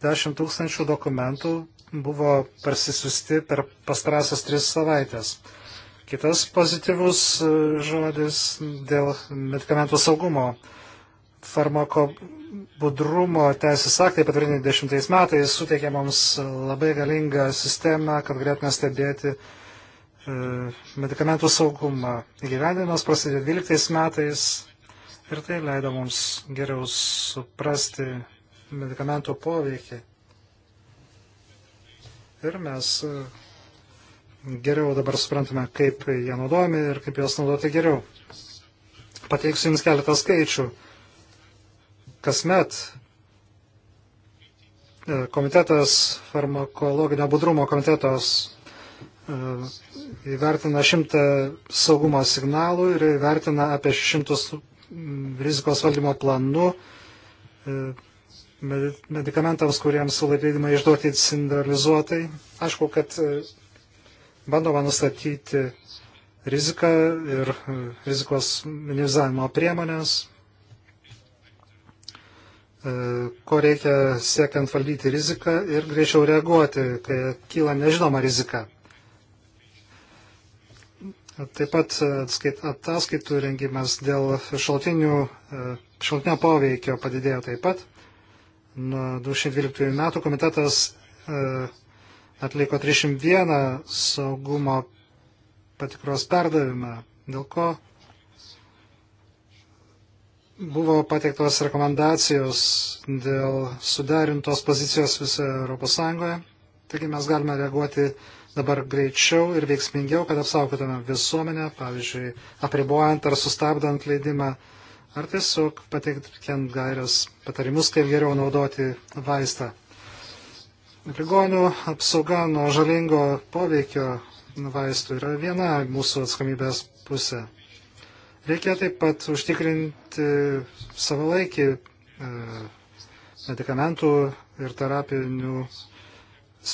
10 tūkstančių dokumentų buvo parsisiusti per pastarąsias tris savaitės. Kitas pozityvus e, žodis dėl medikamentų saugumo. Farmako budrumo teisės aktai patvirtinti dešimtais metais suteikė mums labai galingą sistemą, kad galėtume stebėti e, medikamentų saugumą. Įgyvendinimas prasidėjo 12 metais ir tai leido mums geriau suprasti medikamentų poveikį. Ir mes e, geriau dabar suprantame, kaip jie naudojami ir kaip juos naudoti geriau. Pateiksiu Jums keletą skaičių. Kasmet e, komitetas, farmakologinio budrumo komitetos e, įvertina šimtą saugumo signalų ir įvertina apie šimtus rizikos valdymo planų medikamentams, kuriems leidimai išduoti centralizuotai. Aišku, kad e, bandoma nustatyti riziką ir e, rizikos minimizavimo priemonės, e, ko reikia siekiant valdyti riziką ir greičiau reaguoti, kai kyla nežinoma rizika. Taip pat ataskaitų rengimas dėl šaltinio poveikio padidėjo taip pat. Nuo 2012 metų komitetas e, atliko 301 saugumo patikros perdavimą, dėl ko buvo pateiktos rekomendacijos dėl sudarintos pozicijos visoje Europos Sąjungoje. Taigi mes galime reaguoti dabar greičiau ir veiksmingiau, kad apsaugotume visuomenę, pavyzdžiui, apribojant ar sustabdant leidimą ar tiesiog pateikiant gairias patarimus, kaip geriau naudoti vaistą. Ligonių apsauga nuo žalingo poveikio vaistų yra viena mūsų atskamybės pusė. Reikia taip pat užtikrinti savalaikį e, medikamentų ir terapinių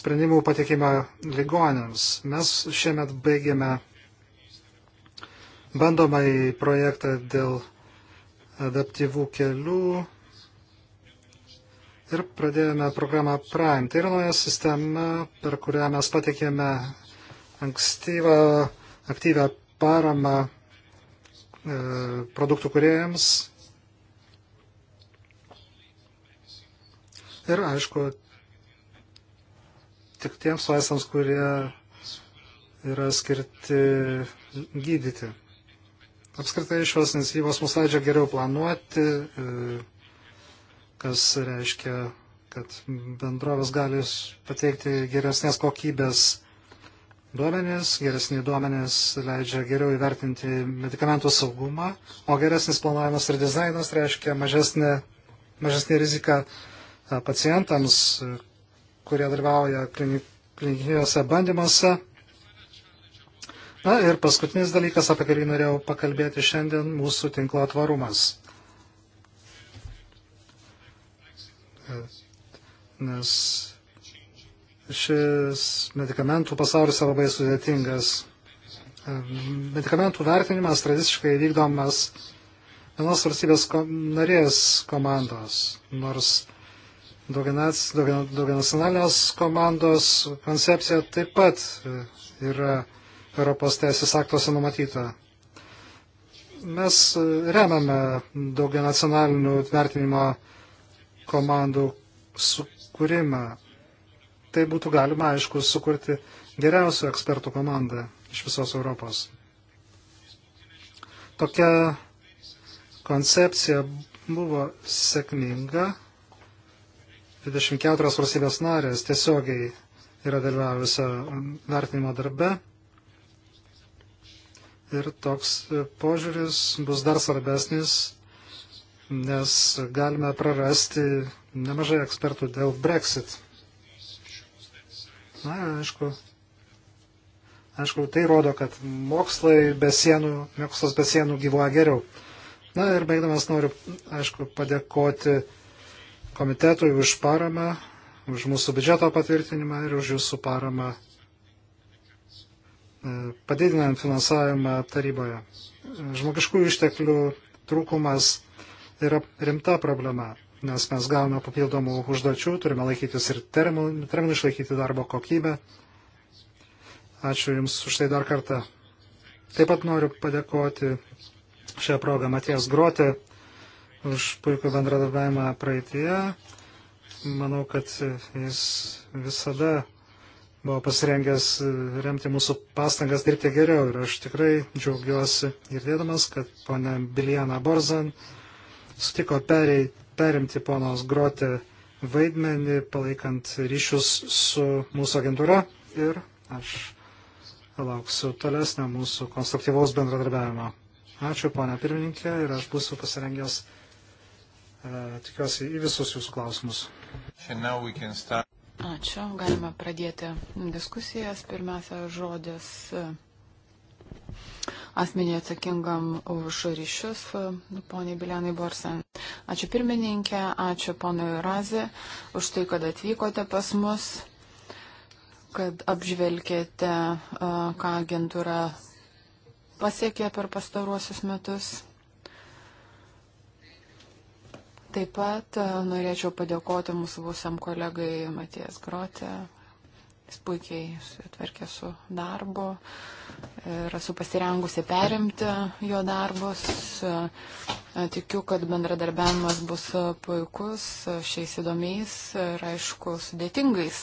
sprendimų patikimą ligonėms. Mes šiemet baigėme bandomąjį projektą dėl adaptyvų kelių ir pradėjome programą Prime. Tai yra nauja sistema, per kurią mes patikėme ankstyvą, aktyvę paramą e, produktų kuriejams. Ir aišku, tik tiems vaistams, kurie yra skirti gydyti. Apskritai šios iniciatyvos mus leidžia geriau planuoti, e, kas reiškia, kad bendrovės gali pateikti geresnės kokybės duomenys, geresni duomenys leidžia geriau įvertinti medikamentų saugumą, o geresnis planavimas ir dizainas reiškia mažesnė, mažesnė rizika e, pacientams, e, kurie dalyvauja klinikiniuose bandymuose Na ir paskutinis dalykas, apie kurį norėjau pakalbėti šiandien, mūsų tinklo tvarumas. Nes šis medikamentų pasaulis yra labai sudėtingas. Medikamentų vertinimas tradiciškai vykdomas vienos valstybės narės komandos, nors daugianacionalinės komandos koncepcija taip pat yra Europos teisės aktuose numatyta. Mes e, remiame daugia nacionalinių vertinimo komandų sukūrimą. Tai būtų galima, aišku, sukurti geriausių ekspertų komandą iš visos Europos. Tokia koncepcija buvo sėkminga. 24 valstybės narės tiesiogiai yra dalyvavusio vertinimo darbe. Ir toks požiūris bus dar svarbesnis, nes galime prarasti nemažai ekspertų dėl Brexit. Na, aišku, aišku, tai rodo, kad mokslai be sienų, mokslas be sienų gyvoja geriau. Na ir baigdamas noriu, aišku, padėkoti komitetui už paramą, už mūsų biudžeto patvirtinimą ir už jūsų paramą padidinant finansavimą taryboje. Žmogiškųjų išteklių trūkumas yra rimta problema, nes mes gauname papildomų užduočių, turime laikytis ir terminų, terminų išlaikyti darbo kokybę. Ačiū Jums už tai dar kartą. Taip pat noriu padėkoti šią progą Matijas Grotė už puikų bendradarbiavimą praeitie. Manau, kad jis visada buvo pasirengęs e, remti mūsų pastangas dirbti geriau. Ir aš tikrai džiaugiuosi girdėdamas, kad ponia Biljana Borzan sutiko perėj, perimti ponos Grotė vaidmenį, palaikant ryšius su mūsų agentūra. Ir aš lauksiu tolesnio mūsų konstruktyvaus bendradarbiavimo. Ačiū, ponia pirmininkė, ir aš būsiu pasirengęs, e, tikiuosi, į visus jūsų klausimus. Ačiū. Galime pradėti diskusijas. Pirmiausia, žodis asmenį atsakingam už ryšius, poniai Bilianai Borsen. Ačiū pirmininkė, ačiū ponui Razė už tai, kad atvykote pas mus, kad apžvelgėte, ką agentūra pasiekė per pastaruosius metus. Taip pat e, norėčiau padėkoti mūsų būsam kolegai Matijas Grotė. Jis puikiai sutvarkė su darbu ir esu pasirengusi perimti jo darbus. E, e, tikiu, kad bendradarbiavimas bus puikus šiais įdomiais ir aišku sudėtingais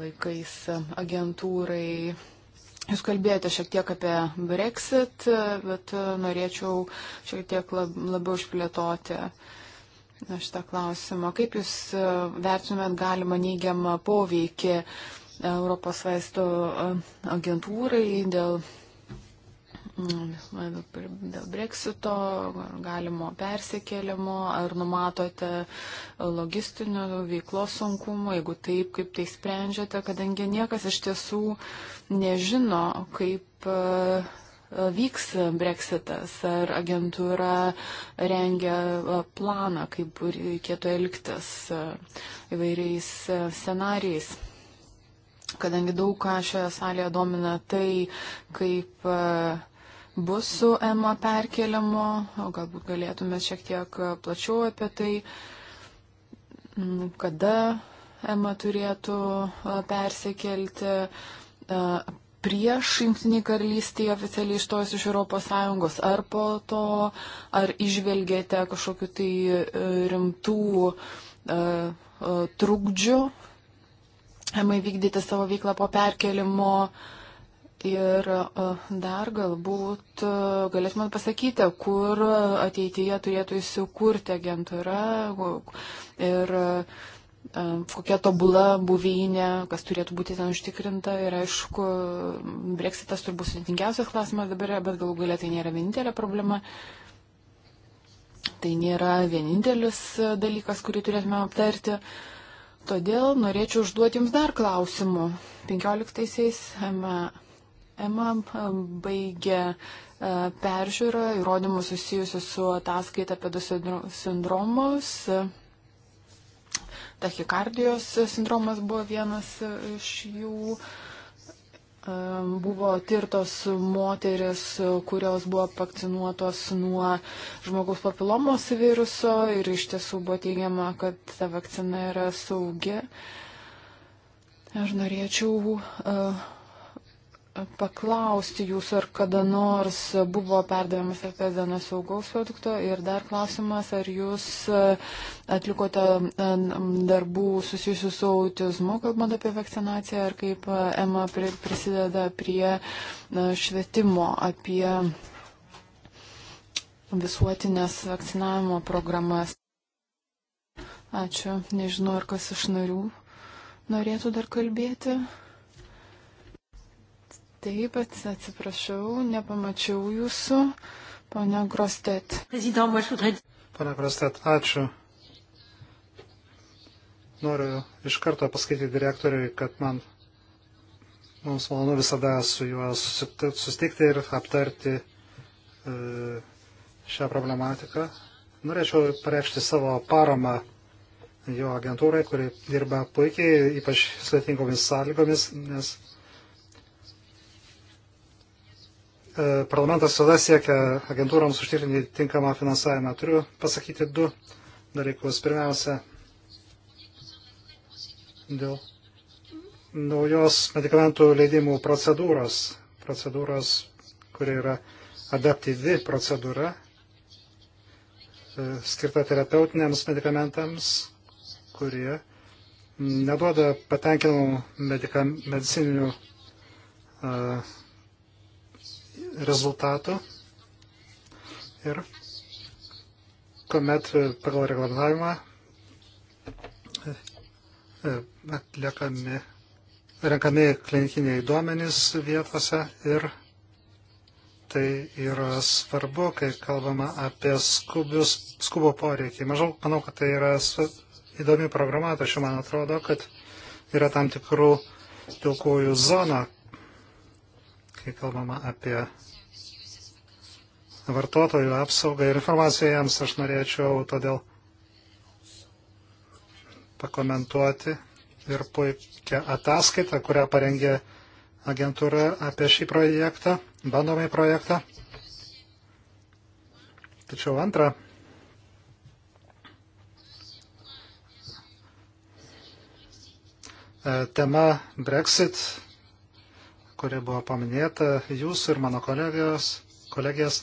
laikais agentūrai Jūs kalbėjote šiek tiek apie Brexit, bet norėčiau šiek tiek lab, labiau išplėtoti šitą klausimą. Kaip Jūs e, vertinat galimą neigiamą poveikį e, Europos vaistų e, agentūrai dėl dėl breksito, galimo persikėlimo, ar numatote logistinių veiklos sunkumų, jeigu taip, kaip tai sprendžiate, kadangi niekas iš tiesų nežino, kaip e, vyks breksitas, ar agentūra rengia e, planą, kaip reikėtų elgtis e, įvairiais scenarijais. Kadangi daug ką šioje salėje domina tai, kaip uh, bus su EMA perkeliamo, o galbūt galėtume šiek tiek plačiau apie tai, kada EMA turėtų persikelti prieš Junktinį karalystį oficialiai išstojus iš ES, ar po to, ar išvelgėte kažkokiu tai e, rimtų e, e, trukdžių EMA vykdyti savo veiklą po perkelimo. Uh, Ir dar galbūt galėtumėt pasakyti, kur ateityje turėtų įsikurti agentūra ir kokia tobula buveinė, kas turėtų būti ten užtikrinta. Ir aišku, breksitas turbūt sudėtingiausias klausimas dabar, bet galų galia tai nėra vienintelė problema. Tai nėra vienintelis dalykas, kurį turėtume aptarti. Todėl norėčiau užduoti Jums dar klausimų. 15-aisiais EMA baigė e, peržiūrą įrodymų susijusių su ataskaita apie du sindromus. Tachikardijos sindromas buvo vienas iš jų. Buvo tirtos moteris, kurios buvo vakcinuotos nuo žmogaus papilomos viruso ir iš tiesų buvo teigiama, kad ta vakcina yra saugi. Aš norėčiau uh, paklausti jūsų, ar kada nors buvo perdavimas apie dano saugaus produkto ir dar klausimas, ar jūs e, atlikote e, darbų susijusių su autizmu, kalbant apie vakcinaciją, ar kaip e, EMA prisideda prie švietimo apie visuotinės vakcinavimo programas. Ačiū. Nežinau, ar kas iš narių norėtų dar kalbėti. Taip, atsiprašau, nepamačiau jūsų, ponia Grostet. Pane Grostet, ačiū. Noriu iš karto pasakyti direktoriui, kad man mums malonu visada su juo susitikti ir aptarti e, šią problematiką. Norėčiau pareikšti savo paramą jo agentūrai, kuri dirba puikiai, ypač svetingomis sąlygomis, nes E, parlamentas visada siekia agentūroms užtikrinti tinkamą finansavimą. Turiu pasakyti du dalykus. Pirmiausia, dėl naujos medikamentų leidimų procedūros, procedūros, kuri yra adaptyvi procedūra, e, skirta terapeutiniams medikamentams, kurie neduoda patenkinamų medicininių uh, rezultatų ir kuomet pagal reglamentavimą e, e, atliekami, renkami klinikiniai duomenys vietose ir tai yra svarbu, kai kalbama apie skubius, skubų poreikį. Mažau, manau, kad tai yra įdomi programa, tačiau man atrodo, kad yra tam tikrų pilkųjų zona, kai kalbama apie vartotojų apsaugą ir informaciją jiems, aš norėčiau todėl pakomentuoti ir puikia ataskaita, kurią parengė agentūra apie šį projektą, bandomai projektą. Tačiau antra, e, tema Brexit kuri buvo paminėta, jūsų ir mano kolegijos, kolegijas,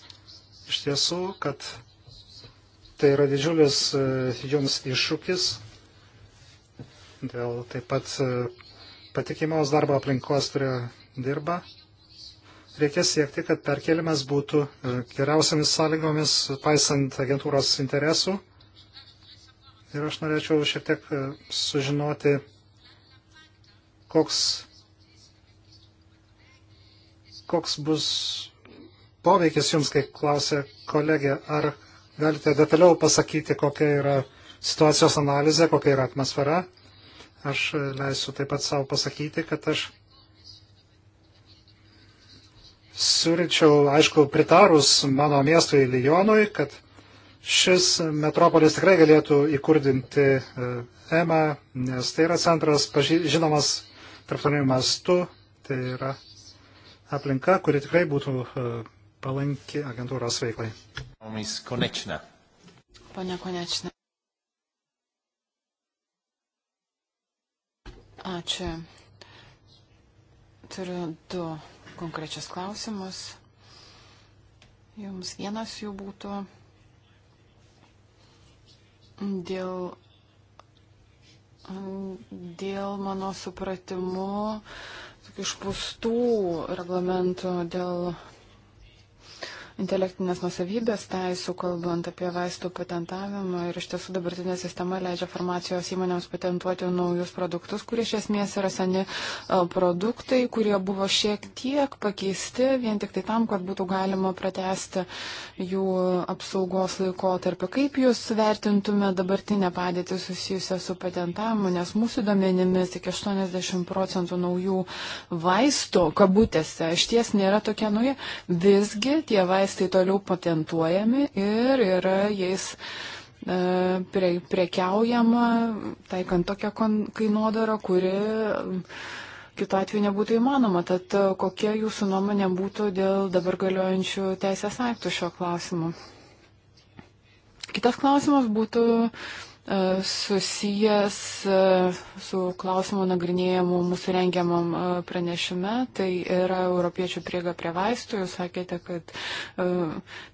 iš tiesų, kad tai yra didžiulis e, jums iššūkis dėl taip pat e, patikimos darbo aplinkos, kurie dirba. Reikės siekti, kad perkelimas būtų e, geriausiamis sąlygomis, paisant agentūros interesų. Ir aš norėčiau šiek tiek sužinoti, koks koks bus poveikis jums, kaip klausė kolegė, ar galite detaliau pasakyti, kokia yra situacijos analizė, kokia yra atmosfera. Aš leisiu taip pat savo pasakyti, kad aš siūlyčiau, aišku, pritarus mano miestui Lyonui, kad šis metropolis tikrai galėtų įkurdinti e, EMA, nes tai yra centras pažinomas tarptautiniu mastu, tai yra aplinka, kuri tikrai būtų e, palanki agentūros veiklai. Pane Konečne. Ačiū. Turiu du konkrečius klausimus. Jums vienas jų būtų dėl, dėl mano supratimu išpūstų reglamentų dėl intelektinės nusavybės teisų, kalbant apie vaistų patentavimą. Ir iš tiesų dabartinė sistema leidžia farmacijos įmonėms patentuoti naujus produktus, kurie iš esmės yra seni e, produktai, kurie buvo šiek tiek pakeisti vien tik tai tam, kad būtų galima pratesti jų apsaugos laikotarpį. Kaip Jūs vertintume dabartinę padėtį susijusią su patentavimu, nes mūsų domenimis tik 80 procentų naujų vaistų, kabutėse, iš ties nėra tokie nauji. Visgi tie vaistai vaistai toliau patentuojami ir yra jais prie, priekiaujama, taikant tokią kainodarą, kuri e, kitu atveju nebūtų įmanoma. Tad e, kokia jūsų nuomonė būtų dėl dabar galiojančių teisės aktų šio klausimu? Kitas klausimas būtų E, susijęs e, su klausimu nagrinėjimu mūsų rengiamam e, pranešime, tai yra europiečių priega prie vaistų. Jūs sakėte, kad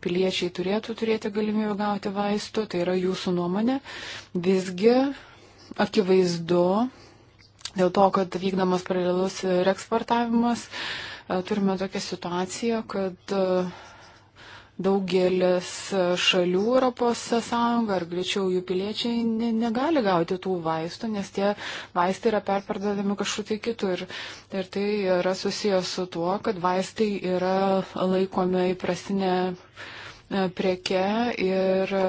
piliečiai turėtų turėti galimybę gauti vaistų, tai yra jūsų nuomonė. Visgi akivaizdu, dėl to, kad vykdamas paralelus ir eksportavimas, turime tokią situaciją, kad daugelis šalių ES ar greičiau jų piliečiai ne, negali gauti tų vaistų, nes tie vaistai yra perpardavami kažkur tai kitur. Ir tai yra susijęs su tuo, kad vaistai yra laikomi įprasinė e, prieke ir e,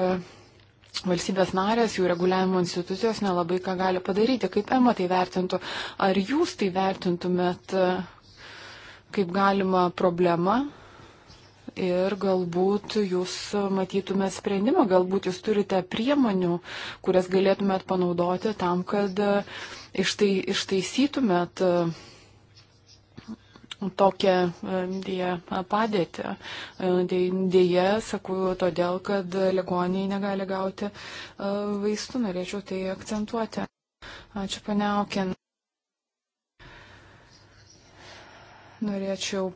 valstybės narės, jų reguliavimo institucijos nelabai ką gali padaryti. Kaip EMA tai vertintų? Ar jūs tai vertintumėt e, kaip galima problemą? ir galbūt jūs matytumėt sprendimą, galbūt jūs turite priemonių, kurias galėtumėt panaudoti tam, kad e, ištai, ištaisytumėt e, tokią e, dėje padėtį. Dėje, sakau, todėl, kad ligoniai negali gauti vaistų, norėčiau tai akcentuoti. Ačiū, pane Aukin. Norėčiau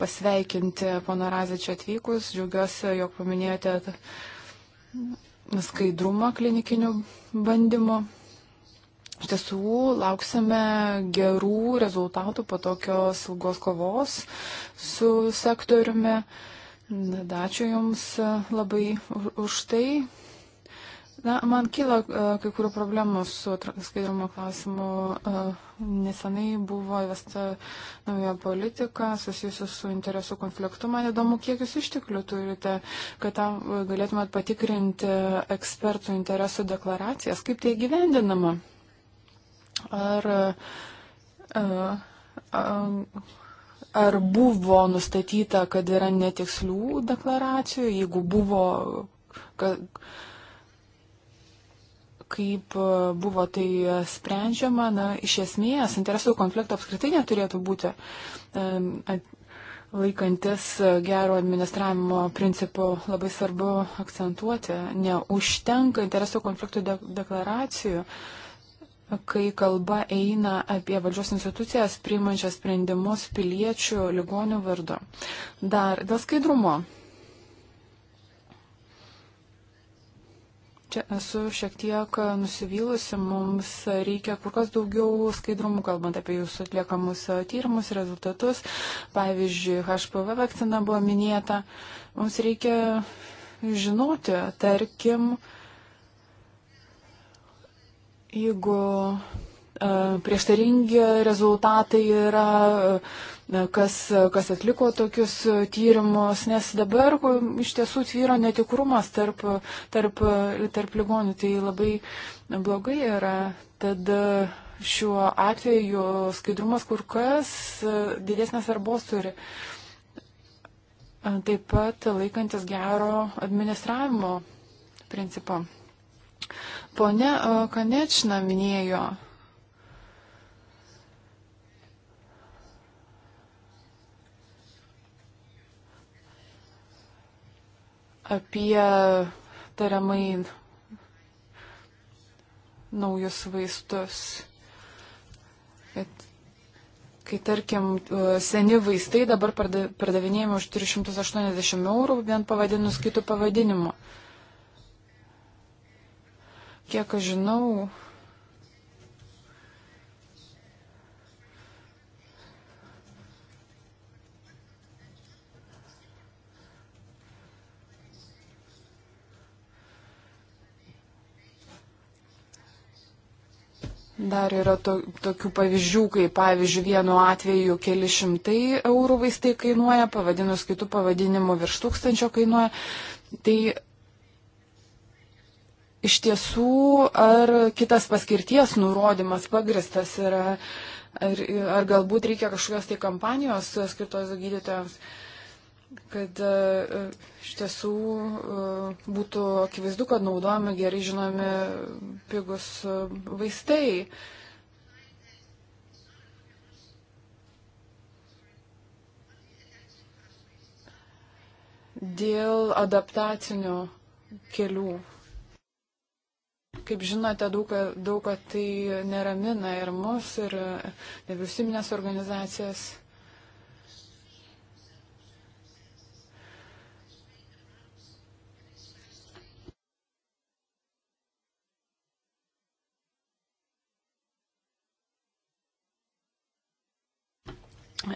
pasveikinti pono Razę čia atvykus. Džiaugiuosi, jog paminėjote skaidrumą klinikinių bandymų. Iš tiesų, lauksime gerų rezultatų po tokios ilgos kovos su sektoriumi. Ačiū Jums labai už tai. Na, man kyla e, kai kurių problemų su skaidrumo klausimu. E, nesenai buvo įvesta nauja politika susijusi su interesų konfliktu. Man įdomu, kiek jūs išteklių turite, kad tam e, galėtumėt patikrinti ekspertų interesų deklaracijas, kaip tai gyvendinama. Ar, ar buvo nustatyta, kad yra netikslių deklaracijų, jeigu buvo, kad kaip e, buvo tai e, sprendžiama, na, iš esmės interesų konflikto apskritai neturėtų būti e, laikantis gero administravimo principų labai svarbu akcentuoti. Neužtenka interesų konfliktų de deklaracijų, kai kalba eina apie valdžios institucijas priimančias sprendimus piliečių ligonių vardu. Dar dėl skaidrumo Čia esu šiek tiek nusivylusi, mums reikia kur kas daugiau skaidrumų, kalbant apie jūsų atliekamus tyrimus, rezultatus. Pavyzdžiui, HPV vakcina buvo minėta. Mums reikia žinoti, tarkim, jeigu e, prieštaringi rezultatai yra. Uh, kas, kas atliko tokius tyrimus, nes dabar iš tiesų tvyro netikrumas tarp, tarp, tarp ligonių, tai labai blogai yra. Tad šiuo atveju skaidrumas kur kas didesnės svarbos turi. Taip pat laikantis gero administravimo principo. Pone Kanečna minėjo apie tariamai naujus vaistus. Bet kai tarkim e, seni vaistai dabar pardavinėjami už 380 eurų vien pavadinus kitų pavadinimų. Kiek aš žinau, Dar yra to, tokių pavyzdžių, kai pavyzdžiui vienu atveju keli šimtai eurų vaistai kainuoja, pavadinus kitų pavadinimų virš tūkstančio kainuoja. Tai iš tiesų ar kitas paskirties nurodymas pagristas yra, ar, ar galbūt reikia kažkokios tai kampanijos skirtos gydytojams. Uh, kad e, e, iš tiesų e, būtų akivaizdu, kad naudojami gerai žinomi pigus vaistai. Dėl adaptacinių kelių. Kaip žinote, daug, daug tai neramina ir mus, ir nevyriausybinės organizacijas.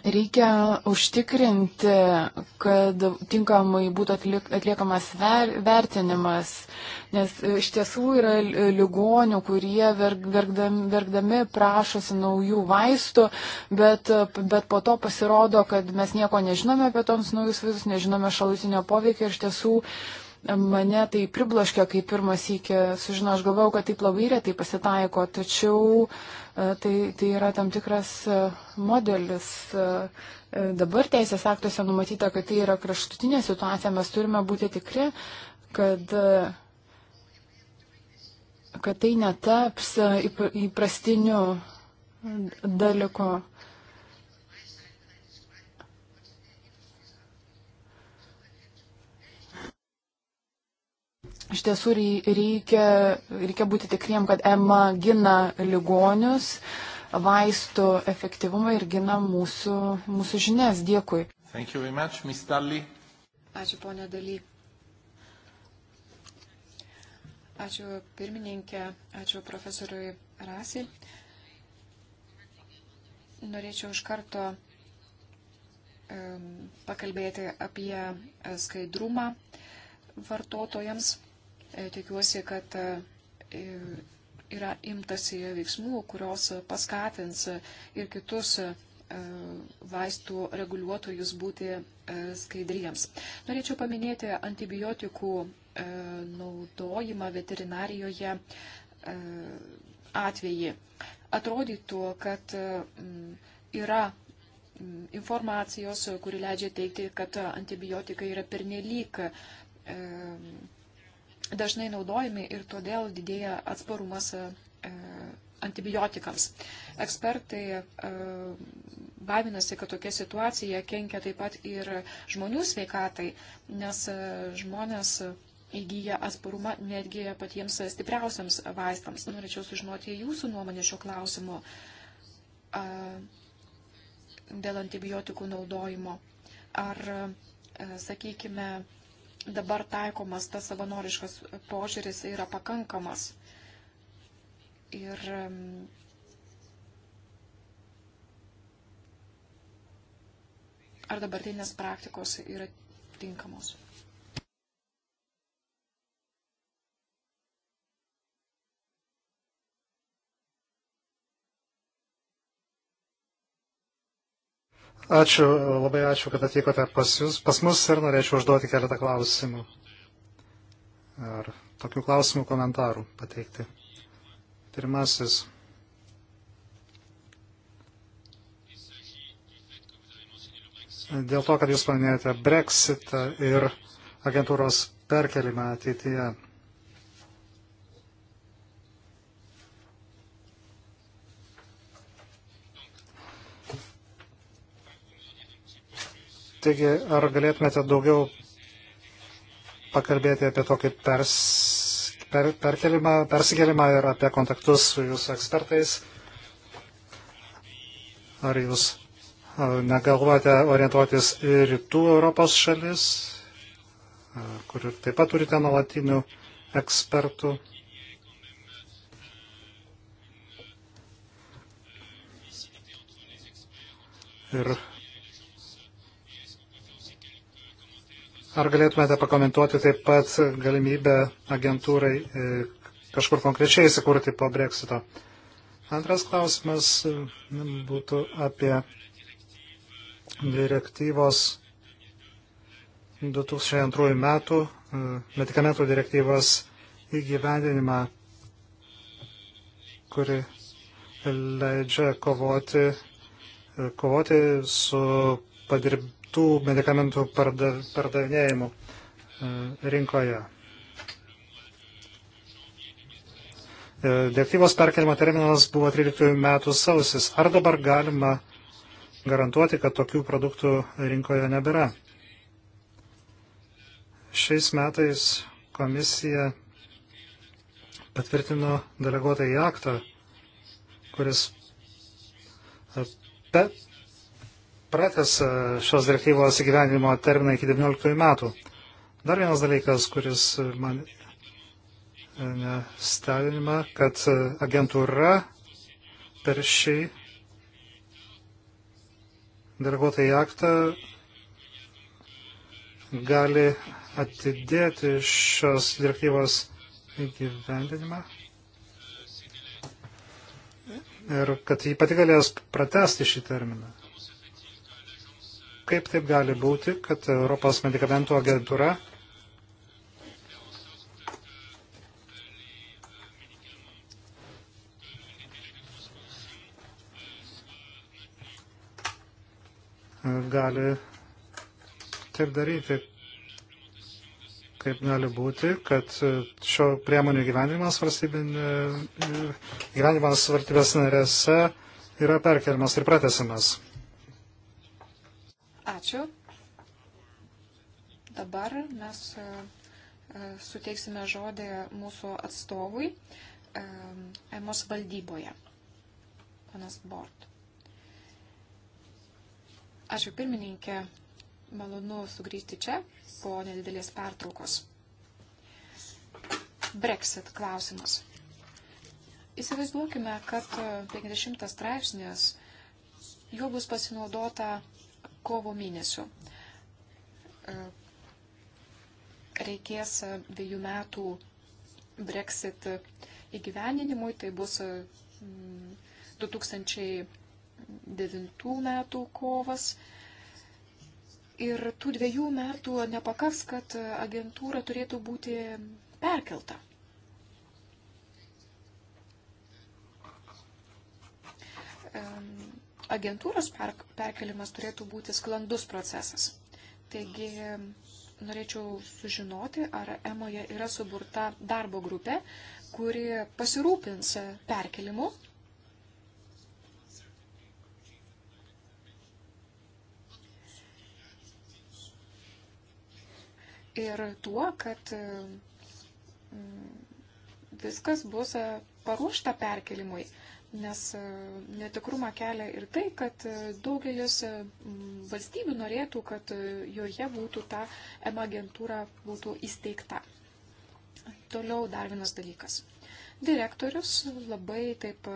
Reikia užtikrinti, kad tinkamai būtų atlik, atliekamas ver, vertinimas, nes e, iš tiesų yra e, ligonių, kurie verg, vergdami, vergdami prašosi naujų vaistų, bet, bet po to pasirodo, kad mes nieko nežinome apie toms naujus vaistus, nežinome šalutinio poveikio ir iš tiesų uh, mane tai pribloškė, kai pirmas iki sužino, aš galvau, kad taip labai retai pasitaiko, tačiau e, tai, tai yra tam tikras e, modelis. E, dabar teisės aktuose numatyta, kad tai yra kraštutinė situacija, mes turime būti tikri, kad kad tai netaps įprastiniu dalyku. iš tiesų reikia, reikia būti tikriem, kad EMA gina ligonius, vaistų efektyvumą ir gina mūsų, mūsų žinias. Dėkui. Much, Ačiū, ponė Daly. Ačiū pirmininkė, ačiū profesoriui Rasi. Norėčiau iš karto pakalbėti apie skaidrumą vartotojams. E, tikiuosi, kad e, yra imtasi veiksmų, kurios paskatins ir kitus e, vaistų reguliuotojus būti skaidriems. Norėčiau paminėti antibiotikų naudojimą veterinarijoje atvejį. Atrodytų, kad mm, yra mm, informacijos, kuri leidžia teikti, kad antibiotikai yra pernelyk dažnai naudojami ir todėl didėja atsparumas e, antibiotikams. Ekspertai e, baiminasi, kad tokia situacija kenkia taip pat ir žmonių sveikatai, nes e, žmonės įgyja atsparumą netgi patiems stipriausiams vaistams. Norėčiau sužinoti jūsų nuomonę šio klausimo dėl antibiotikų naudojimo. Ar, sakykime, dabar taikomas tas savanoriškas požiūris yra pakankamas. Ir ar dabartinės praktikos yra tinkamos. Ačiū, labai ačiū, kad atvykote pas, jūs, pas mus ir norėčiau užduoti keletą klausimų. Ar tokių klausimų komentarų pateikti. Pirmasis. Dėl to, kad jūs paminėjote Brexitą ir agentūros perkelimą ateityje. Taigi, ar galėtumėte daugiau pakalbėti apie tokį pers, per, perkelimą, persikelimą ir apie kontaktus su jūsų ekspertais? Ar jūs negalvojate orientuotis į rytų Europos šalis, kur taip pat turite nuolatinių ekspertų? Ir Ar galėtumėte pakomentuoti taip pat galimybę agentūrai e, kažkur konkrečiai įsikurti po breksito? Antras klausimas e, būtų apie direktyvos 2002 metų e, medikamentų direktyvos įgyvendinimą, kuri leidžia kovoti, kovoti su padirb, tų medikamentų pardav, pardavinėjimų e, rinkoje. E, direktyvos perkelimo terminas buvo 13 metų sausis. Ar dabar galima garantuoti, kad tokių produktų rinkoje nebėra? Šiais metais komisija patvirtino deleguotą į aktą, kuris e, pratęsė e, šios direktyvos įgyvendinimo terminą iki 19 metų. Dar vienas dalykas, kuris man e, stebinima, kad e, agentūra per šį deleguotą į aktą gali atidėti šios direktyvos įgyvendinimą ir kad jį pati galės pratesti šį terminą. Kaip taip gali būti, kad Europos medikamentų agentūra gali taip daryti, kaip gali būti, kad šio priemonių gyvenimas valstybės narėse yra perkeliamas ir pratesimas. Ačiū. Dabar mes e, e, suteiksime žodį mūsų atstovui e, EMOS valdyboje. Panas Bort. Ačiū pirmininkė, malonu sugrįžti čia po nedidelės pertraukos. Brexit klausimas. Įsivaizduokime, kad 50 straipsnis, juo bus pasinaudota kovo mėnesio. E, reikės dviejų metų Brexit įgyveninimui, tai bus 2009 e, metų kovas. Ir tų dviejų metų nepakaks, kad agentūra turėtų būti perkelta agentūros perkelimas turėtų būti sklandus procesas. Taigi norėčiau sužinoti, ar EMOje yra suburta darbo grupė, kuri pasirūpins perkelimu. Ir tuo, kad mm, viskas bus paruošta perkelimui nes e, netikrumą kelia ir tai, kad e, daugelis e, valstybių norėtų, kad joje būtų ta EMA agentūra būtų įsteigta. Toliau dar vienas dalykas. Direktorius labai taip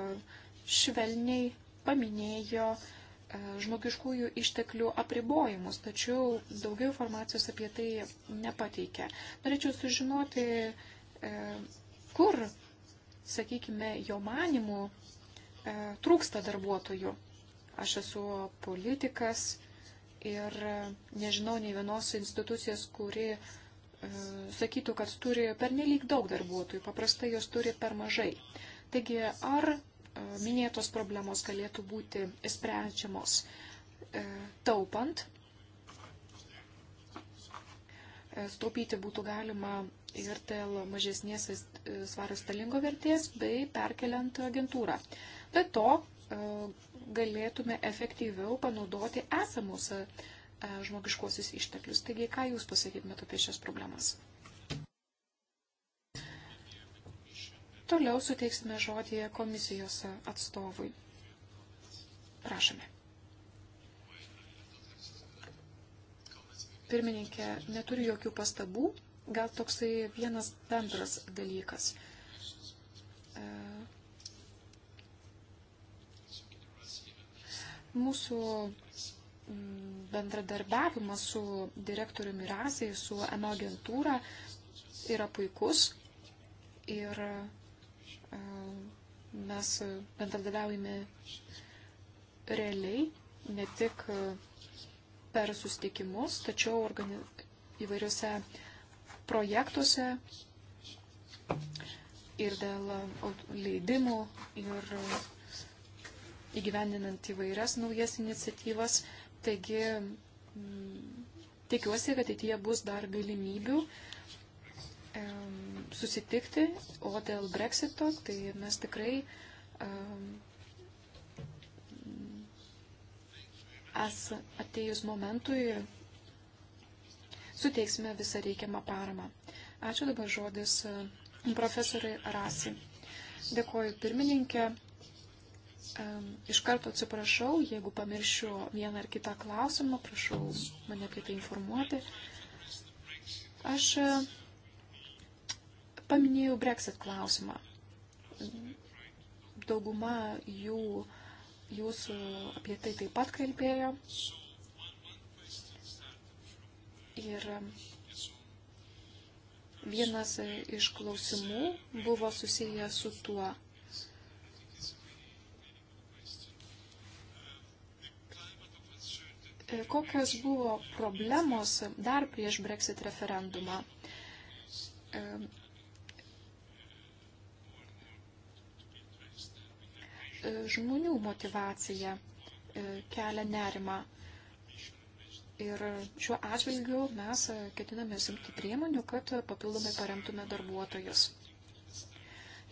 švelniai paminėjo žmogiškųjų išteklių apribojimus, tačiau daugiau informacijos apie tai nepateikė. Norėčiau sužinoti, kur sakykime, jo manimų E, trūksta darbuotojų. Aš esu politikas ir nežinau nei vienos institucijos, kuri e, sakytų, kad turi pernelyg daug darbuotojų, paprastai jos turi per mažai. Taigi, ar e, minėtos problemos galėtų būti sprendžiamos taupant? Staupyti būtų galima ir dėl mažesnės svario stalingo vertės bei perkeliant agentūrą. Be to, e, galėtume efektyviau panaudoti esamus e, e, žmogiškosius išteklius. Taigi, ką Jūs pasakytumėte apie šias problemas? Toliau suteiksime žodį komisijos atstovui. Prašome. Pirmininkė, neturiu jokių pastabų, gal toksai vienas bendras dalykas. E, Mūsų mm, bendradarbiavimas su direktoriumi Razai, su NO agentūra yra puikus ir e, mes bendradarbiaujame realiai, ne tik per sustikimus, tačiau organi... įvairiuose projektuose ir dėl leidimų ir įgyvendinant įvairias naujas iniciatyvas. Taigi mm, tikiuosi, kad ateityje bus dar galimybių susitikti, o dėl breksito, tai mes tikrai es atėjus momentui suteiksime visą reikiamą paramą. Ačiū dabar žodis profesoriui Rasi. Dėkoju pirmininkė, Iš karto atsiprašau, jeigu pamiršiu vieną ar kitą klausimą, prašau mane apie tai informuoti. Aš e, paminėjau Brexit klausimą. Dauguma jų, jūsų apie tai taip pat kalbėjo. Ir vienas e, iš klausimų buvo susijęs su tuo, E, kokios buvo problemos dar prieš Brexit referendumą. E, e, žmonių motivacija kelia nerima. Ir šiuo atžvilgiu mes ketiname simti priemonių, kad papildomai paremtume darbuotojus.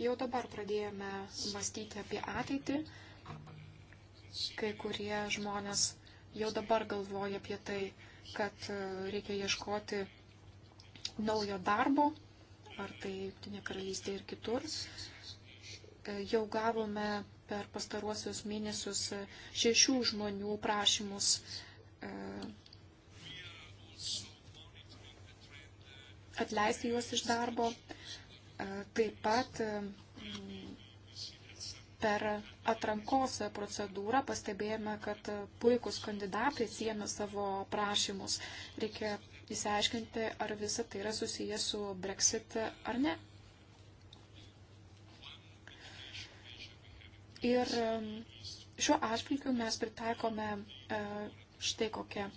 Jau dabar pradėjome mąstyti apie ateitį. Kai kurie žmonės jau dabar galvoja apie tai, kad e, reikia ieškoti naujo darbo, ar tai Junktinė karalystė ir kitur. E, jau gavome per pastaruosius mėnesius e, šešių žmonių prašymus. Atleisti juos iš darbo. Taip pat Per atrankos procedūrą pastebėjome, kad puikus kandidatai siemė savo prašymus. Reikia įsiaiškinti, ar visa tai yra susijęs su Brexit ar ne. Ir um, šiuo atžvilgiu mes pritaikome e, štai kokią e,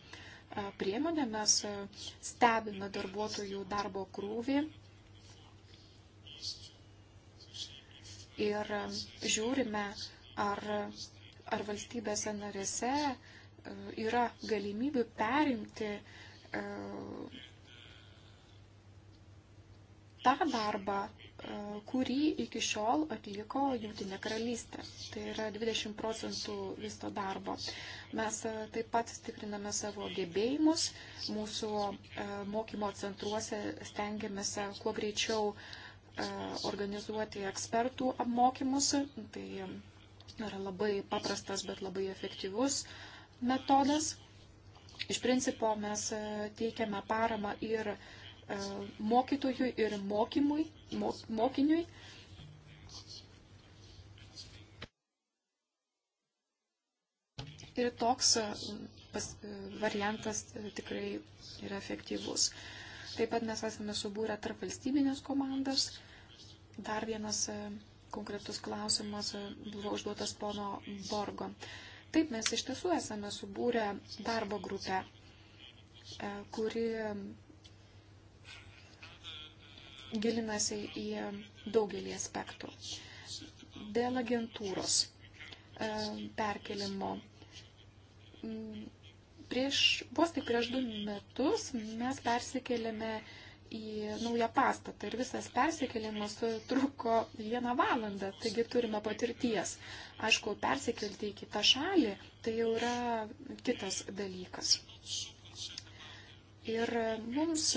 priemonę. Mes e, stebime darbuotojų darbo krūvį ir um, žiūrime, ar, ar valstybėse narėse uh, yra galimybių perimti uh, tą darbą, uh, kurį iki šiol atliko Jungtinė karalystė. Tai yra 20 procentų viso darbo. Mes taip pat stipriname savo gebėjimus, mūsų mokymo centruose stengiamės kuo greičiau uh, E, organizuoti ekspertų apmokymus. Tai yra labai paprastas, bet labai efektyvus metodas. Iš principo mes e, teikiame paramą ir e, mokytojui, ir mokymui, mokiniui. Ir toks pas, variantas tikrai yra efektyvus. Taip pat mes esame subūrę tarp valstybinės komandas, Dar vienas e, konkretus klausimas e, buvo užduotas pono Borgo. Taip, mes iš tiesų esame subūrę darbo grupę, e, kuri gilinasi į daugelį aspektų. Dėl agentūros perkelimo. Mm, prieš, vos tik prieš du metus mes persikėlėme į naują pastatą ir visas persikėlimas truko vieną valandą, taigi turime patirties. Aišku, persikelti į kitą šalį tai jau yra kitas dalykas. Ir mums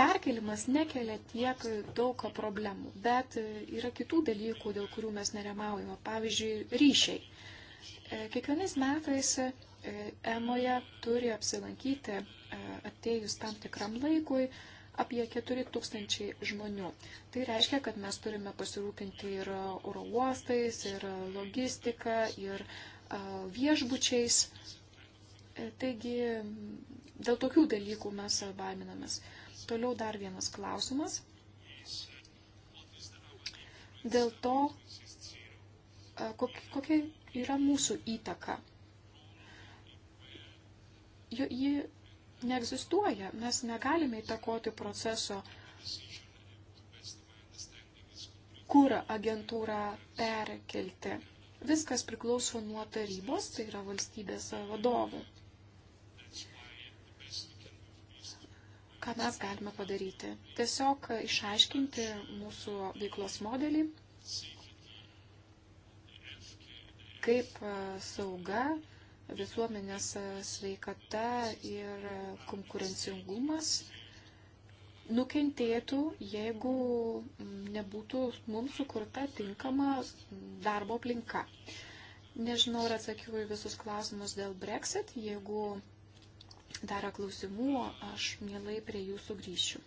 perkelimas nekelia tiek daug problemų, bet yra kitų dalykų, dėl kurių mes neremaujame. Pavyzdžiui, ryšiai. E, kiekvienais metais e, Emoje turi apsilankyti E, atėjus tam tikram laikui apie 4000 žmonių. Tai reiškia, kad mes turime pasirūpinti ir oro uostais, ir logistika, ir e, viešbučiais. E, taigi dėl tokių dalykų mes baiminamės. Toliau dar vienas klausimas. Dėl to, kokia yra mūsų įtaka. Jo, ji neegzistuoja. Mes negalime įtakoti proceso, kur agentūrą perkelti. Viskas priklauso nuo tarybos, tai yra valstybės vadovų. Ką mes galime padaryti? Tiesiog išaiškinti mūsų veiklos modelį, kaip sauga, visuomenės e, sveikata ir e, konkurencingumas nukentėtų, jeigu nebūtų mums sukurta tinkama darbo aplinka. Nežinau, ar atsakiau į visus klausimus dėl Brexit. Jeigu dar yra klausimų, aš mielai prie jų sugrįšiu.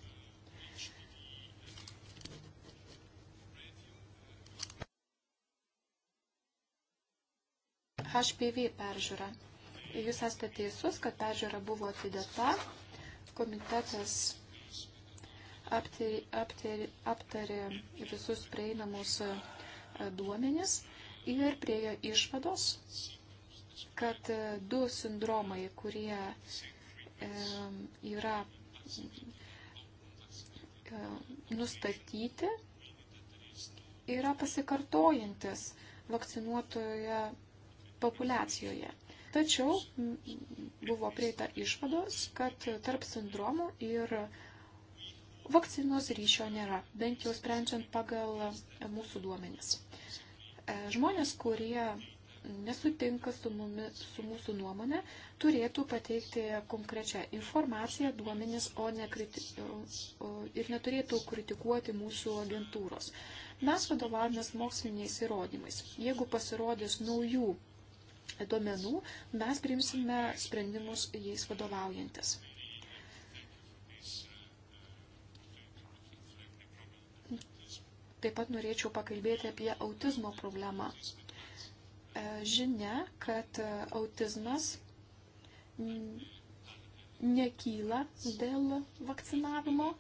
HPV peržiūrą. Jūs esate teisus, kad peržiūra buvo atidėta. Komitetas aptarė, aptarė, aptarė visus prieinamus e, duomenis ir priejo išvados, kad e, du sindromai, kurie e, yra e, nustatyti, yra pasikartojantis vakcinuotoje populiacijoje. Tačiau buvo prieita išvados, kad tarp sindromų ir vakcinos ryšio nėra, bent jau sprendžiant pagal mūsų duomenis. E, žmonės, kurie nesutinka su, mumi, su mūsų nuomonė, turėtų pateikti konkrečią informaciją, duomenis, o ne kriti, o, ir neturėtų kritikuoti mūsų agentūros. Mes vadovavomės moksliniais įrodymais. Jeigu pasirodys naujų duomenų, mes priimsime sprendimus jais vadovaujantis. Taip pat norėčiau pakalbėti apie autizmo problemą. E, žinia, kad e, autizmas nekyla dėl vakcinavimo.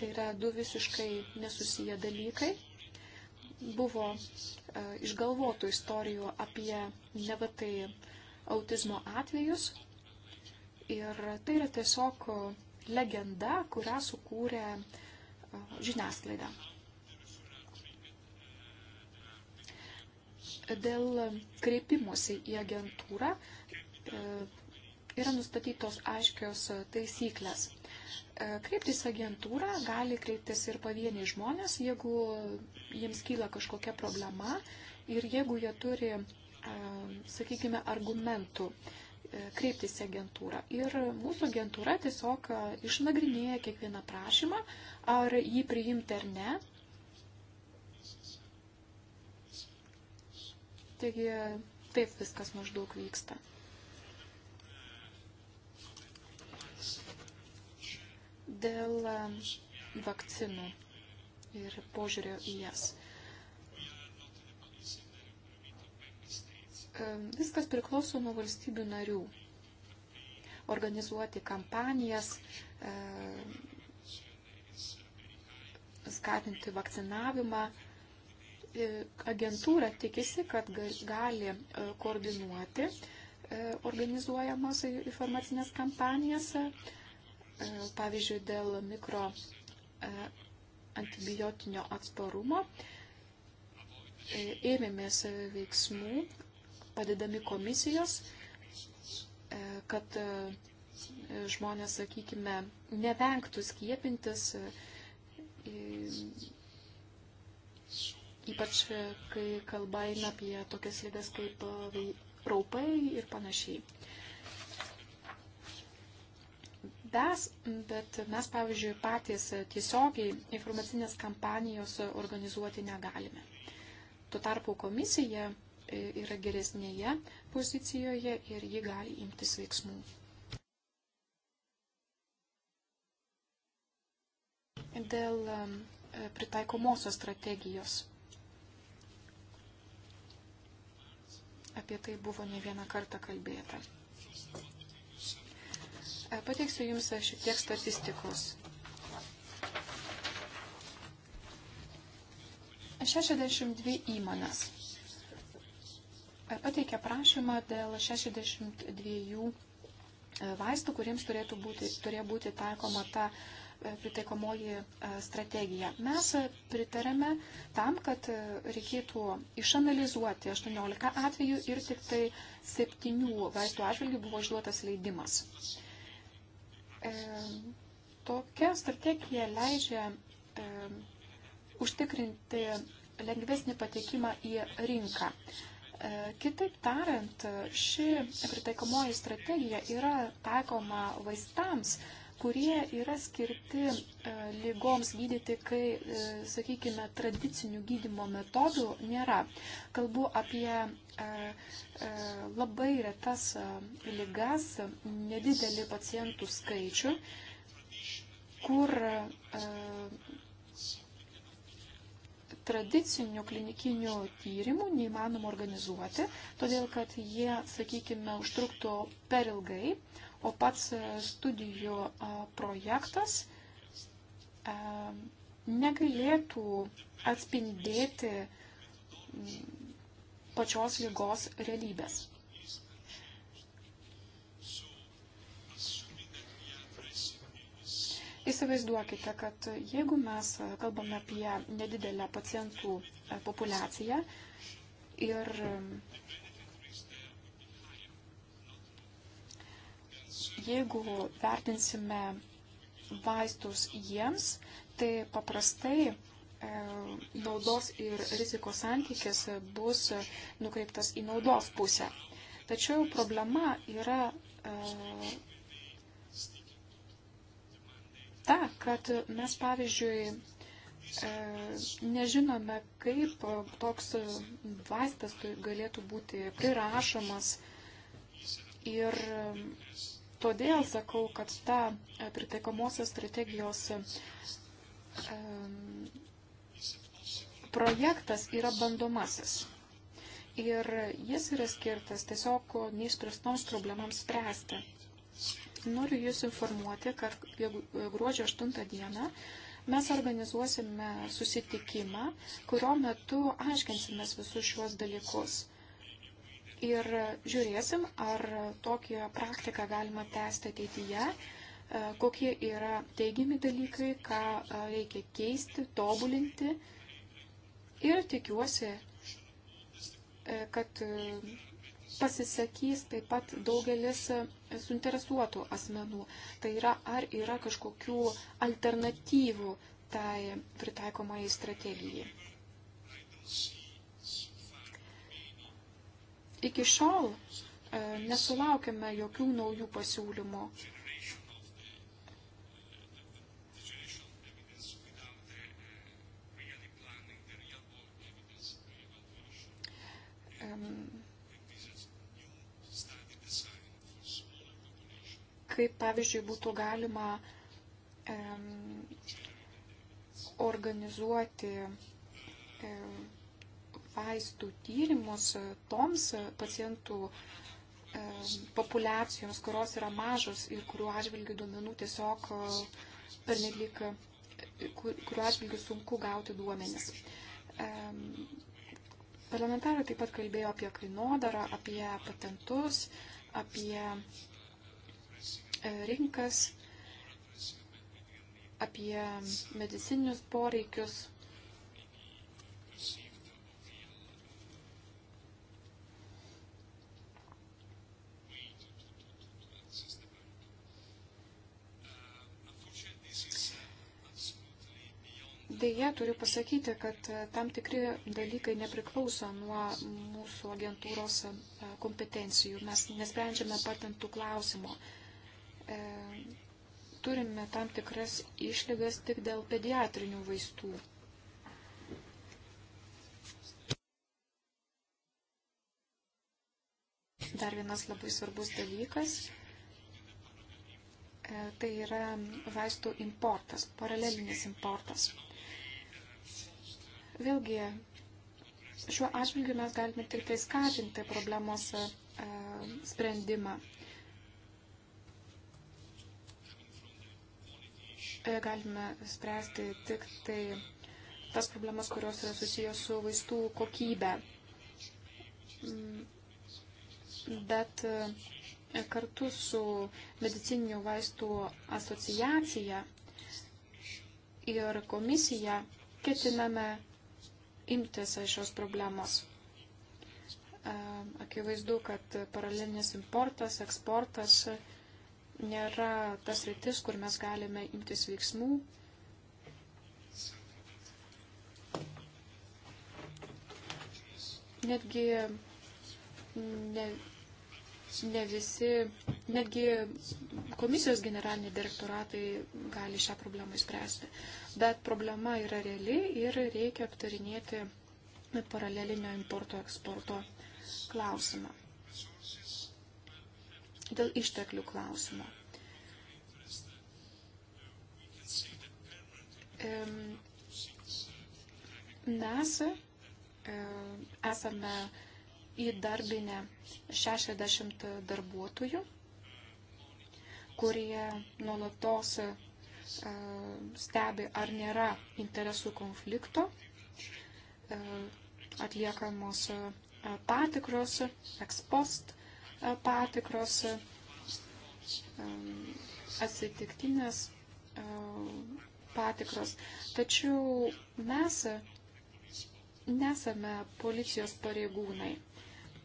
Tai yra du visiškai nesusiję dalykai buvo e, išgalvotų istorijų apie nevatai autizmo atvejus. Ir tai yra tiesiog legenda, kurią sukūrė e, žiniasklaida. Dėl kreipimuose į agentūrą e, yra nustatytos aiškios taisyklės. E, kreiptis agentūrą gali kreiptis ir pavieniai žmonės, jeigu jiems kyla kažkokia problema ir jeigu jie turi, e, sakykime, argumentų e, kreiptis į agentūrą. Ir mūsų agentūra tiesiog išnagrinėja kiekvieną prašymą, ar jį priimti ar ne. Taigi taip viskas maždaug vyksta. dėl vakcinų ir požiūrio į jas. Viskas priklauso nuo valstybių narių. Organizuoti kampanijas, skatinti vakcinavimą. E, agentūra tikisi, kad gali e, koordinuoti e, organizuojamas informacinės kampanijas E, pavyzdžiui, dėl mikro e, antibiotinio atsparumo e, ėmėmės veiksmų, padedami komisijos, kad žmonės, sakykime, nevengtų skiepintis, ypač kai kalba eina apie tokias lygas kaip raupai ir panašiai. DAS, bet mes, pavyzdžiui, patys tiesiogiai informacinės kampanijos organizuoti negalime. Tuo tarpu komisija yra geresnėje pozicijoje ir ji gali imtis veiksmų. Dėl um, pritaikomosios strategijos. Apie tai buvo ne vieną kartą kalbėta. Pateiksiu Jums šiek tiek statistikos. 62 įmonės pateikė prašymą dėl 62 vaistų, kuriems turėtų būti, turėjo būti taikoma ta pritaikomoji strategija. Mes pritarėme tam, kad reikėtų išanalizuoti 18 atvejų ir tik tai 7 vaistų atžvilgių buvo išduotas leidimas. Tokia strategija leidžia užtikrinti lengvesnį patekimą į rinką. E, kitaip tariant, ši pritaikomoji strategija yra taikoma vaistams, kurie yra skirti e, lygoms gydyti, kai, e, sakykime, tradicinių gydimo metodų nėra. Kalbu apie e, labai retas lygas, nedidelį pacientų skaičių, kur tradicinių klinikinių tyrimų neįmanoma organizuoti, todėl kad jie, sakykime, užtruktų per ilgai, o pats e, studijų projektas e, negalėtų atspindėti pačios lygos realybės. Įsivaizduokite, kad jeigu mes kalbame apie nedidelę pacientų e, populaciją ir Jeigu vertinsime vaistus jiems, tai paprastai e, naudos ir rizikos santykis bus nukreiptas į naudos pusę. Tačiau problema yra e, ta, kad mes pavyzdžiui e, nežinome, kaip toks vaistas galėtų būti prirašomas ir Todėl sakau, kad ta e, pritaikomosios strategijos e, projektas yra bandomasis. Ir jis yra skirtas tiesiog neišspręstoms problemams spręsti. Noriu Jūs informuoti, kad e, gruodžio 8 dieną mes organizuosime susitikimą, kurio metu aiškinsimės visus šiuos dalykus ir žiūrėsim, ar tokią praktiką galima tęsti ateityje, e, kokie yra teigiami dalykai, ką e, reikia keisti, tobulinti. Ir tikiuosi, e, kad pasisakys taip pat daugelis suinteresuotų asmenų. Tai yra, ar yra kažkokių alternatyvų tai pritaikomai strategijai. Iki šiol e, nesulaukėme jokių naujų pasiūlymų. Kaip pavyzdžiui būtų galima organizuoti vaistų tyrimus toms pacientų e, populiacijoms, kurios yra mažos ir kurių atžvilgių duomenų tiesiog e, pernelyg, e, kurių atžvilgių sunku gauti duomenis. Parlamentarai taip pat kalbėjo apie kainodarą, apie patentus, apie rinkas, apie medicininius poreikius, Deja, turiu pasakyti, kad e, tam tikri dalykai nepriklauso nuo mūsų agentūros e, kompetencijų. Mes nesprendžiame patentų klausimo. E, turime tam tikras išlygas tik dėl pediatrinių vaistų. Dar vienas labai svarbus dalykas tai yra vaistų importas, paralelinis importas. Vėlgi, šiuo atžvilgiu mes galime tik tai skatinti problemos e, sprendimą. E, galime spręsti tik tai tas problemas, kurios yra susijęs su vaistų kokybė. Mm, bet e, kartu su medicininių vaistų asociacija ir komisija ketiname imtis šios problemos. Akivaizdu, kad paralelinis importas, eksportas nėra tas rytis, kur mes galime imtis veiksmų. Netgi ne, ne visi, netgi komisijos generaliniai direktoratai gali šią problemą įspręsti bet problema yra reali ir reikia aptarinėti paralelinio importo eksporto klausimą. Dėl išteklių klausimo. Mes e, esame įdarbinę 60 darbuotojų, kurie nuolatos E, stebi, ar nėra interesų konflikto, e, atliekamos e, patikros, ekspost patikros, atsitiktinės patikros. Tačiau mes nesame policijos pareigūnai.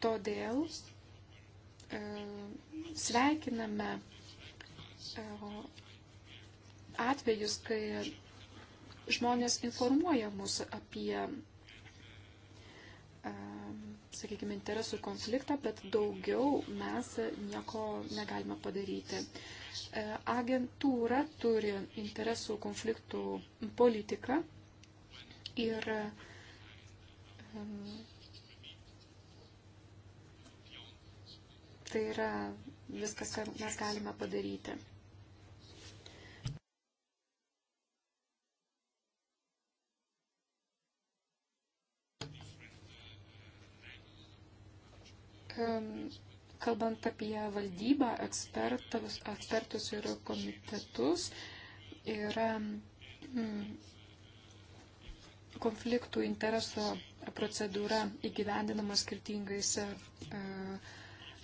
Todėl sveikiname atvejus, kai žmonės informuoja mus apie, sakykime, interesų konfliktą, bet daugiau mes nieko negalime padaryti. Agentūra turi interesų konfliktų politiką ir tai yra viskas, ką mes galime padaryti. kalbant apie valdybą, ekspertus, ekspertus ir komitetus, yra mm, konfliktų intereso procedūra įgyvendinama skirtingais e,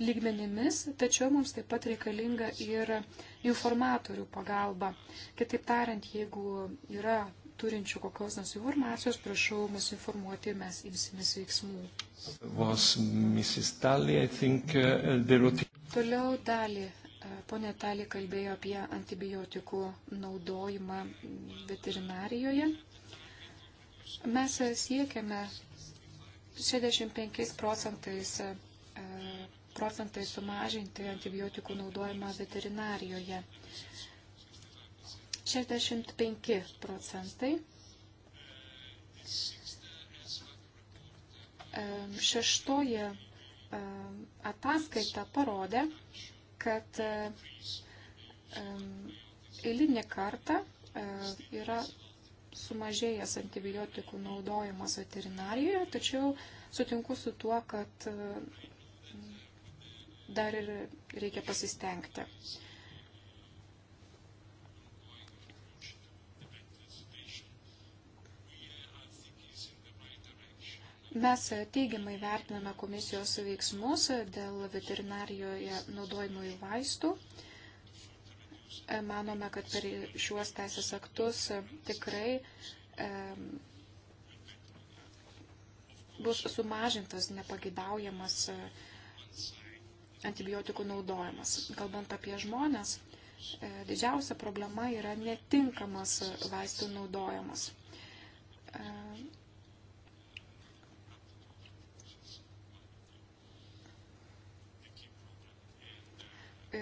lygmenimis, tačiau mums taip pat reikalinga ir informatorių pagalba. Kitaip tariant, jeigu yra turinčių kokios nors informacijos, prašau mus informuoti, mes imsimės veiksmų. Tally, think, uh, the... Toliau dalį. Uh, Pone Talį kalbėjo apie antibiotikų naudojimą veterinarijoje. Mes siekiame 65 procentais, uh, procentais sumažinti antibiotikų naudojimą veterinarijoje. 65 procentai. Šeštoji ataskaita parodė, kad eilinį kartą yra sumažėjęs antibiotikų naudojimas veterinarijoje, tačiau sutinku su tuo, kad dar ir reikia pasistengti. Mes teigiamai vertiname komisijos veiksmus dėl veterinarijoje naudojimų vaistų. Manome, kad per šiuos teisės aktus tikrai e, bus sumažintas nepagidaujamas e, antibiotikų naudojimas. Kalbant apie žmonės, e, didžiausia problema yra netinkamas vaistų naudojimas. E, E,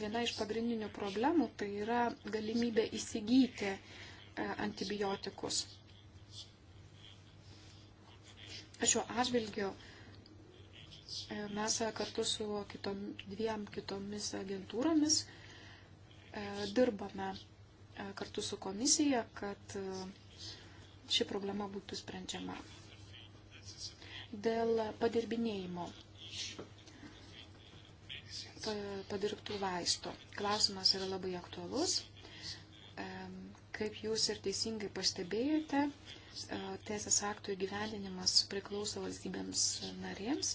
viena iš pagrindinių problemų tai yra galimybė įsigyti e, antibiotikus. Šiuo atžvilgiu e, mes kartu su kitom, dviem kitomis agentūromis dirbame kartu su komisija, kad ši problema būtų sprendžiama. Dėl padirbinėjimo padirbtų vaistų. Klausimas yra labai aktualus. Kaip jūs ir teisingai pastebėjote, e, teisės aktų įgyvendinimas priklauso valstybėms narėms.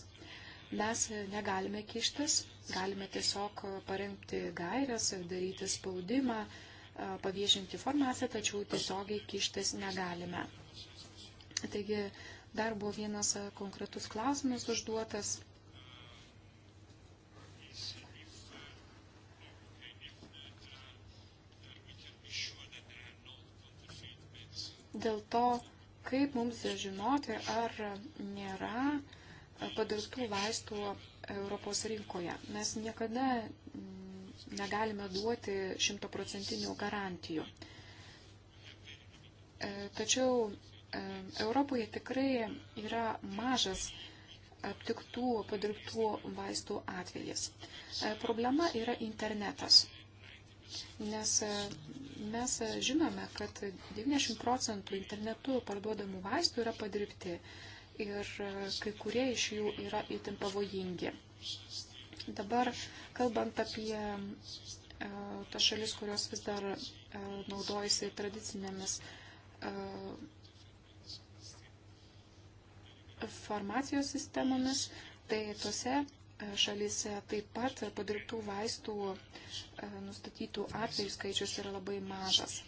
Mes negalime kištis, galime tiesiog parengti gairias ir daryti spaudimą, e, paviešinti informaciją, tačiau tiesiogiai kištis negalime. Taigi dar buvo vienas konkretus klausimas užduotas dėl to, kaip mums žinoti, ar nėra padirbtų vaistų Europos rinkoje. Mes niekada negalime duoti šimtoprocentinių garantijų. E, tačiau e, Europoje tikrai yra mažas aptiktų padirbtų vaistų atvejas. E, problema yra internetas. Nes e, mes e, žinome, kad 90 procentų internetu parduodamų vaistų yra padirbti ir e, kai kurie iš jų yra itin pavojingi. Dabar, kalbant apie tas šalis, kurios vis dar naudojasi tradicinėmis farmacijos sistemomis, tai tose šalyse taip pat padirbtų vaistų e, nustatytų atvejų skaičius yra labai mažas.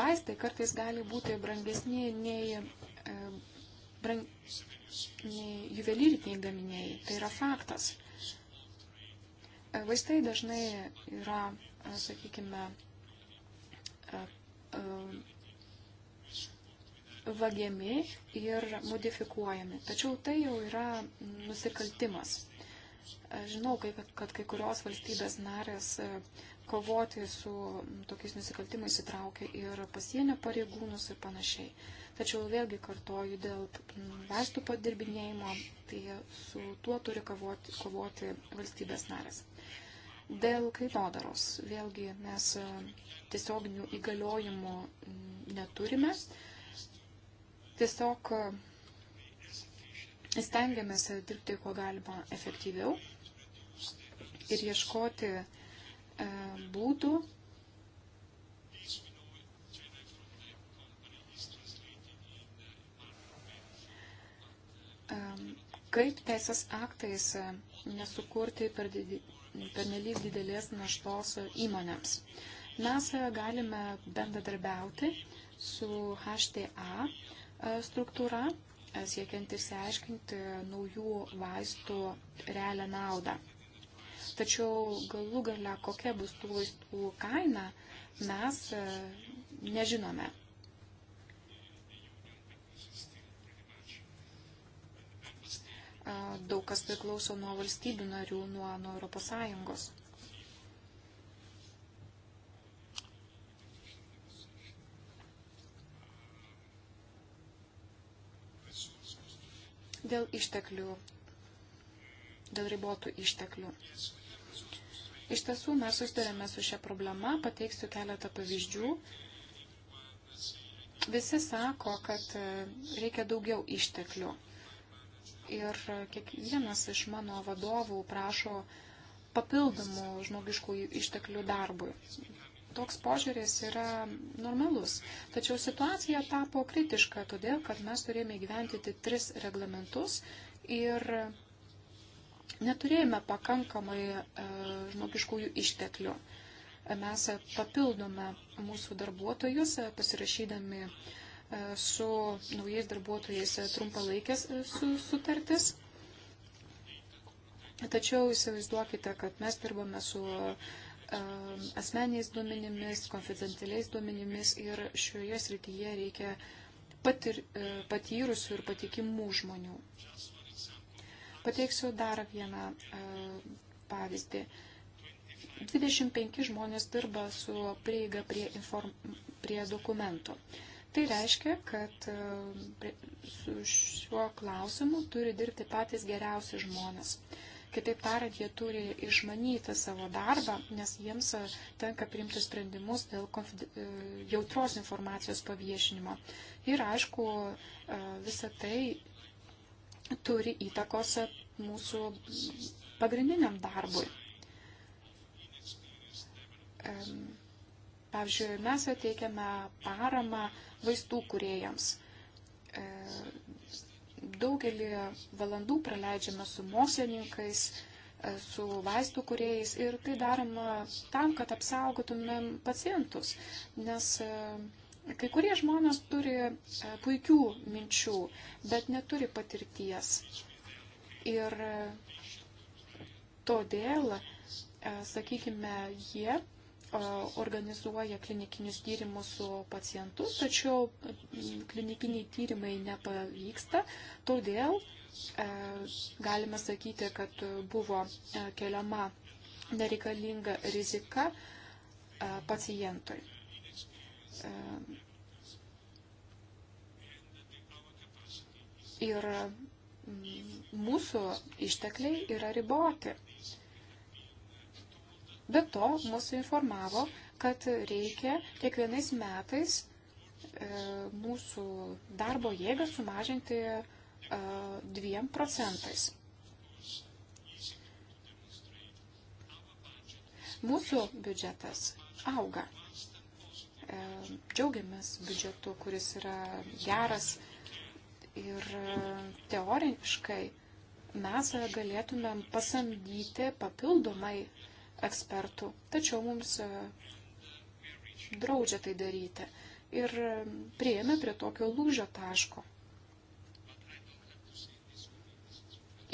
Vaistai kartais gali būti brangesni nei, e, brang, nei juvelyriniai gaminiai. Tai yra faktas. E, vaistai dažnai yra sakykime, vagiami ir modifikuojami. Tačiau tai jau yra nusikaltimas. Žinau, kad kai kurios valstybės narės kovoti su tokiais nusikaltimais įtraukia ir pasienio pareigūnus ir panašiai. Tačiau vėlgi kartoju dėl vaistų padirbinėjimo, tai su tuo turi kovoti, kovoti valstybės narės. Dėl kainodaros, vėlgi mes e, tiesioginių įgaliojimų mm, neturime, tiesiog e, stengiamės dirbti kuo galima efektyviau ir ieškoti e, būdų, kaip teisės aktais nesukurti per, pernelyg didelės naštos įmonėms. Mes e, galime bendradarbiauti su HTA e, struktūra, e, siekiant išsiaiškinti naujų vaistų realią naudą. Tačiau galų gale, kokia bus tų vaistų kaina, mes nežinome. daug kas priklauso nuo valstybių narių, nuo, nuo Europos Sąjungos. Dėl išteklių, dėl ribotų išteklių. Iš tiesų, mes susidarėme su šią problemą, pateiksiu keletą pavyzdžių. Visi sako, kad e, reikia daugiau išteklių ir kiekvienas iš mano vadovų prašo papildomų žmogiškųjų išteklių darbui. Toks požiūris yra normalus, tačiau situacija tapo kritiška, todėl kad mes turėjome gyventyti tris reglamentus ir neturėjome pakankamai e, žmogiškųjų išteklių. Mes papildome mūsų darbuotojus, e, pasirašydami uh, E, su naujais darbuotojais e, trumpalaikės e, sutartis. Tačiau įsivaizduokite, kad mes dirbame su asmeniais duomenimis, konfidencialiais duomenimis ir šioje srityje reikia patir, patyrusių ir patikimų žmonių. Pateiksiu dar vieną pavyzdį. 25 žmonės dirba su prieiga prie, inform, prie dokumentų. Tai reiškia, kad e, su šiuo klausimu turi dirbti patys geriausi žmonės. Kitaip tariant, jie turi išmanyti savo darbą, nes jiems e, tenka priimti sprendimus dėl konfid... E, jautros informacijos paviešinimo. Ir aišku, visa tai turi įtakos mūsų pagrindiniam darbui. Um, Pavyzdžiui, mes teikiame paramą vaistų kuriejams. E, daugelį valandų praleidžiame su mokslininkais, e, su vaistų kuriejais ir tai daroma tam, kad apsaugotumėm pacientus. Nes e, kai kurie žmonės turi puikių minčių, bet neturi patirties. Ir todėl, sakykime, jie organizuoja klinikinius tyrimus su pacientu, tačiau klinikiniai tyrimai nepavyksta, todėl galime sakyti, kad buvo keliama nereikalinga rizika pacientui. Ir mūsų ištekliai yra riboti. Be to, mūsų informavo, kad reikia kiekvienais metais e, mūsų darbo jėgą sumažinti e, dviem procentais. Mūsų biudžetas auga. E, džiaugiamės biudžetu, kuris yra geras ir e, teoriškai mes galėtumėm pasamdyti papildomai ekspertų, tačiau mums e, draudžia tai daryti. Ir e, prieėmė prie tokio lūžio taško.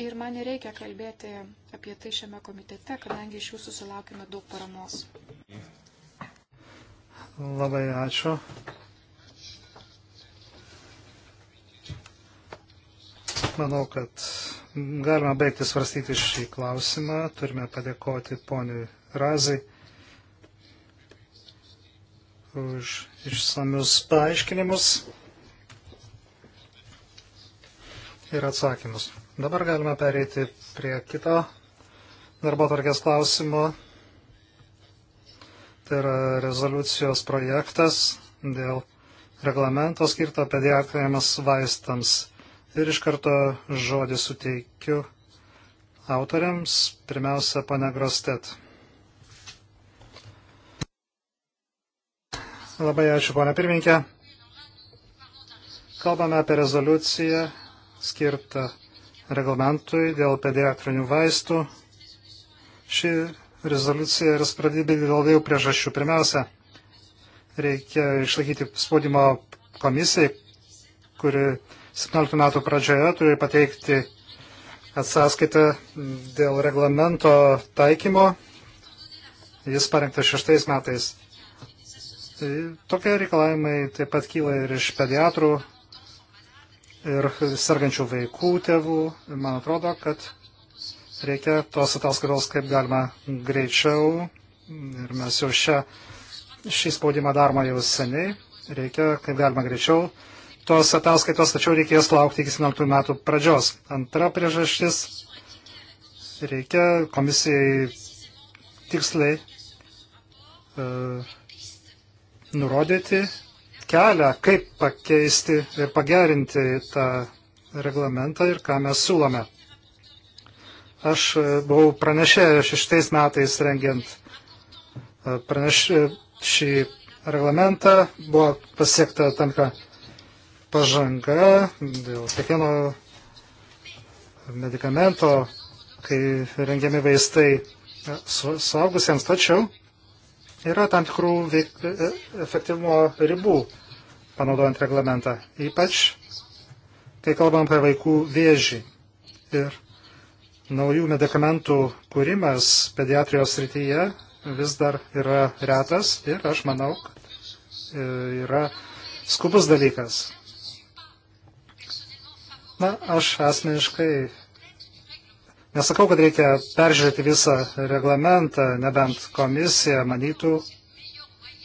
Ir man nereikia kalbėti apie tai šiame komitete, kadangi iš jų susilaukime daug paramos. Labai ačiū. Manau, kad Galima baigti svarstyti šį klausimą. Turime padėkoti poniui Razai už išsamius paaiškinimus ir atsakymus. Dabar galime pereiti prie kito darbo tvarkės klausimo. Tai yra rezoliucijos projektas dėl reglamento skirto pediatrinėms vaistams Ir iš karto žodį suteikiu autoriams, pirmiausia, pane Grostet. Labai ačiū, pane pirmininkė. Kalbame apie rezoliuciją skirtą reglamentui dėl pediatrinių vaistų. Ši rezoliucija yra spradybė dėl dviejų priežasčių. Pirmiausia, reikia išlaikyti spaudimo komisijai, kuri 17 metų pradžioje turi pateikti atsaskaitą dėl reglamento taikymo. Jis parengtas šeštais metais. Tai tokie reikalavimai taip pat kyla ir iš pediatrų, ir sergančių vaikų tėvų. Man atrodo, kad reikia tos ataskaitos kaip galima greičiau. Ir mes jau šią, šį spaudimą darome jau seniai. Reikia kaip galima greičiau tos ataskaitos, tačiau reikės laukti iki 17 metų pradžios. Antra priežastis - reikia komisijai tiksliai e, nurodyti kelią, kaip pakeisti ir pagerinti tą reglamentą ir ką mes siūlome. Aš e, buvau pranešėjęs šeštais metais rengiant e, praneš, e, šį reglamentą, buvo pasiekta tam, kad pažanga dėl kiekvieno medikamento, kai rengiami vaistai suaugusiems, tačiau yra tam tikrų veik, e, e, efektyvumo ribų panaudojant reglamentą, ypač kai kalbam apie vaikų vėžį. Ir naujų medikamentų kūrimas pediatrijos srityje vis dar yra retas ir aš manau, kad e, yra skubus dalykas. Na, aš asmeniškai nesakau, kad reikia peržiūrėti visą reglamentą, nebent komisija manytų,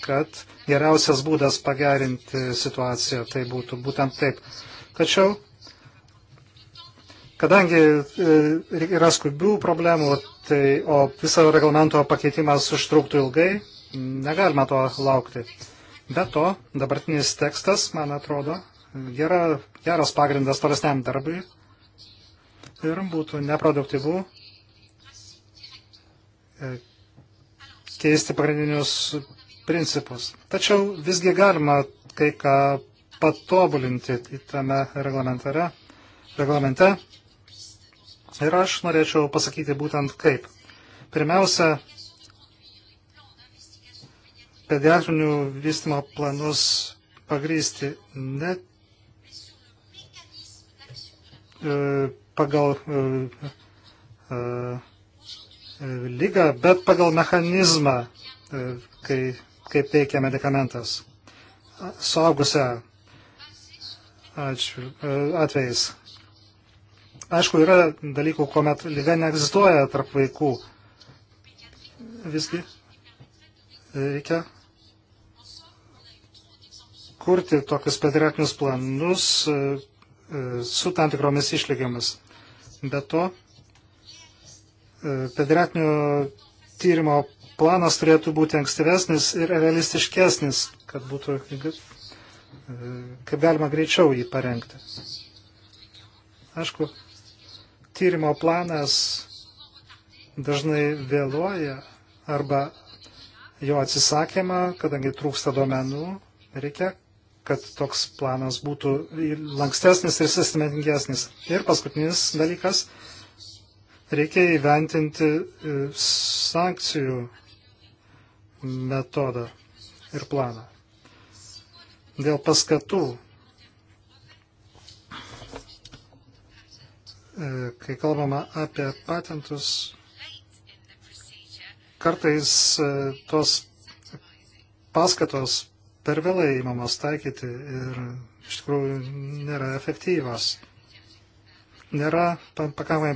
kad geriausias būdas pagerinti situaciją tai būtų būtent taip. Tačiau, kadangi e, yra skubių problemų, tai, o viso reglamento pakeitimas užtruktų ilgai, negalima to laukti. Be to, dabartinis tekstas, man atrodo, gera, geras pagrindas tolesniam darbui ir būtų neproduktyvu e, keisti pagrindinius principus. Tačiau visgi galima kai ką patobulinti tame reglamentare, reglamente. Ir aš norėčiau pasakyti būtent kaip. Pirmiausia, pediatrinių vystimo planus pagrysti ne E, pagal e, e, lygą, bet pagal mechanizmą, kai, kaip veikia medikamentas. Suaugusia atvejais. Aišku, yra dalykų, kuomet lyga neegzistuoja tarp vaikų. Visgi reikia kurti tokius pediatrinius planus, su tam tikromis išlygiamis. Be to, e, pediatrinio tyrimo planas turėtų būti ankstyvesnis ir realistiškesnis, kad būtų e, kaip galima greičiau jį parengti. Aišku, tyrimo planas dažnai vėluoja arba jo atsisakėma, kadangi trūksta duomenų, reikia kad toks planas būtų lankstesnis ir sistemingesnis. Ir paskutinis dalykas, reikia įventinti e, sankcijų metodą ir planą. Dėl paskatų, e, kai kalbama apie patentus, kartais e, tos paskatos per vėlai įmamos taikyti ir iš tikrųjų nėra efektyvos. Nėra pakankamai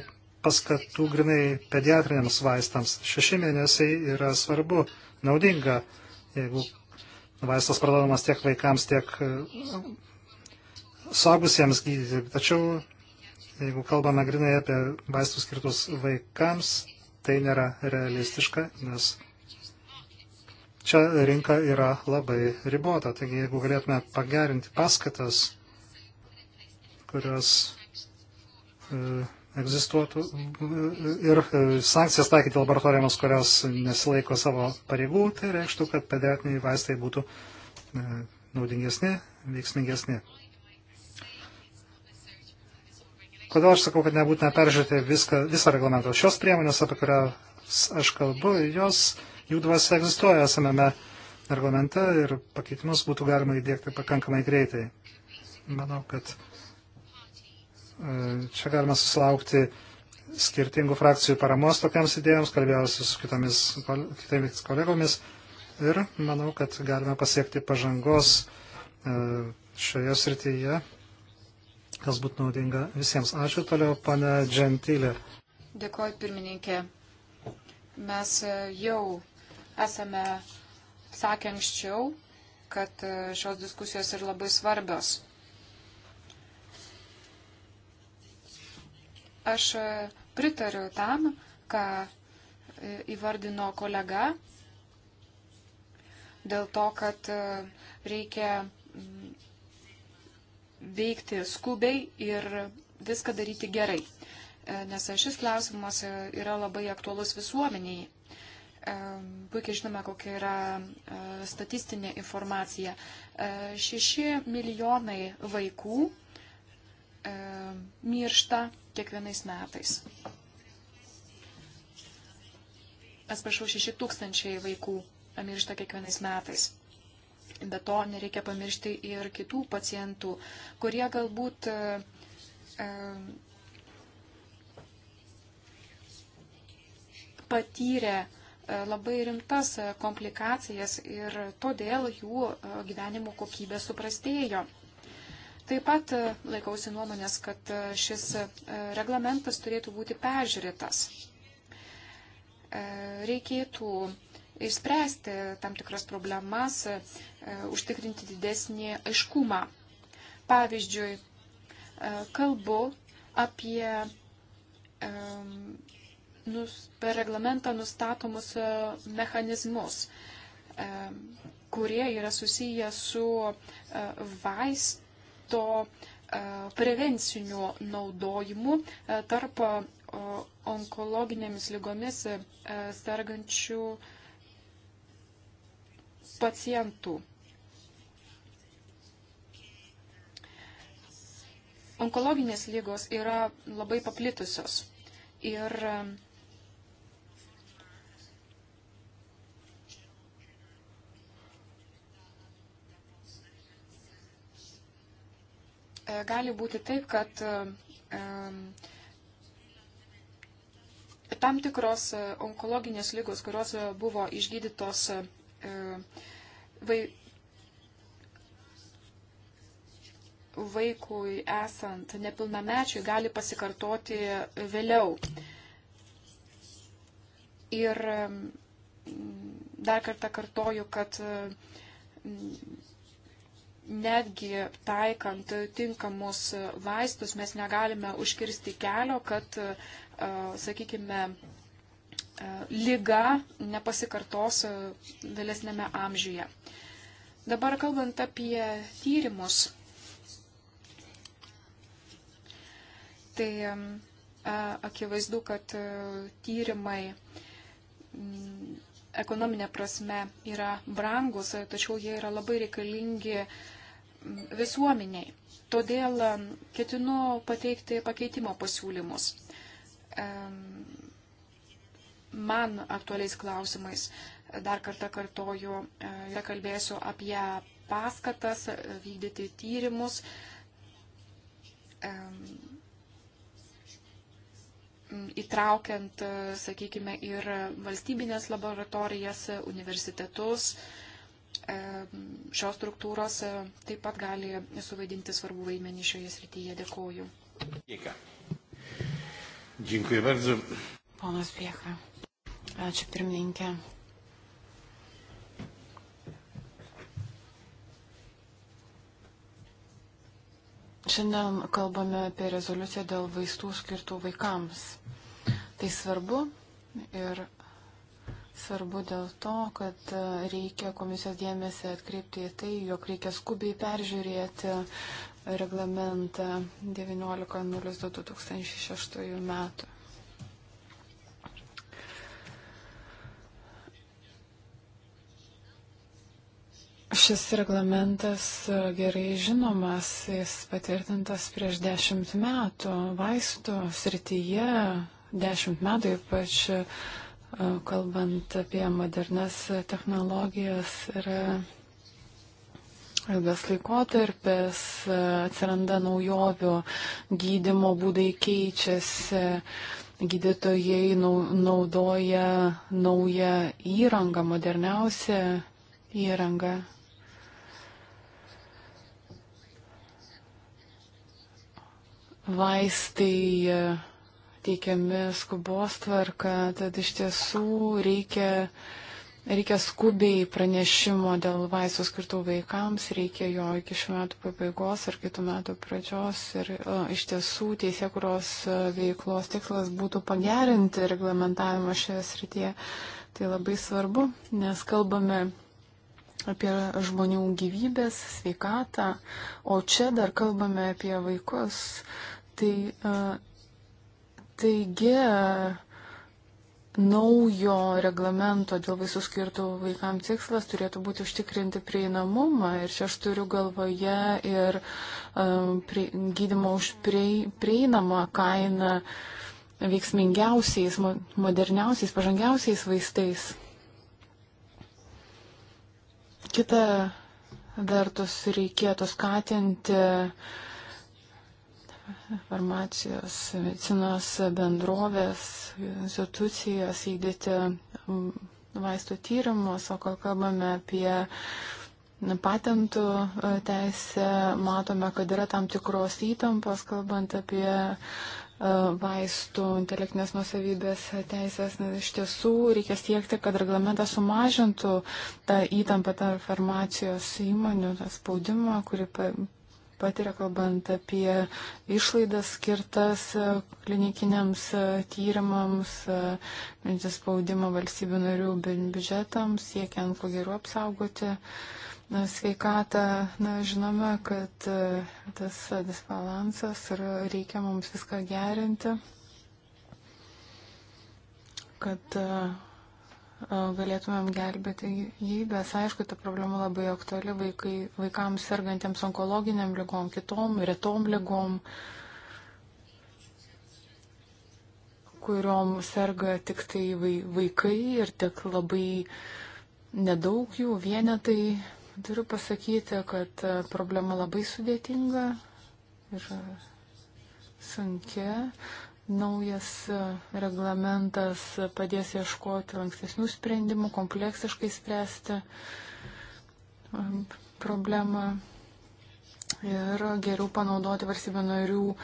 paskatų grinai pediatriniams vaistams. Šeši mėnesiai yra svarbu, naudinga, jeigu vaistas parduodamas tiek vaikams, tiek e, suaugusiems gydyti. Tačiau, jeigu kalbame grinai apie vaistus skirtus vaikams, tai nėra realistiška, nes Čia rinka yra labai ribota, taigi jeigu galėtume pagerinti paskatas, kurios e, egzistuotų e, ir e, sankcijas taikyti laboratorijoms, kurios nesilaiko savo pareigų, tai reikštų, kad pediatriniai vaistai būtų naudingesni, veiksmingesni. Kodėl aš sakau, kad nebūtina peržiūrėti viską, visą reglamentą? Šios priemonės, apie kurią aš kalbu, jos uh, Jų dvasia egzistuoja esamame reglamente ir pakeitimus būtų galima įdėkti pakankamai greitai. Manau, kad e, čia galima susilaukti skirtingų frakcijų paramos tokiams idėjams, kalbėjausi su kitomis, kitomis kolegomis ir manau, kad galime pasiekti pažangos e, šioje srityje, kas būtų naudinga visiems. Ačiū toliau, pane Džentilė. Dėkuoju, pirmininkė. Mes e, jau Esame sakę anksčiau, kad e, šios diskusijos yra labai svarbios. Aš e, pritariu tam, ką e, įvardino kolega, dėl to, kad reikia mm, veikti skubiai ir viską daryti gerai. Nes šis klausimas yra labai aktuolus visuomeniai. Puikiai žinome, kokia yra e, statistinė informacija. 6 e, milijonai vaikų e, miršta kiekvienais metais. Atsiprašau, 6 tūkstančiai vaikų miršta kiekvienais metais. Be to nereikia pamiršti ir kitų pacientų, kurie galbūt patyrė E, labai rimtas e, komplikacijas ir todėl jų e, gyvenimo kokybė suprastėjo. Taip pat laikausi nuomonės, kad šis reglamentas turėtų būti peržiūrėtas. Reikėtų išspręsti tam tikras problemas, užtikrinti didesnį aiškumą. Pavyzdžiui, kalbu apie nus, per reglamentą nustatomus e, mechanizmus, e, kurie yra susiję su e, vaisto prevenciniu naudojimu tarp onkologinėmis lygomis sergančių pacientų. Onkologinės lygos yra labai paplitusios ir E, gali būti taip, kad e, e, tam tikros onkologinės lygos, kurios buvo išgydytos vaikui esant nepilnamečiui, gali pasikartoti vėliau. Ir dar kartą kartoju, kad netgi taikant tinkamus vaistus mes negalime užkirsti kelio, kad, e, sakykime, e, lyga nepasikartos e, vėlesnėme amžiuje. Dabar kalbant apie tyrimus, tai akivaizdu, kad tyrimai mm, ekonominė prasme yra brangus, tačiau jie yra labai reikalingi uh, visuomeniai. Todėl ketinu pateikti pakeitimo pasiūlymus man aktualiais klausimais. Dar kartą kartoju, e, kalbėsiu apie paskatas, e, vykdyti tyrimus, įtraukiant, e, sakykime, ir valstybinės laboratorijas, universitetus, šios struktūros e, taip pat gali suvaidinti svarbų vaidmenį šioje srityje. Dėkoju. Dėka. Dziękuję bardzo. Ponas Piecha. Ačiū pirmininkė. Šiandien kalbame apie rezoliuciją dėl vaistų skirtų vaikams. Tai svarbu ir Svarbu dėl to, kad e, reikia komisijos dėmesį atkreipti į tai, jog reikia skubiai peržiūrėti reglamentą 19.02.2006 metų. Šis reglamentas e, gerai žinomas, jis patvirtintas prieš dešimt metų vaistų srityje, dešimt metų ypač kalbant apie modernas technologijas, yra ilgas laikotarpis, atsiranda naujovių, gydimo būdai keičiasi, gydytojai naudoja naują įrangą, moderniausią įrangą. Vaistai teikiami skubos tvarka, tad iš tiesų reikia, reikia skubiai pranešimo dėl vaistų skirtų vaikams, reikia jo iki šių metų pabaigos ar kitų metų pradžios. Ir o, e, iš tiesų teisė, kurios e, veiklos tikslas būtų pagerinti reglamentavimą šioje srityje, tai labai svarbu, nes kalbame apie žmonių gyvybės, sveikatą, o čia dar kalbame apie vaikus. Tai uh, Taigi, naujo reglamento dėl visų skirtų vaikams tikslas turėtų būti užtikrinti prieinamumą. Ir čia aš turiu galvoje ir um, prie, gydimą už prie, prieinamą kainą veiksmingiausiais, moderniausiais, pažangiausiais vaistais. Kita vertus reikėtų skatinti uh, farmacijos, medicinos bendrovės, institucijos įdėti vaistų tyrimus, o kol kalbame apie patentų e, teisę, matome, kad yra tam tikros įtampos, kalbant apie e, vaistų intelektinės nusavybės teisės. Iš tiesų reikia siekti, kad reglamentas sumažintų tą įtampą tarp farmacijos įmonių, tą spaudimą, kurį patiria, kalbant apie išlaidas skirtas e, klinikiniams e, tyrimams, e, mintis spaudimą valstybių narių biudžetams, siekiant kuo geriau apsaugoti sveikatą, na, žinome, kad tas disbalansas ir reikia mums viską gerinti, kad galėtumėm gelbėti gyvybės. Aišku, ta problema labai aktuali vaikai, vaikams sergantiems onkologiniam lygom, kitom, retom lygom, kuriuom serga tik tai vaikai ir tik labai nedaug jų vienetai. Turiu pasakyti, kad problema labai sudėtinga ir sunkia. Naujas e, reglamentas padės ieškoti lankstesnių sprendimų, kompleksiškai spręsti e, problemą ir geriau panaudoti valstybių narių e,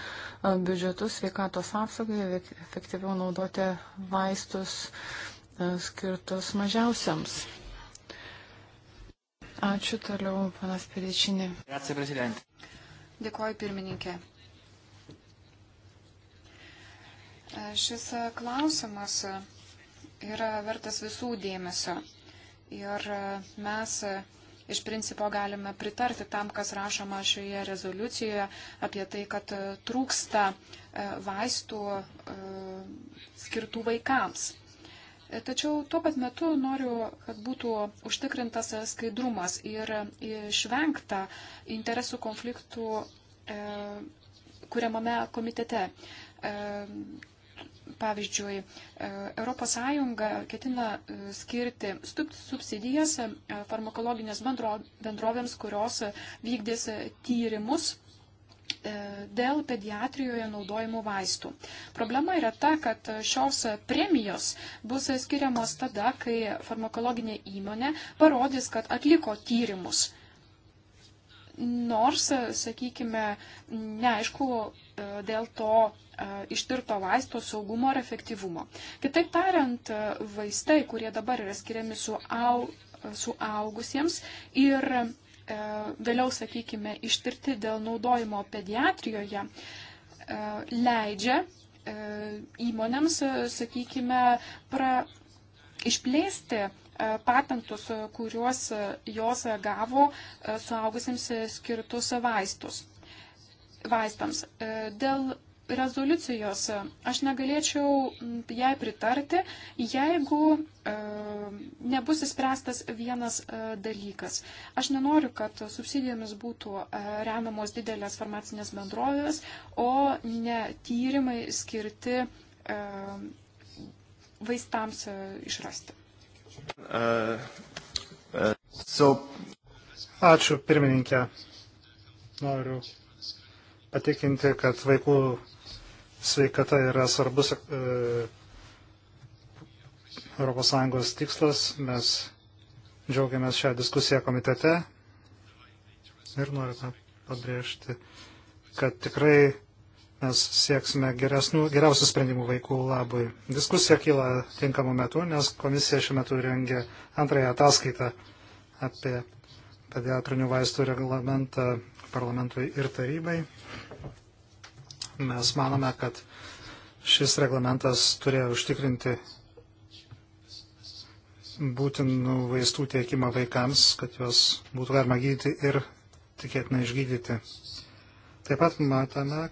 biudžetus sveikatos apsaugai, efektyviau naudoti vaistus skirtus mažiausiams. Ačiū toliau, panas Pėdėčinė. Dėkuoju pirmininkė. Šis klausimas yra vertas visų dėmesio. Ir mes iš principo galime pritarti tam, kas rašoma šioje rezoliucijoje apie tai, kad trūksta e, vaistų e, skirtų vaikams. E, tačiau tuo pat metu noriu, kad būtų užtikrintas skaidrumas ir išvengta interesų konfliktų e, kuriamame komitete. E, Pavyzdžiui, ES ketina e, skirti subsidijas e, farmakologinės bendrovėms, kurios e, vykdys tyrimus dėl pediatrijoje naudojimų vaistų. Problema yra ta, kad šios premijos bus skiriamos tada, kai farmakologinė įmonė parodys, kad atliko tyrimus nors, sakykime, neaišku e, dėl to e, ištirto vaisto saugumo ir efektyvumo. Kitaip tariant, e, vaistai, kurie dabar yra skiriami su, au, su augusiems ir e, vėliau, sakykime, ištirti dėl naudojimo pediatrijoje, e, leidžia e, įmonėms, sakykime, pra, išplėsti E, patentus, kuriuos jos gavo e, suaugusiems skirtus vaistus. Vaistams. E, dėl rezoliucijos aš negalėčiau jai pritarti, jeigu e, nebus įspręstas vienas e, dalykas. Aš nenoriu, kad subsidijomis būtų e, remiamos didelės farmacinės bendrovės, o ne tyrimai skirti e, vaistams e, išrasti. Uh, uh, so... Ačiū pirmininkė. Noriu patikinti, kad vaikų sveikata yra svarbus uh, ES tikslas. Mes džiaugiamės šią diskusiją komitete ir norime pabrėžti, kad tikrai mes sieksime geresnių, geriausių sprendimų vaikų labui. Diskusija kyla tinkamu metu, nes komisija šiuo metu rengia antrąją ataskaitą apie pediatrinių vaistų reglamentą parlamentui ir tarybai. Mes manome, kad šis reglamentas turėjo užtikrinti būtinų vaistų tiekimą vaikams, kad juos būtų galima gydyti ir tikėtina išgydyti. Taip pat matome,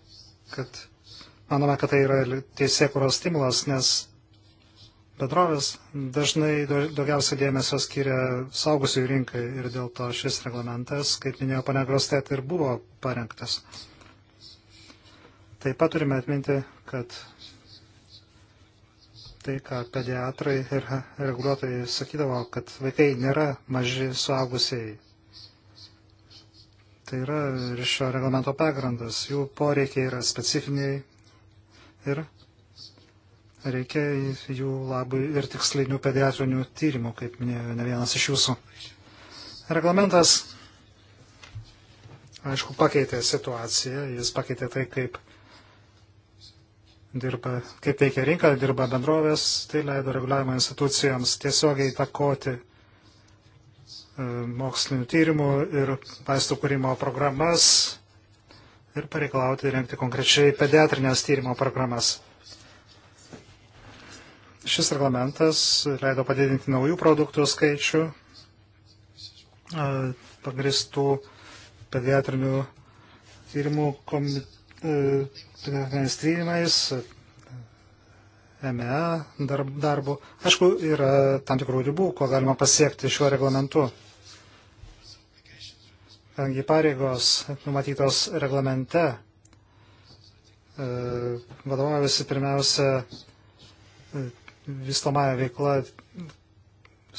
kad manome, kad tai yra teisėkuros stimulas, nes bendrovės dažnai daugiausia dėmesio skiria saugusių rinkai ir dėl to šis reglamentas, kaip minėjo pane Grostet, ir buvo parengtas. Taip pat turime atminti, kad tai, ką pediatrai ir reguliuotojai sakydavo, kad vaikai nėra maži suaugusiai Tai yra ir šio reglamento pagrindas. Jų poreikiai yra specifiniai ir reikia jų labai ir tikslinių pediatrinių tyrimų, kaip minėjo ne vienas iš jūsų. Reglamentas, aišku, pakeitė situaciją, jis pakeitė tai, kaip dirba, kaip veikia rinka, dirba bendrovės, tai leido reguliavimo institucijoms tiesiogiai įtakoti E, mokslinių tyrimų ir vaistų kūrimo programas ir pareikalauti rengti konkrečiai pediatrinės tyrimo programas. Šis reglamentas leido padidinti naujų produktų skaičių e, pagristų pediatrinių tyrimų e, pediatriniais tyrimais, ME darb, darbu. Aišku, yra tam tikrų ribų, ko galima pasiekti šiuo reglamentu kadangi pareigos numatytos reglamente e, vadovaujasi pirmiausia e, vystamąją veiklą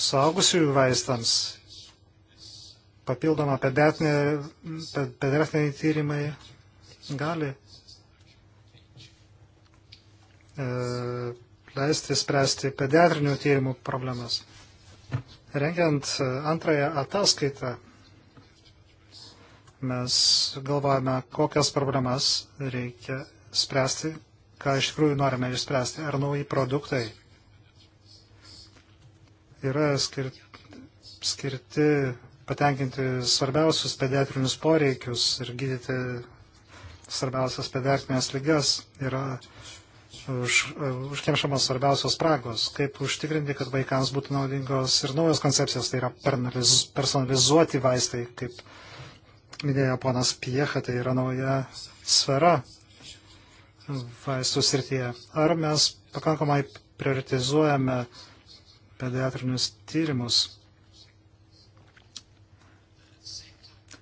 suaugusiųjų vaistams, papildoma pediatriniai tyrimai gali e, leisti spręsti pediatrinių tyrimų problemas. Rengiant antrąją ataskaitą mes galvojame, kokias problemas reikia spręsti, ką iš tikrųjų norime išspręsti, ar nauji produktai yra skir skirti patenkinti svarbiausius pediatrinius poreikius ir gydyti svarbiausias pediatrinės lygas, yra už, užkemšamos svarbiausios spragos, kaip užtikrinti, kad vaikams būtų naudingos ir naujos koncepcijos, tai yra personalizuoti vaistai, kaip minėjo ponas Piecha, tai yra nauja sfera vaistų srityje. Ar mes pakankamai prioritizuojame pediatrinius tyrimus?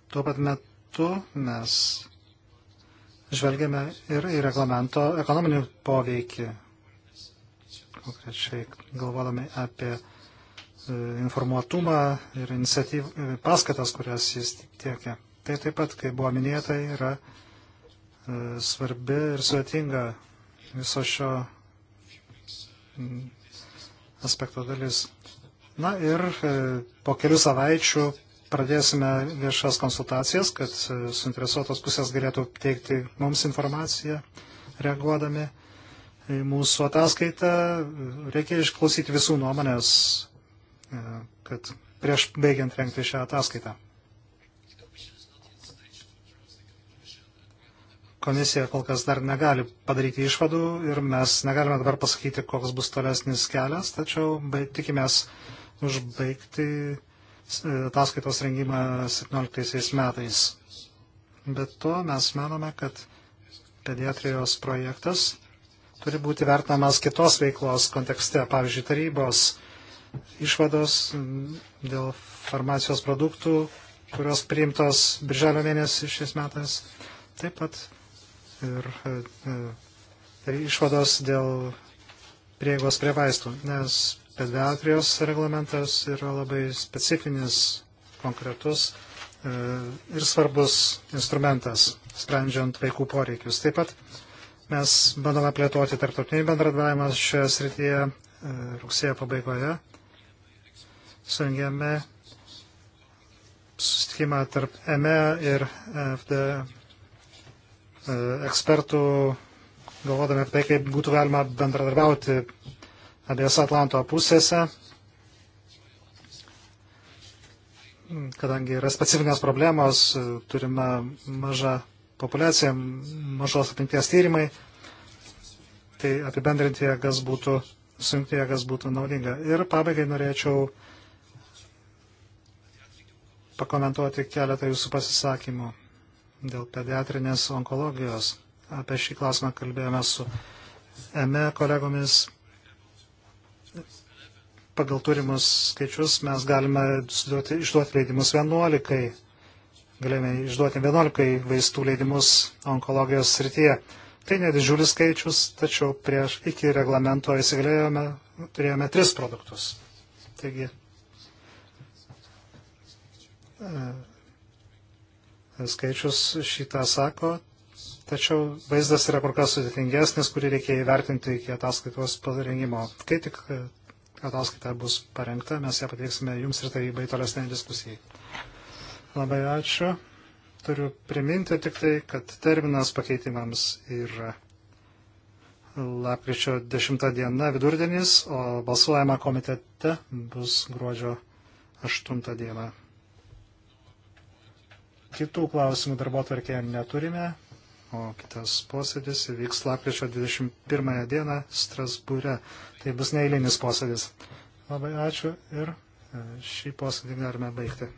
Tuo pat metu mes žvelgiame ir į reglamento ekonominį poveikį, konkrečiai galvodami apie e, informuotumą ir paskatas, kurias jis tiekia. Tai taip pat, kaip buvo minėta, yra e, svarbi ir sudėtinga viso šio aspekto dalis. Na ir e, po kelių savaičių pradėsime viešas konsultacijas, kad e, suinteresuotos pusės galėtų teikti mums informaciją, reaguodami į mūsų ataskaitą. Reikia išklausyti visų nuomonės, kad prieš baigiant renkti šią ataskaitą. komisija kol kas dar negali padaryti išvadų ir mes negalime dabar pasakyti, koks bus tolesnis kelias, tačiau tikimės užbaigti e, ataskaitos rengimą 17 metais. Bet to mes manome, kad pediatrijos projektas turi būti vertinamas kitos veiklos kontekste, pavyzdžiui, tarybos išvados dėl farmacijos produktų, kurios priimtos birželio mėnesį šiais metais. Taip pat ir, e, e, ir tai išvados dėl prieigos prie vaistų, nes pediatrijos reglamentas yra labai specifinis, konkretus e, ir svarbus instrumentas, sprendžiant vaikų poreikius. Taip pat mes bandome plėtoti tarptautinį bendradavimą šioje srityje rugsėjo pabaigoje. Sujungėme susitikimą tarp EME ir FD, E, ekspertų, galvodami apie tai, kaip būtų galima bendradarbiauti abiejose Atlanto pusėse, kadangi yra specifinės problemos, turime mažą populiaciją, mažos apimties tyrimai, tai apibendrinti jėgas būtų, sujungti jėgas būtų naudinga. Ir pabaigai norėčiau pakomentuoti keletą jūsų pasisakymų dėl pediatrinės onkologijos. Apie šį klausimą kalbėjome su EME kolegomis. Pagal turimus skaičius mes galime suduoti, išduoti leidimus 11. Galėjome išduoti 11 vaistų leidimus onkologijos srityje. Tai nedidžiulis skaičius, tačiau prieš iki reglamento įsigalėjome, turėjome tris produktus. Taigi, skaičius šitą sako, tačiau vaizdas yra kur kas sudėtingesnis, kurį reikia įvertinti iki ataskaitos parengimo. Kai tik ataskaita bus parengta, mes ją pateiksime jums ir tarybai tolesnė diskusijai. Labai ačiū. Turiu priminti tik tai, kad terminas pakeitimams yra lapkričio 10 diena vidurdienis, o balsuojama komitete bus gruodžio 8 diena. Kitų klausimų darbo tvarkėje neturime, o kitas posėdis įvyks lapkričio 21 dieną Strasbūre. Tai bus neįlinis posėdis. Labai ačiū ir e, šį posėdį galime baigti.